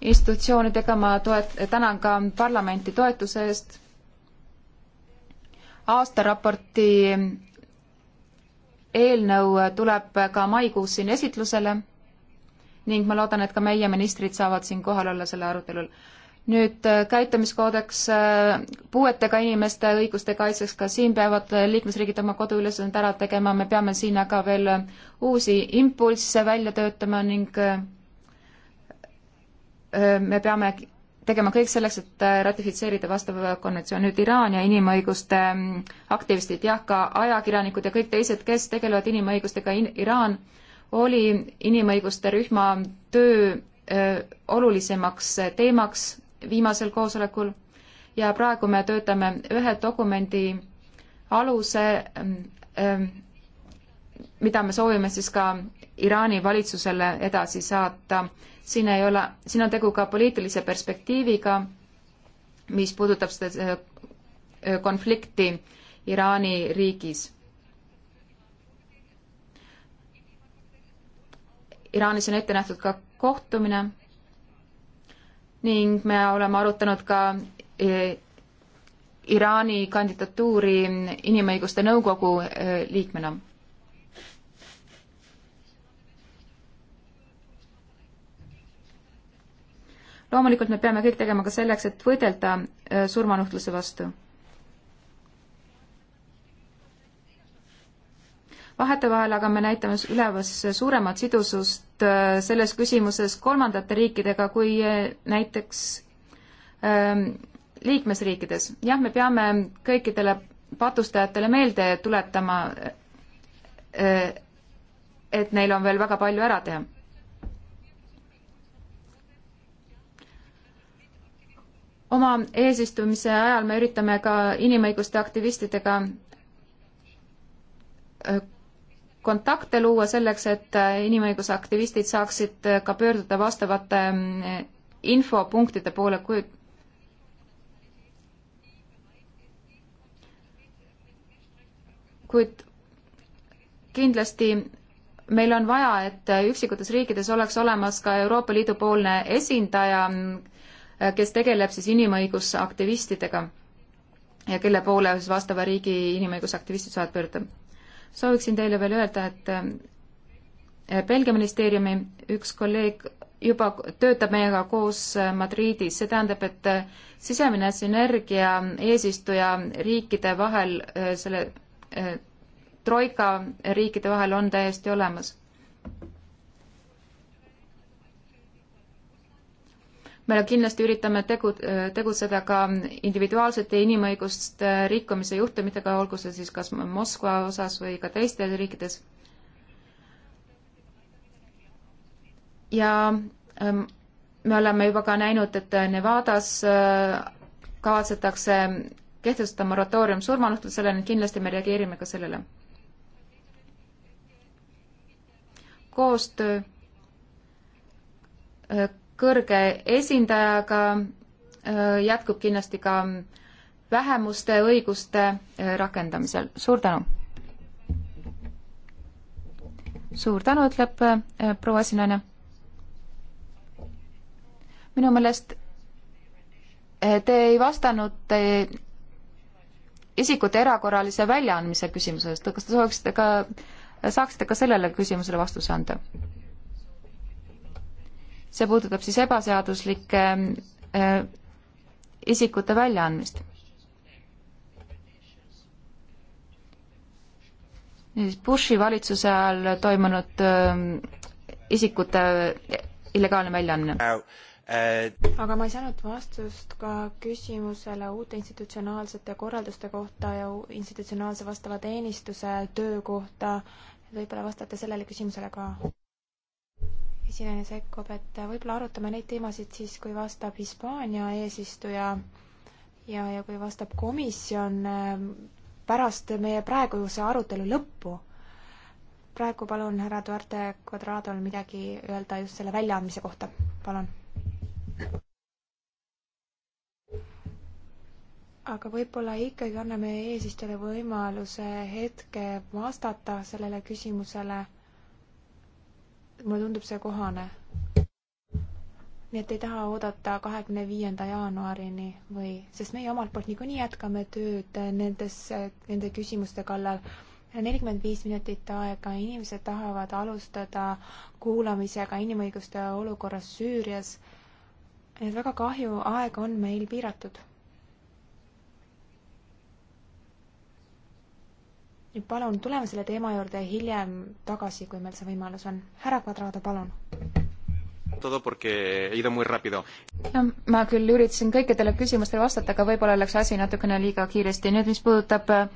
institutsioonidega, ma toet-, tänan ka parlamenti toetuse eest. aastaraporti eelnõu tuleb ka maikuus siin esitlusele ning ma loodan, et ka meie ministrid saavad siin kohal olla sellel arutelul nüüd äh, käitumiskoodeks äh, puuetega inimeste õiguste kaitseks, ka siin peavad äh, liikmesriigid oma koduülesanded ära tegema, me peame siin aga veel uusi impulsse välja töötama ning me peame tegema kõik selleks, et ratifitseerida vastav konventsioon. nüüd Iraan ja inimõiguste mm, aktivistid, jah, ka ajakirjanikud ja kõik teised, kes tegelevad inimõigustega in, Iraan oli inimõiguste rühma töö öö, olulisemaks teemaks viimasel koosolekul ja praegu me töötame ühe dokumendi aluse, ähm, ähm, mida me soovime siis ka Iraani valitsusele edasi saata. siin ei ole, siin on tegu ka poliitilise perspektiiviga, mis puudutab seda äh, äh, konflikti Iraani riigis. Iraanis on ette nähtud ka kohtumine ning me oleme arutanud ka e, Iraani kandidatuuri Inimõiguste Nõukogu e, liikmena. loomulikult me peame kõik tegema ka selleks, et võidelda e, surmanuhtluse vastu vahetevahel aga me näitame ülevas suuremat sidusust äh, selles küsimuses kolmandate riikidega kui äh, näiteks ähm, liikmesriikides. jah, me peame kõikidele patustajatele meelde tuletama, äh, et neil on veel väga palju ära teha. oma eesistumise ajal me üritame ka inimõiguste aktivistidega kontakte luua selleks, et äh, inimõiguse aktivistid saaksid äh, ka pöörduda vastavate mm, infopunktide poole, kui kuid kindlasti meil on vaja, et äh, üksikutes riikides oleks olemas ka Euroopa Liidu poolne esindaja, kes tegeleb siis inimõigusaktivistidega ja kelle poole siis vastava riigi inimõigusaktivistid saavad pöörduda sooviksin teile veel öelda, et äh, Belgia ministeeriumi üks kolleeg juba töötab meiega koos äh, Madridis, see tähendab, et äh, sisemine sünergia eesistuja riikide vahel, selle troika riikide vahel on täiesti olemas me kindlasti üritame tegu, tegutseda ka individuaalsete inimõiguste rikkumise juhtumitega, olgu see siis kas Moskva osas või ka teistes riikides. ja ähm, me oleme juba ka näinud, et Nevadas äh, kavatsetakse kehtestada moratoorium surmanuhtlusele, nii et kindlasti me reageerime ka sellele. koostöö äh, kõrge esindajaga äh, jätkub kindlasti ka vähemuste õiguste äh, rakendamisel. suur tänu! suur tänu, ütleb äh, proua esinaine. minu meelest te ei vastanud isikute erakorralise väljaandmise küsimusest, kas te sooviksite ka, saaksite ka sellele küsimusele vastuse anda? see puudutab siis ebaseaduslike äh, isikute väljaandmist. niisiis, Bushi valitsuse ajal toimunud äh, isikute äh, illegaalne väljaandmine. aga ma ei saanud vastust ka küsimusele uute institutsionaalsete korralduste kohta ja institutsionaalse vastava teenistuse töö kohta, võib-olla vastate sellele küsimusele ka? esinaine sekkub, et võib-olla arutame neid teemasid siis, kui vastab Hispaania eesistuja ja, ja kui vastab komisjon ähm, pärast meie praeguse arutelu lõppu. praegu palun härra Duarte Quadradol midagi öelda just selle väljaandmise kohta, palun. aga võib-olla ikkagi anname eesistujale võimaluse hetke vastata sellele küsimusele mulle tundub see kohane. nii et ei taha oodata kahekümne viienda jaanuarini või, sest meie omalt poolt niikuinii jätkame tööd nendes, nende küsimuste kallal. nelikümmend viis minutit aega, inimesed tahavad alustada kuulamisega inimõiguste olukorras Süürias. nii et väga kahju, aeg on meil piiratud palun tuleme selle teema juurde hiljem tagasi, kui meil see võimalus on. härra Quadrado, palun. Ja, ma küll üritasin kõikidele küsimustele vastata, aga võib-olla läks asi natukene liiga kiiresti. nüüd, mis puudutab äh,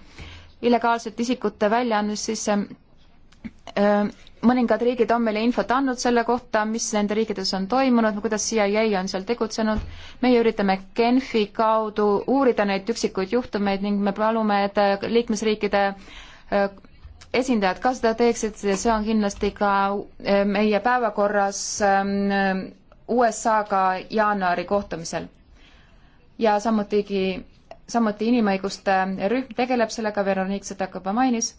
illegaalsete isikute väljaandmist, siis äh, mõningad riigid on meile infot andnud selle kohta, mis nende riikides on toimunud, kuidas CIA on seal tegutsenud. meie üritame Genfi kaudu uurida neid üksikuid juhtumeid ning me palume, et äh, liikmesriikide äh, esindajad ka seda teeksid, see on kindlasti ka äh, meie päevakorras ähm, USA-ga jaanuari kohtumisel. ja samutigi, samuti inimõiguste rühm tegeleb sellega, Veronique seda ka juba mainis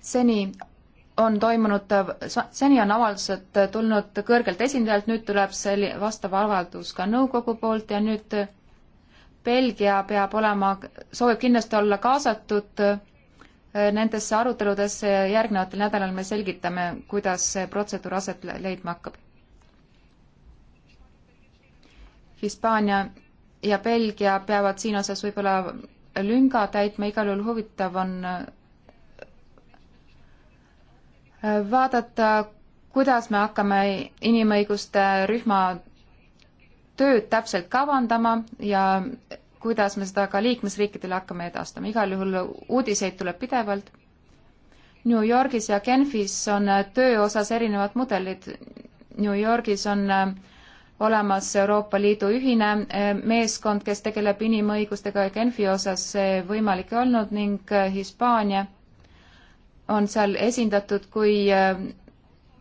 seni on toimunud, seni on avaldused tulnud kõrgelt esindajalt, nüüd tuleb selli-, vastav avaldus ka nõukogu poolt ja nüüd Belgia peab olema, soovib kindlasti olla kaasatud eh, nendesse aruteludesse ja järgnevatel nädalal me selgitame, kuidas see protseduur aset leidma hakkab. Hispaania ja Belgia peavad siin osas võib-olla lünga täitma, igal juhul huvitav on vaadata, kuidas me hakkame inimõiguste rühma tööd täpselt kavandama ja kuidas me seda ka liikmesriikidele hakkame edastama, igal juhul uudiseid tuleb pidevalt. New Yorgis ja Genfis on töö osas erinevad mudelid. New Yorgis on äh, olemas Euroopa Liidu ühine äh, meeskond, kes tegeleb inimõigustega ja Genfi osas see võimalik ei olnud ning äh, Hispaania on seal esindatud kui äh,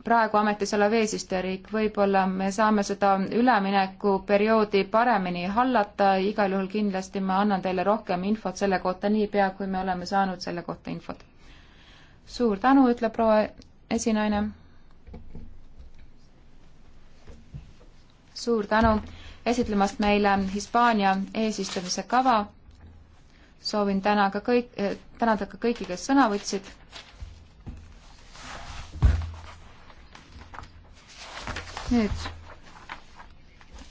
praegu ametis olev eesistujariik, võib-olla me saame seda üleminekuperioodi paremini hallata, igal juhul kindlasti ma annan teile rohkem infot selle kohta niipea, kui me oleme saanud selle kohta infot. suur tänu, ütleb proua esinaine. suur tänu esitlemast meile Hispaania eesistumise kava. soovin täna ka kõik, äh, tänada ka kõiki, kes sõna võtsid nüüd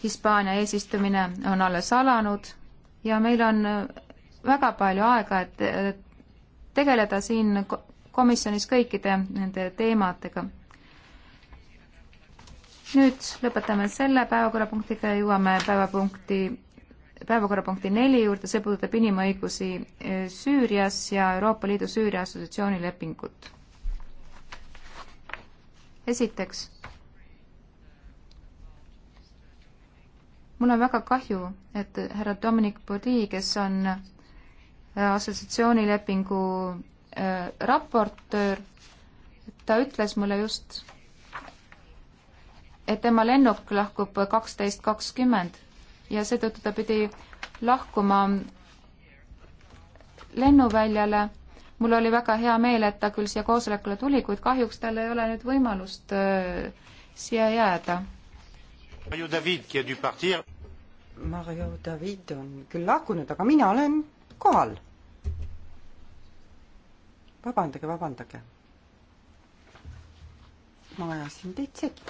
Hispaania eesistumine on alles alanud ja meil on äh, väga palju aega, et äh, tegeleda siin komisjonis kõikide nende teemadega. nüüd lõpetame selle päevakorrapunktiga ja jõuame päevapunkti, päevakorrapunkti neli juurde, see puudutab inimõigusi äh, Süürias ja Euroopa Liidu Süüria assotsiatsiooni lepingut. esiteks mul on väga kahju, et härra Dominic Bourdi, kes on äh, assotsiatsioonilepingu äh, raportöör, ta ütles mulle just, et tema lennuk lahkub kaksteist kakskümmend ja seetõttu ta pidi lahkuma lennuväljale. mul oli väga hea meel, et ta küll siia koosolekule tuli, kuid kahjuks tal ei ole nüüd võimalust äh, siia jääda Mario David, qui a dû partir. Mario David on küll lahkunud, aga mina olen kohal. vabandage, vabandage. ma ajasin teid segi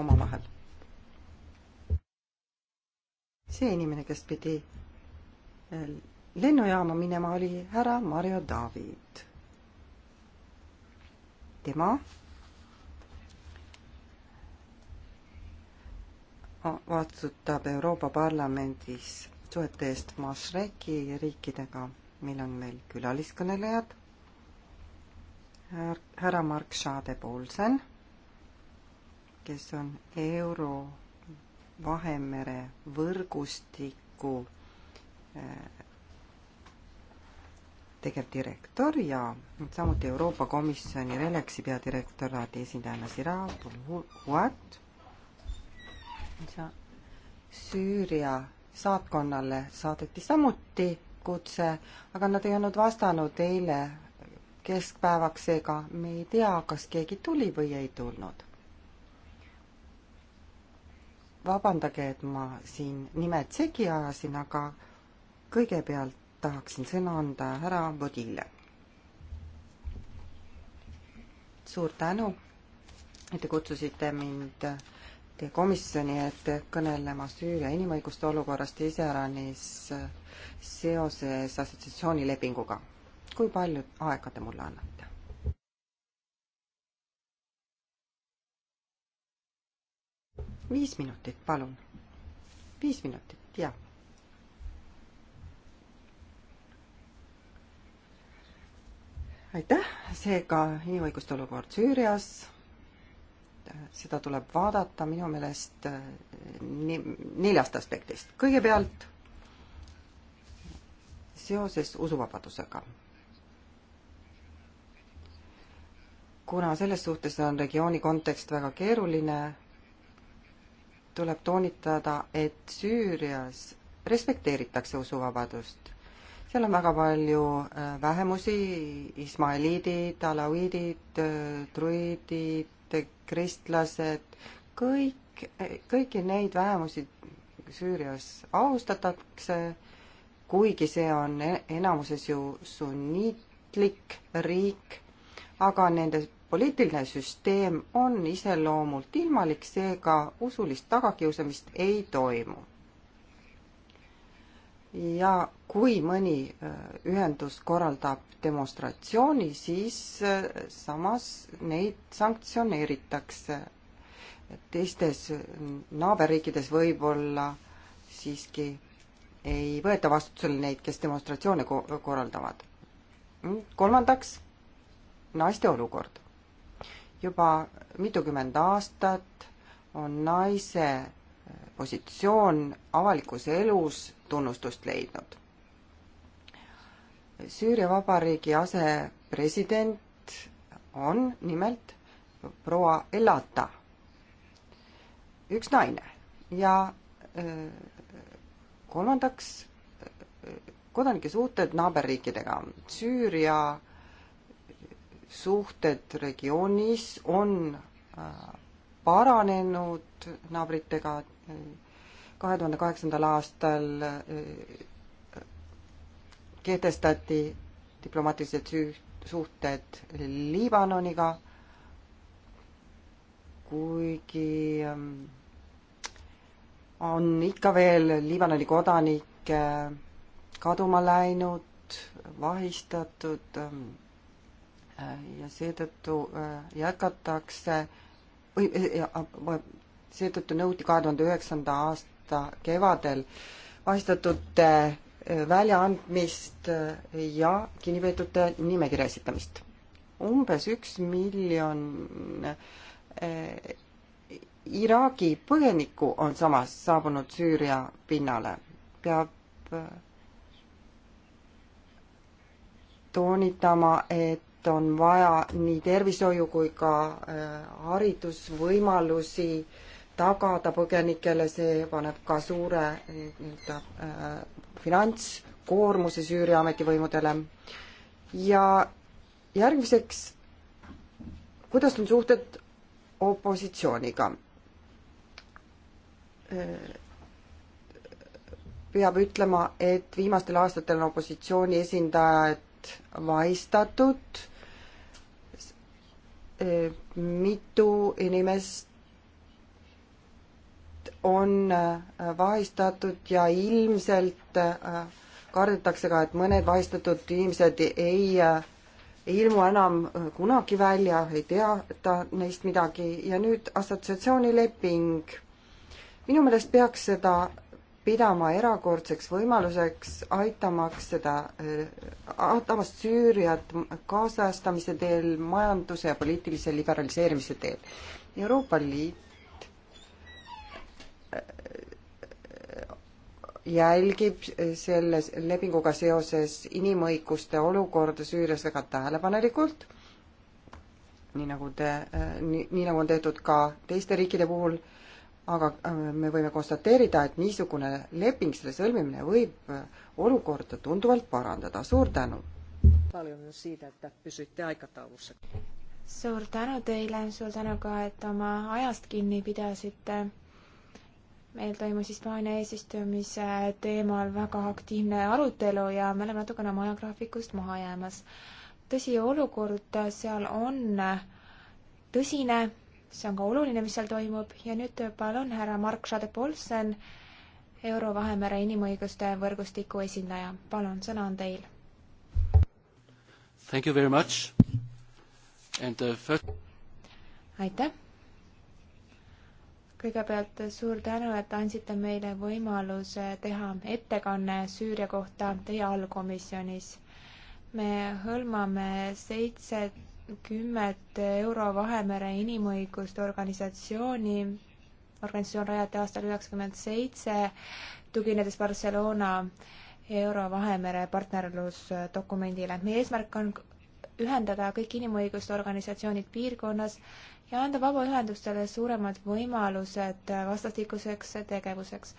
omavahel. see inimene, kes pidi eh, lennujaama minema, oli härra Mario David. tema vastutab Euroopa Parlamendis suhete eest Mašreki riikidega. meil on meil külaliskõnelejad, härra Mark Schade-Poolsen, kes on Euro Vahemere võrgustiku eh, tegevdirektor ja samuti Euroopa Komisjoni Relexi peadirektoraadi esindajana Sira Huat ja Süüria saatkonnale saadeti samuti kutse, aga nad ei olnud vastanud eile keskpäevaks, seega me ei tea, kas keegi tuli või ei tulnud. vabandage, et ma siin nimed segi ajasin, aga kõigepealt tahaksin sõna anda härra Vodile. suur tänu, et te kutsusite mind äh, teie komisjoni ette kõnelema Süüria inimõiguste olukorrast iseäranis seoses assotsiatsioonilepinguga. kui palju aega te mulle annate? viis minutit, palun. viis minutit, jah. aitäh, seega inimõiguste olukord Süürias seda tuleb vaadata minu meelest äh, neljast aspektist. kõigepealt seoses usuvabadusega. kuna selles suhtes on regiooni kontekst väga keeruline, tuleb toonitada, et Süürias respekteeritakse usuvabadust seal on väga palju äh, vähemusi, ismaeliidid, alaviidid, truidid, äh, kristlased, kõik, kõiki neid vähemusi Süürias austatakse, kuigi see on e-, enamuses ju sunniitlik riik, aga nende poliitiline süsteem on iseloomult ilmalik, seega usulist tagakiusamist ei toimu ja kui mõni äh, ühendus korraldab demonstratsiooni, siis äh, samas neid sanktsioneeritakse. teistes äh, naaberriikides võib-olla siiski ei võeta vastutusele neid, kes demonstratsioone ko korraldavad. kolmandaks, naiste olukord. juba mitukümmend aastat on naise positsioon avalikus elus tunnustust leidnud. Süüria Vabariigi asepresident on nimelt proua Elata, üks naine ja äh, kolmandaks äh, kodanike suhted naaberriikidega. Süüria äh, suhted regioonis on paranenud naabritega kahe tuhande kaheksandal aastal äh, kehtestati diplomaatilised suhted Liibanoniga, kuigi ähm, on ikka veel Liibanoni kodanikke äh, kaduma läinud, vahistatud ähm, äh, ja seetõttu jätkatakse või seetõttu nõuti kahe tuhande üheksanda aasta aasta kevadel vahistatute eh, väljaandmist eh, ja kinnipeetute nimekirja esitamist. umbes üks miljon eh, Iraagi põgenikku on samas saabunud Süüria pinnale. peab toonitama, et on vaja nii tervishoiu kui ka haridusvõimalusi äh, tagada põgenikele, see paneb ka suure eh, nii-öelda äh, finantskoormuse Süüria ametivõimudele. ja järgmiseks, kuidas on suhted opositsiooniga? Eh, peab ütlema, et viimastel aastatel on opositsiooni esindajad vaistatud, mitu inimest on äh, vahistatud ja ilmselt äh, kardetakse ka, et mõned vahistatud inimesed ei, ei äh, ilmu enam kunagi välja, ei teata neist midagi ja nüüd assotsiatsioonileping. minu meelest peaks seda pidama erakordseks võimaluseks, aitamaks seda, aitamaks Süüriat kaasajastamise teel, majanduse ja poliitilise liberaliseerimise teel. Euroopa Liit jälgib selles lepinguga seoses inimõiguste olukorda Süürias väga tähelepanelikult, nii nagu te, nii, nii nagu on tehtud ka teiste riikide puhul, aga äh, me võime konstateerida, et niisugune leping, selle sõlmimine võib äh, olukorda tunduvalt parandada, suur tänu! paljon siitä, että pysytte aikataulussa. Suur tänu teile, suur tänu ka, et oma ajast kinni pidasite meil toimus Hispaania eesistumise teemal väga aktiivne arutelu ja me oleme natukene oma ajagraafikust maha jäämas. tõsi, olukord seal on tõsine, see on ka oluline, mis seal toimub ja nüüd palun härra Mark Schade-Polsen, Euro-Vahemere inimõiguste võrgustiku esindaja, palun, sõna on teil. Thank you very much and uh, first aitäh kõigepealt suur tänu, et andsite meile võimaluse teha ettekanne Süüria kohta teie allkomisjonis. me hõlmame seitsekümmet Euro Vahemere inimõiguste organisatsiooni, organisatsioon rajati aastal üheksakümmend seitse, tuginedes Barcelona Euro Vahemere partnerlusdokumendile. meie eesmärk on ühendada kõik inimõiguste organisatsioonid piirkonnas ja anda vabaühendustele suuremad võimalused vastastikuseks tegevuseks.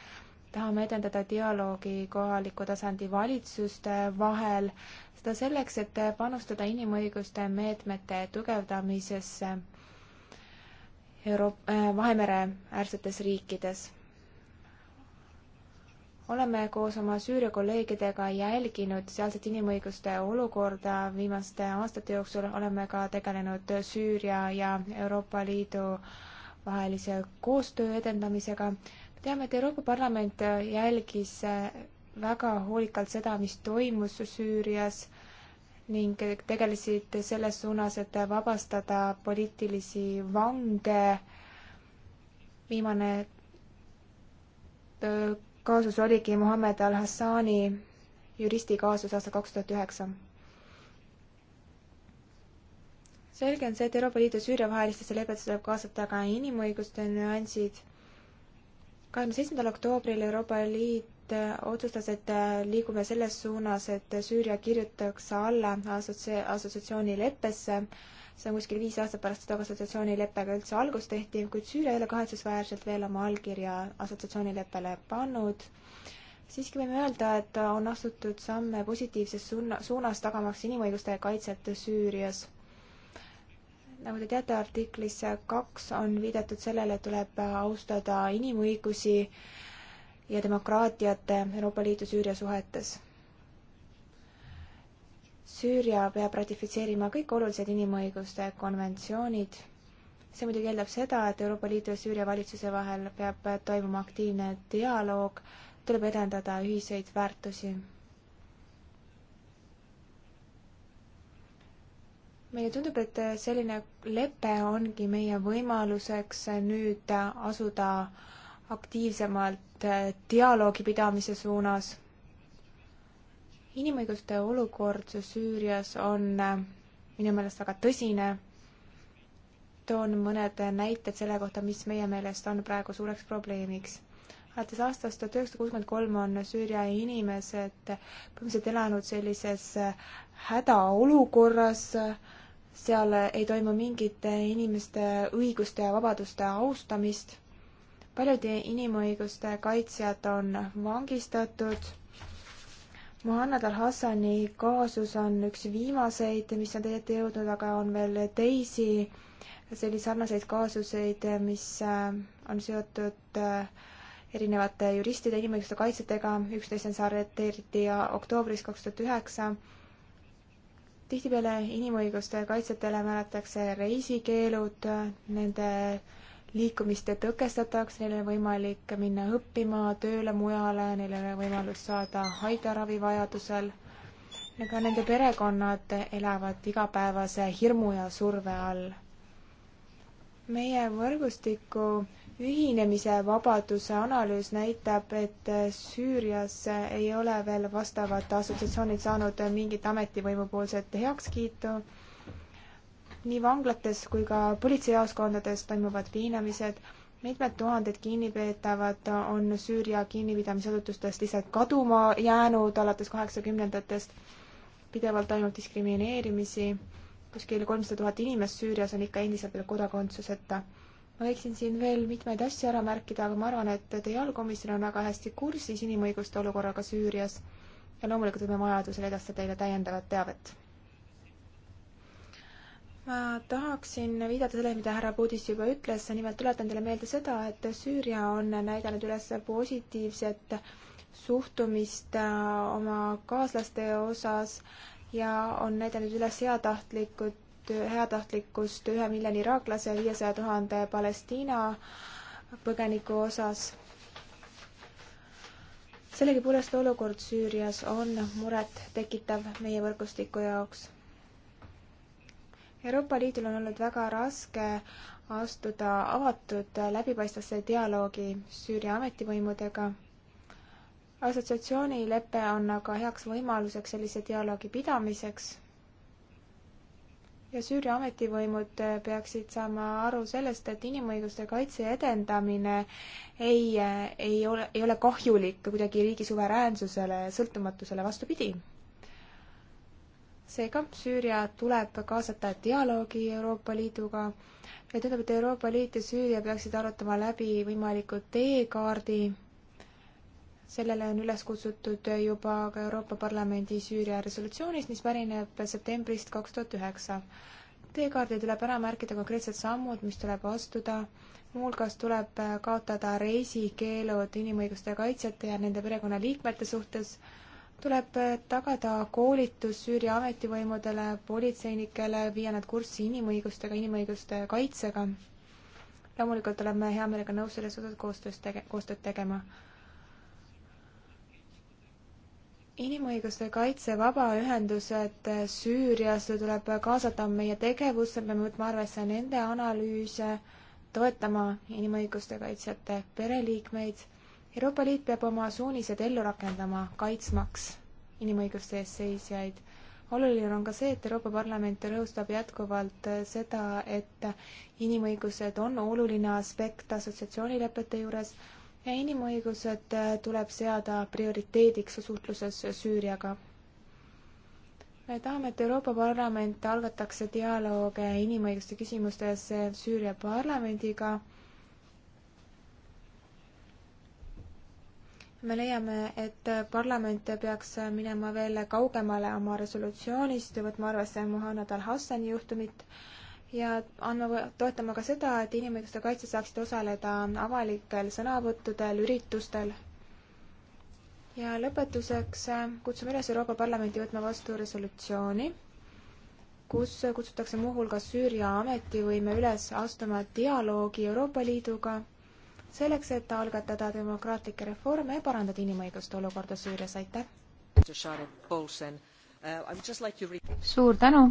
tahame edendada dialoogi kohaliku tasandi valitsuste vahel, seda selleks, et panustada inimõiguste meetmete tugevdamisesse Euro-, Vahemere äärsetes riikides oleme koos oma Süüria kolleegidega jälginud sealset inimõiguste olukorda viimaste aastate jooksul, oleme ka tegelenud Süüria ja Euroopa Liidu vahelise koostöö edendamisega. me teame, et Euroopa Parlament jälgis väga hoolikalt seda, mis toimus Süürias ning tegelesid selles suunas, et vabastada poliitilisi vange. viimane kaasus oligi Mohammed Al-Hassani juristi kaasus aastal kaks tuhat üheksa. selge on see, et Euroopa Liidu ja Süüria vahelistesse lepetesse tuleb kaasata ka inimõiguste nüansid. kahekümne seitsmendal oktoobril Euroopa Liit otsustas, et liigume selles suunas, et Süüria kirjutaks alla assotsieerimisleppesse, assotsiatsioonileppesse see on kuskil viis aastat pärast seda, kui assotsiatsioonileppega üldse algus tehti, kuid Süüria ei ole kahetsusväärselt veel oma allkirja assotsiatsioonileppele pannud. siiski võime öelda, et on astutud samme positiivses suuna, suunas, tagamaks inimõiguste kaitset Süürias nagu te teate, artiklis kaks on viidatud sellele, et tuleb austada inimõigusi ja demokraatiat Euroopa Liidu Süüria suhetes. Süüria peab ratifitseerima kõik olulised inimõiguste konventsioonid. see muidugi eeldab seda, et Euroopa Liidu ja Süüria valitsuse vahel peab toimuma aktiivne dialoog, tuleb edendada ühiseid väärtusi. meile tundub, et selline lepe ongi meie võimaluseks nüüd asuda aktiivsemalt dialoogi pidamise suunas inimõiguste olukord Süürias on äh, minu meelest väga tõsine. toon mõned näited selle kohta, mis meie meelest on praegu suureks probleemiks alates aastast tuhat üheksasada kuuskümmend kolm on Süüria inimesed põhimõtteliselt elanud sellises äh, hädaolukorras, seal ei toimu mingite inimeste õiguste ja vabaduste austamist. paljud inimõiguste kaitsjad on vangistatud Mohamed Al-Hassani kaasus on üks viimaseid, mis on teie ette jõudnud, aga on veel teisi selliseid sarnaseid kaasuseid, mis äh, on seotud äh, erinevate juristide, inimõiguste kaitsjatega, üksteist on arreteeriti oktoobris kaks tuhat üheksa. tihtipeale inimõiguste kaitsjatele määratakse reisikeelud, äh, nende liikumist tõkestatakse, neil on võimalik minna õppima tööle mujale, neil on võimalus saada haiglaravi vajadusel. ega nende perekonnad elavad igapäevase hirmu ja surve all. meie võrgustiku ühinemise vabaduse analüüs näitab, et Süürias ei ole veel vastavad assotsiatsioonid saanud mingit ametivõimupoolset heakskiitu nii vanglates kui ka politseijaoskondades toimuvad piinamised, mitmed tuhanded kinnipeetavad on Süüria kinnipidamisasutustest lihtsalt kaduma jäänud alates kaheksakümnendatest, pidevalt toimub diskrimineerimisi, kuskil kolmsada tuhat inimest Süürias on ikka endiselt veel kodakondsuseta ma võiksin siin veel mitmeid asju ära märkida, aga ma arvan, et teie allkomisjon on väga hästi kursis inimõiguste olukorraga Süürias ja loomulikult võime vajadusel edastada teile täiendavat teavet ma tahaksin viidata sellele, mida härra Budis juba ütles, nimelt tuletan teile meelde seda, et Süüria on näidanud üles positiivset suhtumist äh, oma kaaslaste osas ja on näidanud üles heatahtlikud, heatahtlikkust ühe miljoni iraaklase ja viiesaja tuhande Palestiina põgeniku osas. sellegipoolest olukord Süürias on muret tekitav meie võrgustiku jaoks Euroopa Liidul on olnud väga raske astuda avatud läbipaistvasse dialoogi Süüria ametivõimudega. assotsiatsioonilepe on aga heaks võimaluseks sellise dialoogi pidamiseks. ja Süüria ametivõimud peaksid saama aru sellest, et inimõiguste kaitse edendamine ei, ei ole, ei ole kahjulik kuidagi riigi suveräänsusele, sõltumatusele, vastupidi seega Süüria tuleb kaasata dialoogi Euroopa Liiduga ja tähendab, et Euroopa Liit ja Süüria peaksid arutama läbi võimaliku teekaardi. sellele on üles kutsutud juba ka Euroopa Parlamendi Süüria resolutsioonis, mis pärineb septembrist kaks tuhat üheksa. teekaardil tuleb ära märkida konkreetsed sammud, mis tuleb astuda muuhulgas tuleb kaotada reisikeelud inimõiguste kaitsjate ja nende perekonnaliikmete suhtes tuleb äh, tagada koolitus Süüria ametivõimudele, politseinikele, viia nad kurssi inimõigustega, inimõiguste kaitsega. loomulikult oleme hea meelega nõus selles osas koostöös tege-, koostööd tegema. inimõiguste kaitse vabaühendused Süürias tuleb kaasata meie tegevusse, peame võtma arvesse nende analüüse, toetama inimõiguste kaitsjate pereliikmeid Euroopa Liit peab oma suunised ellu rakendama, kaitsmaks inimõiguste eest seisjaid. oluline on ka see, et Euroopa Parlament rõhustab jätkuvalt seda, et inimõigused on oluline aspekt assotsiatsioonilepete juures ja inimõigused tuleb seada prioriteediks suhtluses Süüriaga. me tahame, et Euroopa Parlament algataks dialoog inimõiguste küsimustes Süüria parlamendiga me leiame, et parlament peaks minema veel kaugemale oma resolutsioonist ja võtma arvesse Muhamed al-Hassani juhtumit ja andma, toetama ka seda, et inimõiguste kaitse saaksid osaleda avalikel sõnavõttudel, üritustel. ja lõpetuseks kutsume üles Euroopa Parlamenti võtma vastu resolutsiooni, kus kutsutakse muuhulgas Süüria ametivõime üles astuma dialoogi Euroopa Liiduga selleks, et algatada demokraatlikke reforme ja parandada inimõiguste olukorda Süürias, aitäh! Uh, suur tänu!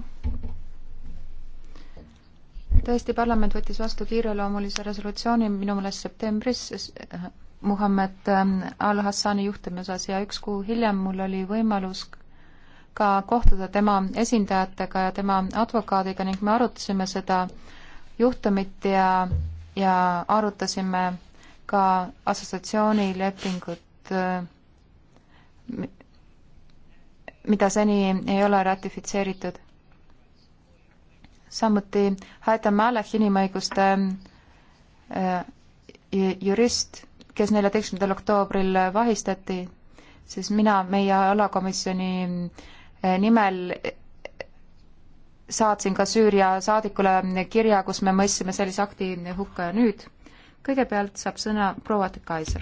tõesti, parlament võttis vastu kiireloomulise resolutsiooni minu meelest septembris äh, Muhamed ähm, al-Hassani juhtumi osas ja üks kuu hiljem mul oli võimalus ka kohtuda tema esindajatega ja tema advokaadiga ning me arutasime seda juhtumit ja, ja arutasime ka assotsiatsioonilepingut, äh, mida seni ei ole ratifitseeritud. samuti Haeta Malek, inimõiguste äh, jurist, kes neljateistkümnendal oktoobril vahistati, siis mina meie alakomisjoni äh, nimel saatsin ka Süüria saadikule kirja, kus me mõistsime sellise akti hukka ja nüüd kõigepealt saab sõna proua de Kaiser.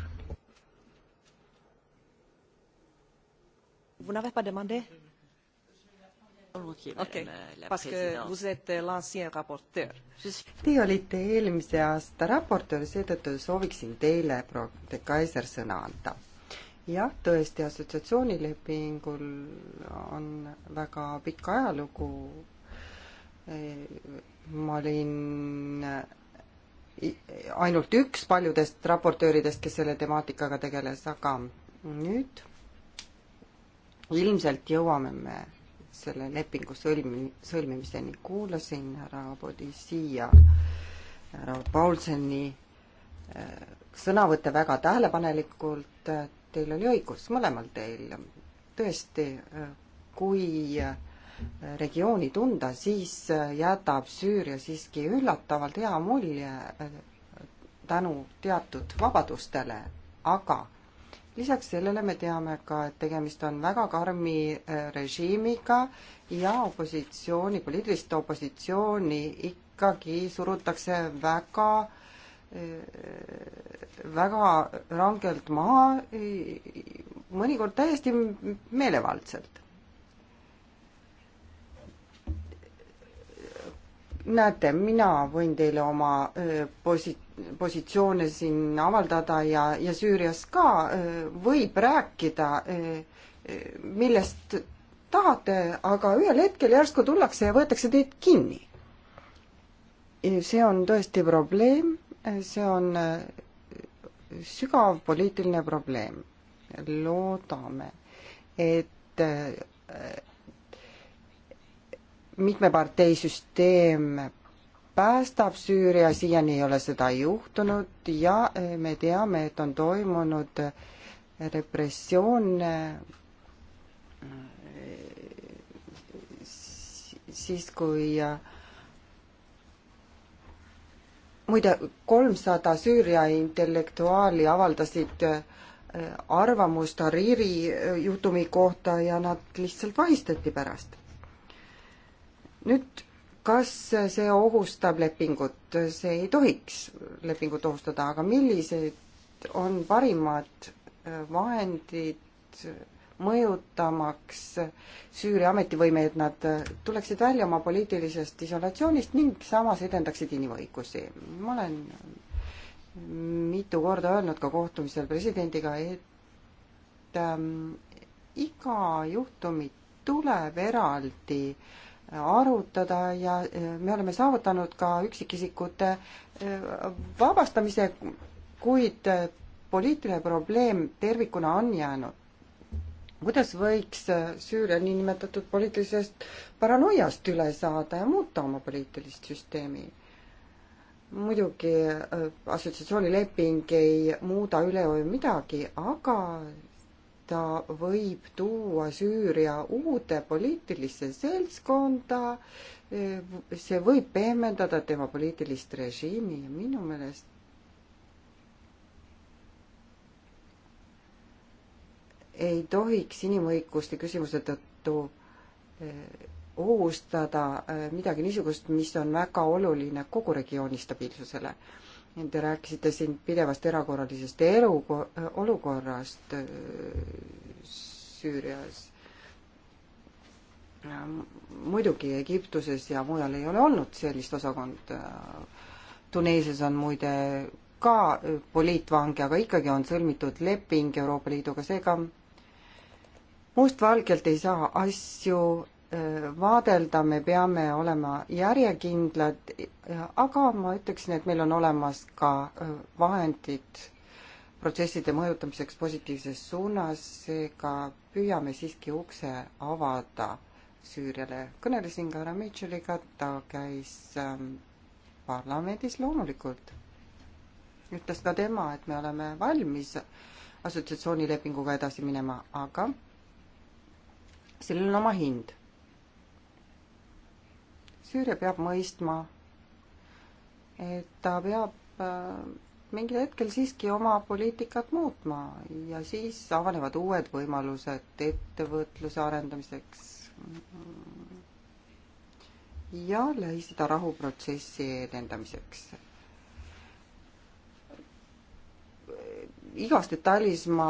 Vous n'avez pas demandé okay. Teie olite eelmise aasta raportöör, seetõttu sooviksin teile, proua de Kaiser, sõna anda. jah, tõesti, assotsiatsioonilepingul on väga pikk ajalugu. Eh, ma olin ainult üks paljudest raportööridest, kes selle temaatikaga tegeles, aga nüüd ilmselt jõuame me selle lepingu sõlmi, sõlmimiseni. kuulasin härra Bodisia, härra Paulseni äh, sõnavõtte väga tähelepanelikult. Teil oli õigus, mõlemal teil. tõesti, äh, kui regiooni tunda, siis jätab Süüria siiski üllatavalt hea mulje äh, tänu teatud vabadustele, aga lisaks sellele me teame ka, et tegemist on väga karmi äh, režiimiga ja opositsiooni, poliitilist opositsiooni ikkagi surutakse väga äh, väga rangelt maha, mõnikord täiesti meelevaldselt näete, mina võin teile oma posi-, positsioone siin avaldada ja, ja Süürias ka võib rääkida, millest tahate, aga ühel hetkel järsku tullakse ja võetakse teid kinni. see on tõesti probleem, see on sügav poliitiline probleem. loodame, et mitmeparteisüsteem päästab Süüria, siiani ei ole seda juhtunud ja eh, me teame, et on toimunud eh, repressioon eh, siis, kui muide, kolmsada Süüria intellektuaali avaldasid arvamust Hariri juhtumi kohta ja nad lihtsalt vahistati pärast nüüd, kas see ohustab lepingut, see ei tohiks lepingut ohustada, aga millised on parimad äh, vahendid mõjutamaks Süüria ametivõime, et nad äh, tuleksid välja oma poliitilisest isolatsioonist ning samas edendaksid inimõigusi. ma olen äh, mitu korda öelnud ka kohtumisel presidendiga, et ähm, iga juhtumit tuleb eraldi äh, arutada ja e, me oleme saavutanud ka üksikisikute e, vabastamise, kuid e, poliitiline probleem tervikuna on jäänud. kuidas võiks Süüria niinimetatud poliitilisest paranoiast üle saada ja muuta oma poliitilist süsteemi? muidugi assotsiatsioonileping ei muuda üleöö midagi, aga ta võib tuua Süüria uude poliitilisse seltskonda, see võib pehmendada tema poliitilist režiimi ja minu meelest ei tohiks inimõiguste küsimuse tõttu eh, ohustada eh, midagi niisugust, mis on väga oluline kogu regiooni stabiilsusele Te rääkisite siin pidevast erakorralisest elu, äh, olukorrast äh, Süürias. muidugi Egiptuses ja mujal ei ole olnud sellist osakonda. Äh, Tuneesias on muide ka poliitvange, aga ikkagi on sõlmitud leping Euroopa Liiduga, seega mustvalgelt ei saa asju Äh, vaadelda, me peame olema järjekindlad, äh, aga ma ütleksin, et meil on olemas ka äh, vahendid protsesside mõjutamiseks positiivses suunas, seega püüame siiski ukse avada Süüriale. kõnelesin ka härra Mitchelliga, ta käis ähm, parlamendis loomulikult. ütles ka tema, et me oleme valmis assotsiatsioonilepinguga edasi minema, aga sellel on oma hind Süüria peab mõistma, et ta peab äh, mingil hetkel siiski oma poliitikat muutma ja siis avanevad uued võimalused ettevõtluse arendamiseks ja Lähis-Ida rahuprotsessi edendamiseks. igas detailis ma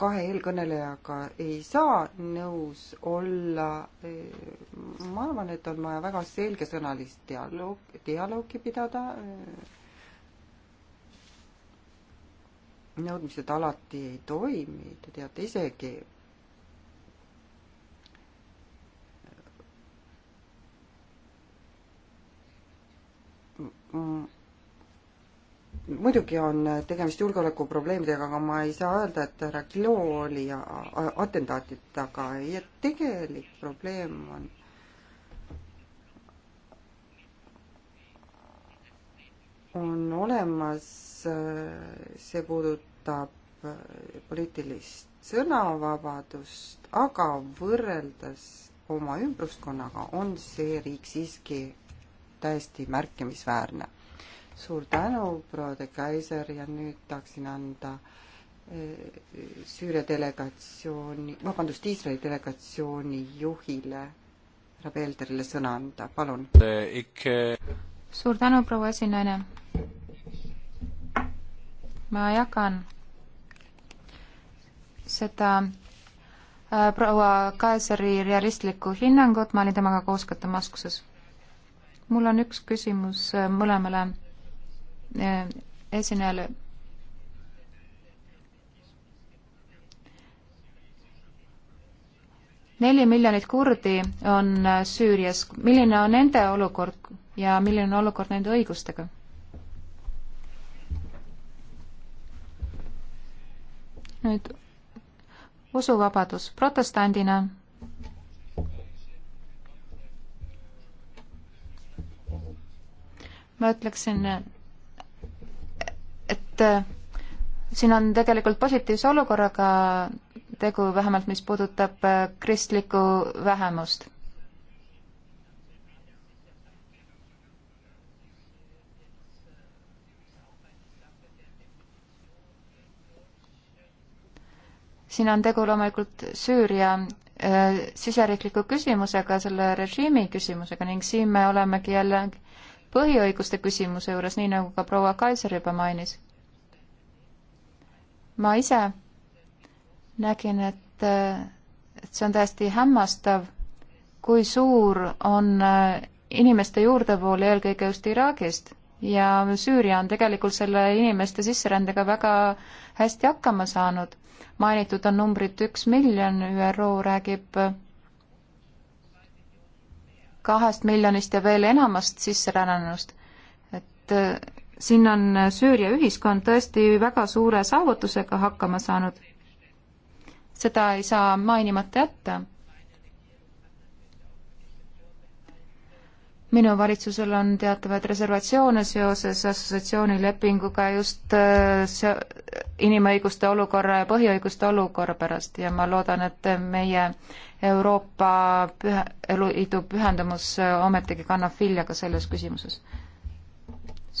kahe eelkõnelejaga ei saa nõus olla. ma arvan, et on vaja väga selgesõnalist dialoog, dialoogi pidada. nõudmised alati ei toimi, te teate isegi. Mm muidugi on tegemist julgeolekuprobleemidega, aga ma ei saa öelda, et härra Kilo oli atentaatide taga ja tegelik probleem on on olemas, see puudutab poliitilist sõnavabadust, aga võrreldes oma ümbruskonnaga on see riik siiski täiesti märkimisväärne suur tänu, proua de Kaiser ja nüüd tahaksin anda eh, Süüria delegatsiooni, vabandust, Iisraeli delegatsiooni juhile härra Pelderile sõna anda, palun. suur tänu, proua esinaine. ma jagan seda äh, proua Kaeseri realistlikku hinnangut, ma olin temaga koos ka Damaskuses. mul on üks küsimus äh, mõlemale Äh, esinejale. neli miljonit kurdi on äh, Süürias, milline on nende olukord ja milline on olukord nende õigustega? nüüd usuvabadus protestandina ma ütleksin et äh, siin on tegelikult positiivse olukorraga tegu, vähemalt mis puudutab äh, kristlikku vähemust. siin on tegu loomulikult Süüria äh, siseriikliku küsimusega, selle režiimi küsimusega ning siin me olemegi jälle põhiõiguste küsimuse juures, nii nagu ka proua Kaiser juba mainis ma ise nägin, et, äh, et see on täiesti hämmastav, kui suur on äh, inimeste juurdevool eelkõige just Iraagist ja Süüria on tegelikult selle inimeste sisserändega väga hästi hakkama saanud. mainitud on numbrit üks miljon, ÜRO räägib äh, kahest miljonist ja veel enamast sisserännanust. et siin on Süüria ühiskond tõesti väga suure saavutusega hakkama saanud. seda ei saa mainimata jätta. minu valitsusel on teatavaid reservatsioone seoses assotsiatsioonilepinguga just äh, see inimõiguste olukorra ja põhiõiguste olukorra pärast ja ma loodan, et meie Euroopa püha, Liidu pühendumus äh, ometigi kannab vilja ka selles küsimuses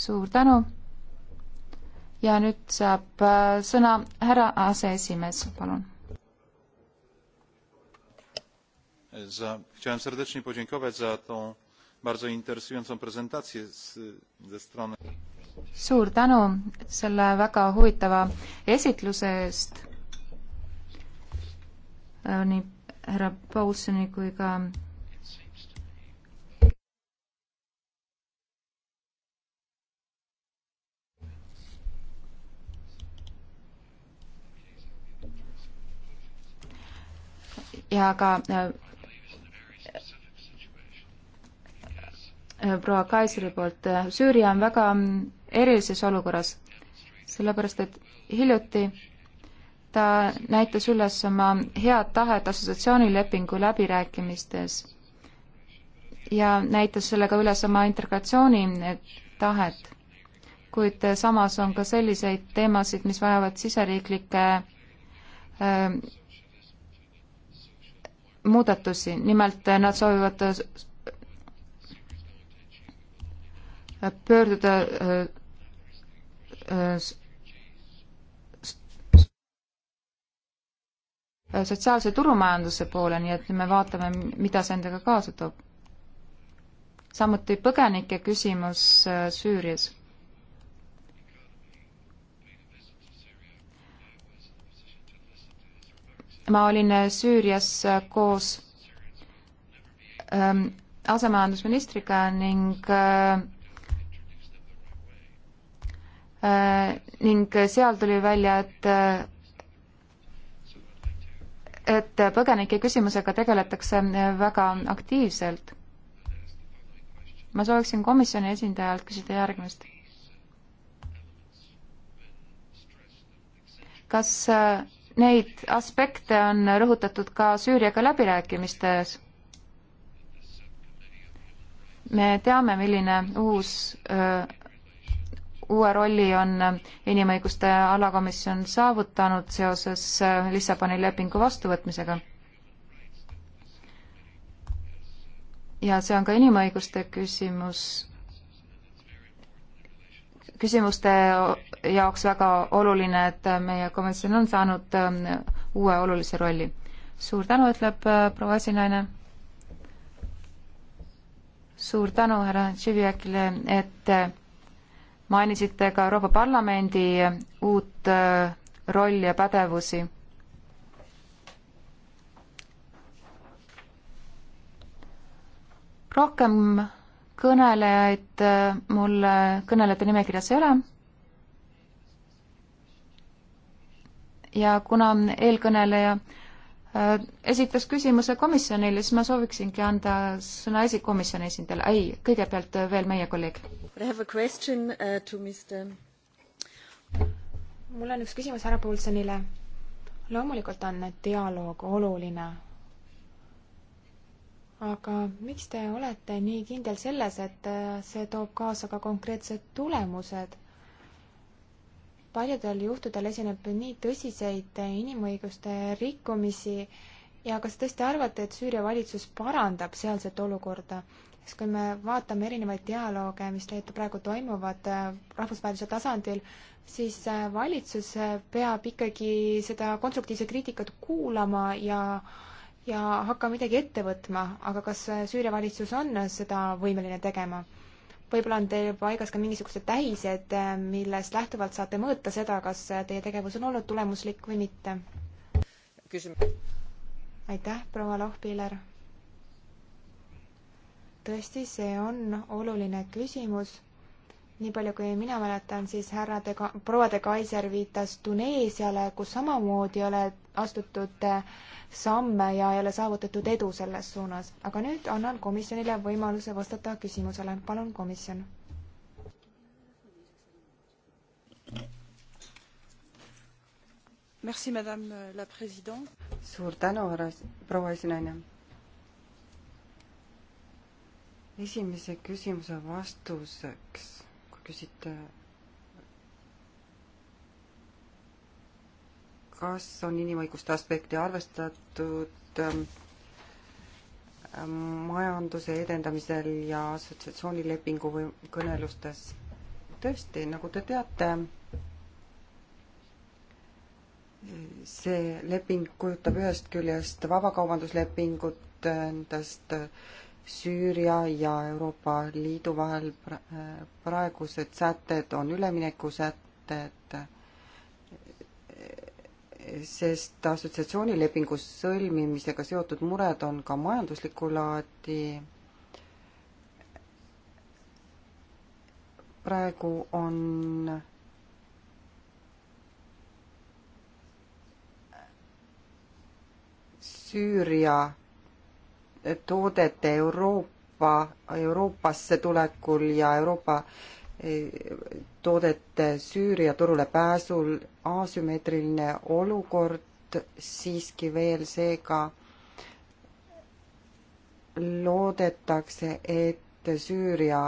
suur tänu. ja nüüd saab äh, sõna härra aseesimees, palun. Chciałem serdecznie podziękować za tą bardzo interesującą prezentację z, ze strony. Suur tänu selle väga huvitava esitluse eest äh, nii härra Paulsoni kui ka ja ka äh, proua Kaiseri poolt, äh, Süüria on väga mm, erilises olukorras, sellepärast et hiljuti ta näitas üles oma head tahet assotsiatsioonilepingu läbirääkimistes ja näitas sellega üles oma integratsiooni äh, tahet. kuid samas on ka selliseid teemasid, mis vajavad siseriiklikke muudatusi, nimelt eh, nad soovivad eh, pöörduda eh, sotsiaalse turumajanduse poole, nii et me vaatame, mida see endaga kaasa toob. samuti põgenike küsimus Süürias ma olin äh, Süürias äh, koos ähm, asemajandusministriga ning äh, äh, ning seal tuli välja, et äh, et põgenike küsimusega tegeletakse väga aktiivselt. ma sooviksin komisjoni esindajalt küsida järgmist. kas äh, neid aspekte on rõhutatud ka Süüriaga läbirääkimistes. me teame, milline uus, uue rolli on inimõiguste alakomisjon saavutanud seoses Lissaboni lepingu vastuvõtmisega. ja see on ka inimõiguste küsimus küsimuste jaoks väga oluline, et meie komisjon on saanud ähm, uue olulise rolli. suur tänu, ütleb äh, proua esinaine. suur tänu härra Tšiviakile, et äh, mainisite ka Euroopa Parlamendi äh, uut rolli ja pädevusi rohkem kõnelejaid äh, mul äh, kõnelejate nimekirjas ei ole. ja kuna eelkõneleja äh, esitas küsimuse komisjonile, siis ma sooviksingi anda sõna esikomisjoni esindajale. ei, kõigepealt veel meie kolleeg. Uh, mul on üks küsimus härra Poulsonile. loomulikult on dialoog oluline aga miks te olete nii kindel selles, et äh, see toob kaasa ka konkreetsed tulemused? paljudel juhtudel esineb nii tõsiseid inimõiguste rikkumisi ja kas tõesti arvate, et Süüria valitsus parandab sealset olukorda? sest kui me vaatame erinevaid dialoog, mis praegu toimuvad äh, rahvusvahelisel tasandil, siis äh, valitsus peab ikkagi seda konstruktiivset kriitikat kuulama ja äh, ja hakka midagi ette võtma, aga kas Süüria valitsus on seda võimeline tegema? võib-olla on teil paigas ka mingisugused tähised, millest lähtuvalt saate mõõta seda, kas teie tegevus on olnud tulemuslik või mitte? aitäh, proua Lohpiller. tõesti, see on oluline küsimus nii palju kui mina mäletan, siis härra de Ka-, proua de Kaiser viitas Tuneesiale, kus samamoodi ei ole astutud äh, samme ja ei ole saavutatud edu selles suunas. aga nüüd annan komisjonile võimaluse vastata küsimusele. palun, komisjon. Merci, madame la president. suur tänu, härra, proua esinaine. esimese küsimuse vastuseks küsite, kas on inimõiguste aspekti arvestatud ähm, majanduse edendamisel ja assotsiatsioonilepingu või kõnelustes. tõesti, nagu te teate, see leping kujutab ühest küljest vabakaubanduslepingut endast Süüria ja Euroopa Liidu vahel praegused sätted on üleminekusätted, sest assotsiatsioonilepingu sõlmimisega seotud mured on ka majanduslikku laadi. praegu on Süüria toodete Euroopa, Euroopasse tulekul ja Euroopa eh, toodete Süüria turule pääsul asümmeetriline olukord siiski veel seega loodetakse, et Süüria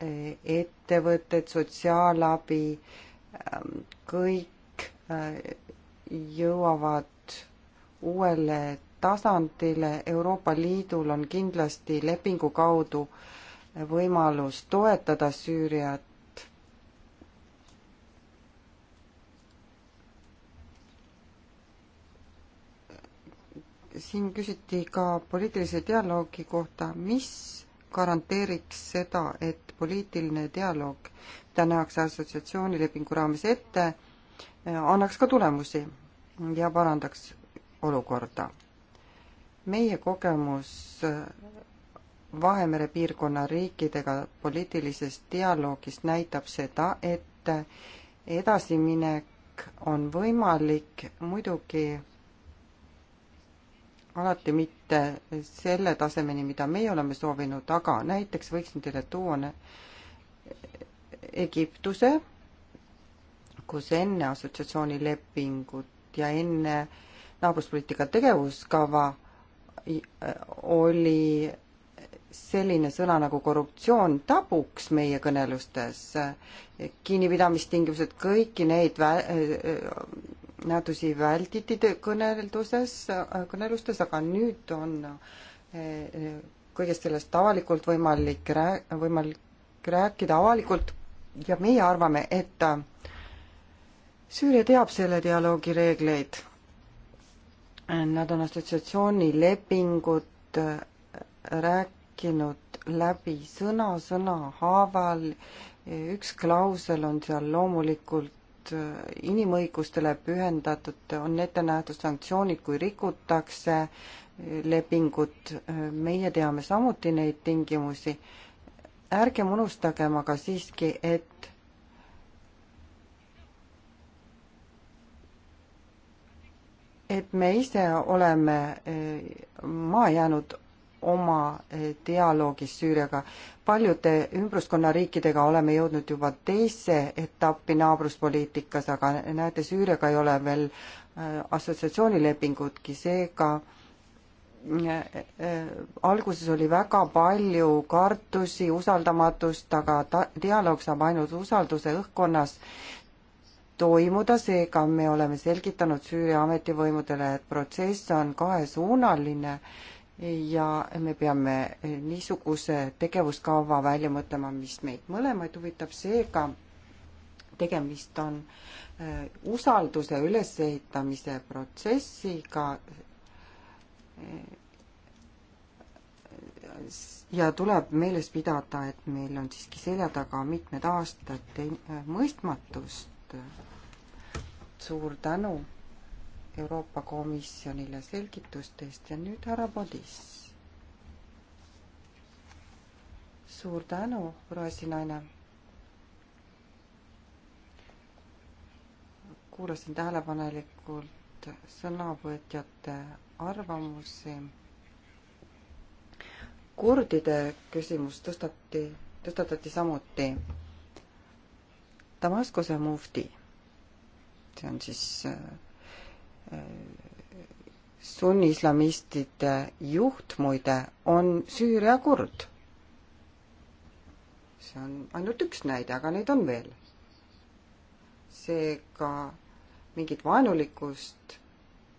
eh, ettevõtted, sotsiaalabi, ehm, kõik eh, jõuavad uuele tasandile. Euroopa Liidul on kindlasti lepingu kaudu võimalus toetada Süüriat. siin küsiti ka poliitilise dialoogi kohta, mis garanteeriks seda, et poliitiline dialoog, mida nähakse assotsiatsioonilepingu raames ette, annaks ka tulemusi ja parandaks olukorda meie kogemus äh, Vahemere piirkonna riikidega poliitilisest dialoogist näitab seda, et äh, edasiminek on võimalik, muidugi alati mitte selle tasemeni, mida meie oleme soovinud, aga näiteks võiksin teile tuua Egiptuse, kus enne assotsiatsioonilepingut ja enne naabruspoliitika tegevuskava oli selline sõna nagu korruptsioon tabuks meie kõnelustes, kinnipidamistingimused, kõiki neid vä-, äh, nädusi välditi kõnelduses, äh, kõnelustes, aga nüüd on äh, kõigest sellest avalikult võimalik rää-, võimalik rääkida avalikult ja meie arvame, et Süüria teab selle dialoogi reegleid Nad on assotsiatsioonilepingut äh, rääkinud läbi sõna sõna haaval. üks klausel on seal loomulikult äh, inimõigustele pühendatud, on ette nähtud sanktsioonid, kui rikutakse äh, lepingut. meie teame samuti neid tingimusi. ärgem unustagem aga siiski, et et me ise oleme eh, maha jäänud oma eh, dialoogis Süüriaga. paljude ümbruskonna riikidega oleme jõudnud juba teise etappi naabruspoliitikas, aga näete, Süüriaga ei ole veel eh, assotsiatsioonilepingutki, seega alguses oli väga palju kartusi, usaldamatust, aga ta-, dialoog saab ainult usalduse õhkkonnas toimuda, seega me oleme selgitanud Süüria ametivõimudele, et protsess on kahesuunaline ja me peame niisuguse tegevuskava välja mõtlema, mis meid mõlemaid huvitab, seega tegemist on äh, usalduse ülesehitamise protsessiga äh, ja tuleb meeles pidada, et meil on siiski selja taga mitmed aastad äh, mõistmatust suur tänu Euroopa Komisjonile selgituste eest ja nüüd härra Bodis. suur tänu, roosinaine. kuulasin tähelepanelikult sõnavõtjate arvamusi. kurdide küsimus tõstati, tõstatati samuti. Damaskuse mufti see on siis äh, äh, sunniislamistide juht muide on Süüria kurd. see on ainult üks näide, aga neid on veel. seega mingit vaenulikkust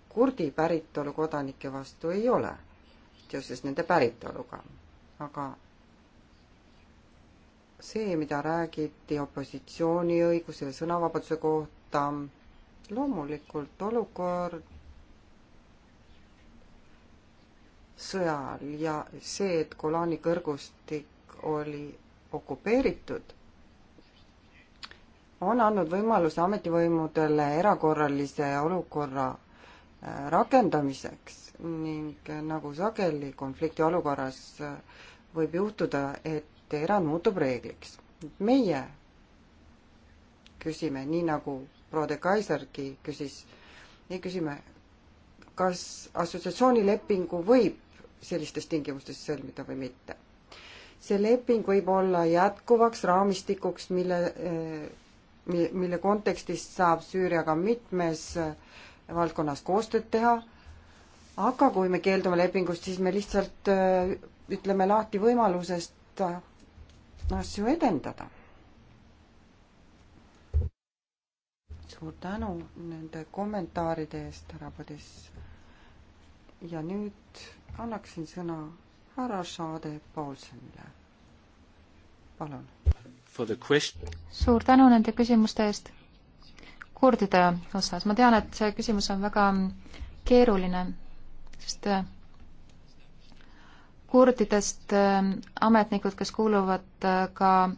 kurdi päritolu kodanike vastu ei ole seoses nende päritoluga. aga see, mida räägiti opositsiooni õiguse ja sõnavabaduse kohta, loomulikult olukord sõja ajal ja see, et Golani kõrgustik oli okupeeritud, on andnud võimaluse ametivõimudele erakorralise olukorra äh, rakendamiseks ning nagu sageli konflikti olukorras äh, võib juhtuda, et erand muutub reegliks. meie küsime, nii nagu proua de Kaisergi küsis, nii küsime, kas assotsiatsioonilepingu võib sellistes tingimustes sõlmida või mitte. see leping võib olla jätkuvaks raamistikuks, mille, eh, mille kontekstis saab Süüriaga mitmes eh, valdkonnas koostööd teha, aga kui me keeldume lepingust, siis me lihtsalt eh, ütleme lahti võimalusest asju edendada suur tänu nende kommentaaride eest, härra Padis. ja nüüd annaksin sõna härra Šade Paulsenile. palun. suur tänu nende küsimuste eest. kurdide osas, ma tean, et see küsimus on väga keeruline, sest äh, kurdidest äh, ametnikud, kes kuuluvad äh, ka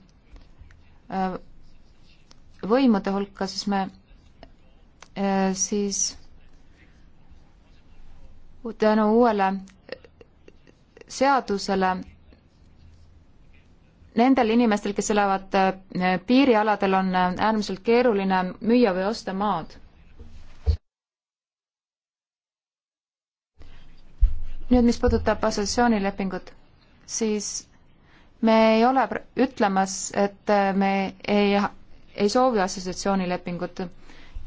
võimude hulka, siis me Äh, siis tänu uuele seadusele nendel inimestel, kes elavad äh, piirialadel, on äh, äärmiselt keeruline müüa või osta maad. nüüd, mis puudutab assotsiatsioonilepingut, siis me ei ole ütlemas, et me ei, ei soovi assotsiatsioonilepingut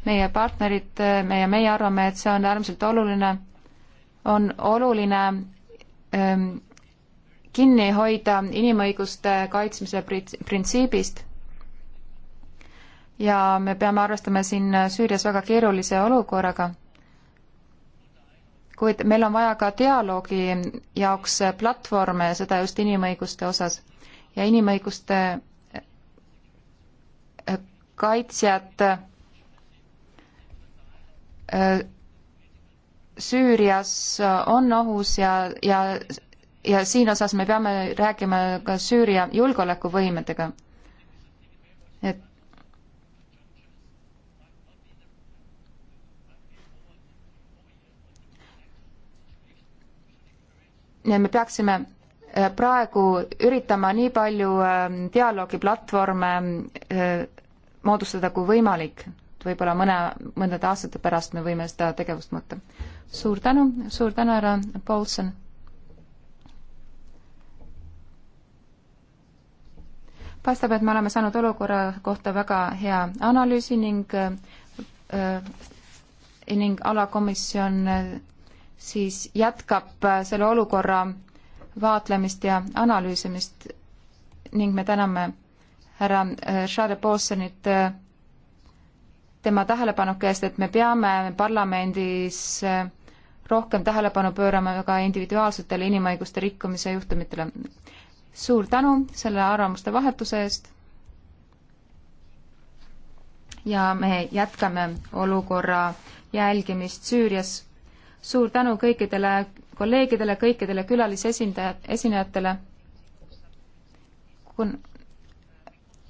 meie partnerid ja meie, meie arvame, et see on äärmiselt oluline, on oluline ähm, kinni hoida inimõiguste kaitsmise printsiibist ja me peame arvestama siin Süürias väga keerulise olukorraga. kuid meil on vaja ka dialoogi jaoks platvorme, seda just inimõiguste osas. ja inimõiguste äh, kaitsjad Äh, Süürias äh, on ohus ja, ja, ja siin osas me peame rääkima ka Süüria julgeolekuvõimetega. et nii et me peaksime äh, praegu üritama nii palju ähm, dialoogiplatvorme moodustada kui võimalik et võib-olla mõne, mõndade aastate pärast me võime seda tegevust mõõta. suur tänu, suur tänu, härra Paulson. paistab, et me oleme saanud olukorra kohta väga hea analüüsi ning äh, ning alakomisjon äh, siis jätkab äh, selle olukorra vaatlemist ja analüüsimist ning me täname härra äh, Charles Paulsonit tema tähelepanuke eest, et me peame parlamendis eh, rohkem tähelepanu pöörama ka individuaalsetele inimõiguste rikkumise juhtumitele. suur tänu selle arvamuste vahetuse eest ja me jätkame olukorra jälgimist Süürias. suur tänu kõikidele kolleegidele, kõikidele külalisesindaja, esinejatele.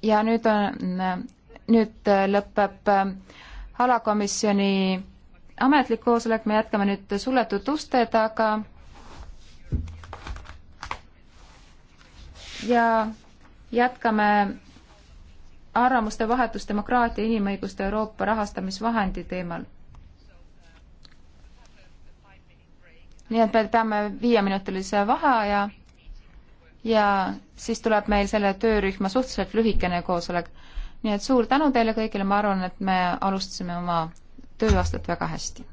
ja nüüd on eh, nüüd äh, lõpeb äh, alakomisjoni ametlik koosolek, me jätkame nüüd suletud uste taga. ja jätkame arvamuste vahetus demokraatia inimõiguste Euroopa rahastamisvahendi teemal. nii et me peame viieminutilise vaheaja ja siis tuleb meil selle töörühma suhteliselt lühikene koosolek nii et suur tänu teile kõigile, ma arvan, et me alustasime oma tööaastat väga hästi.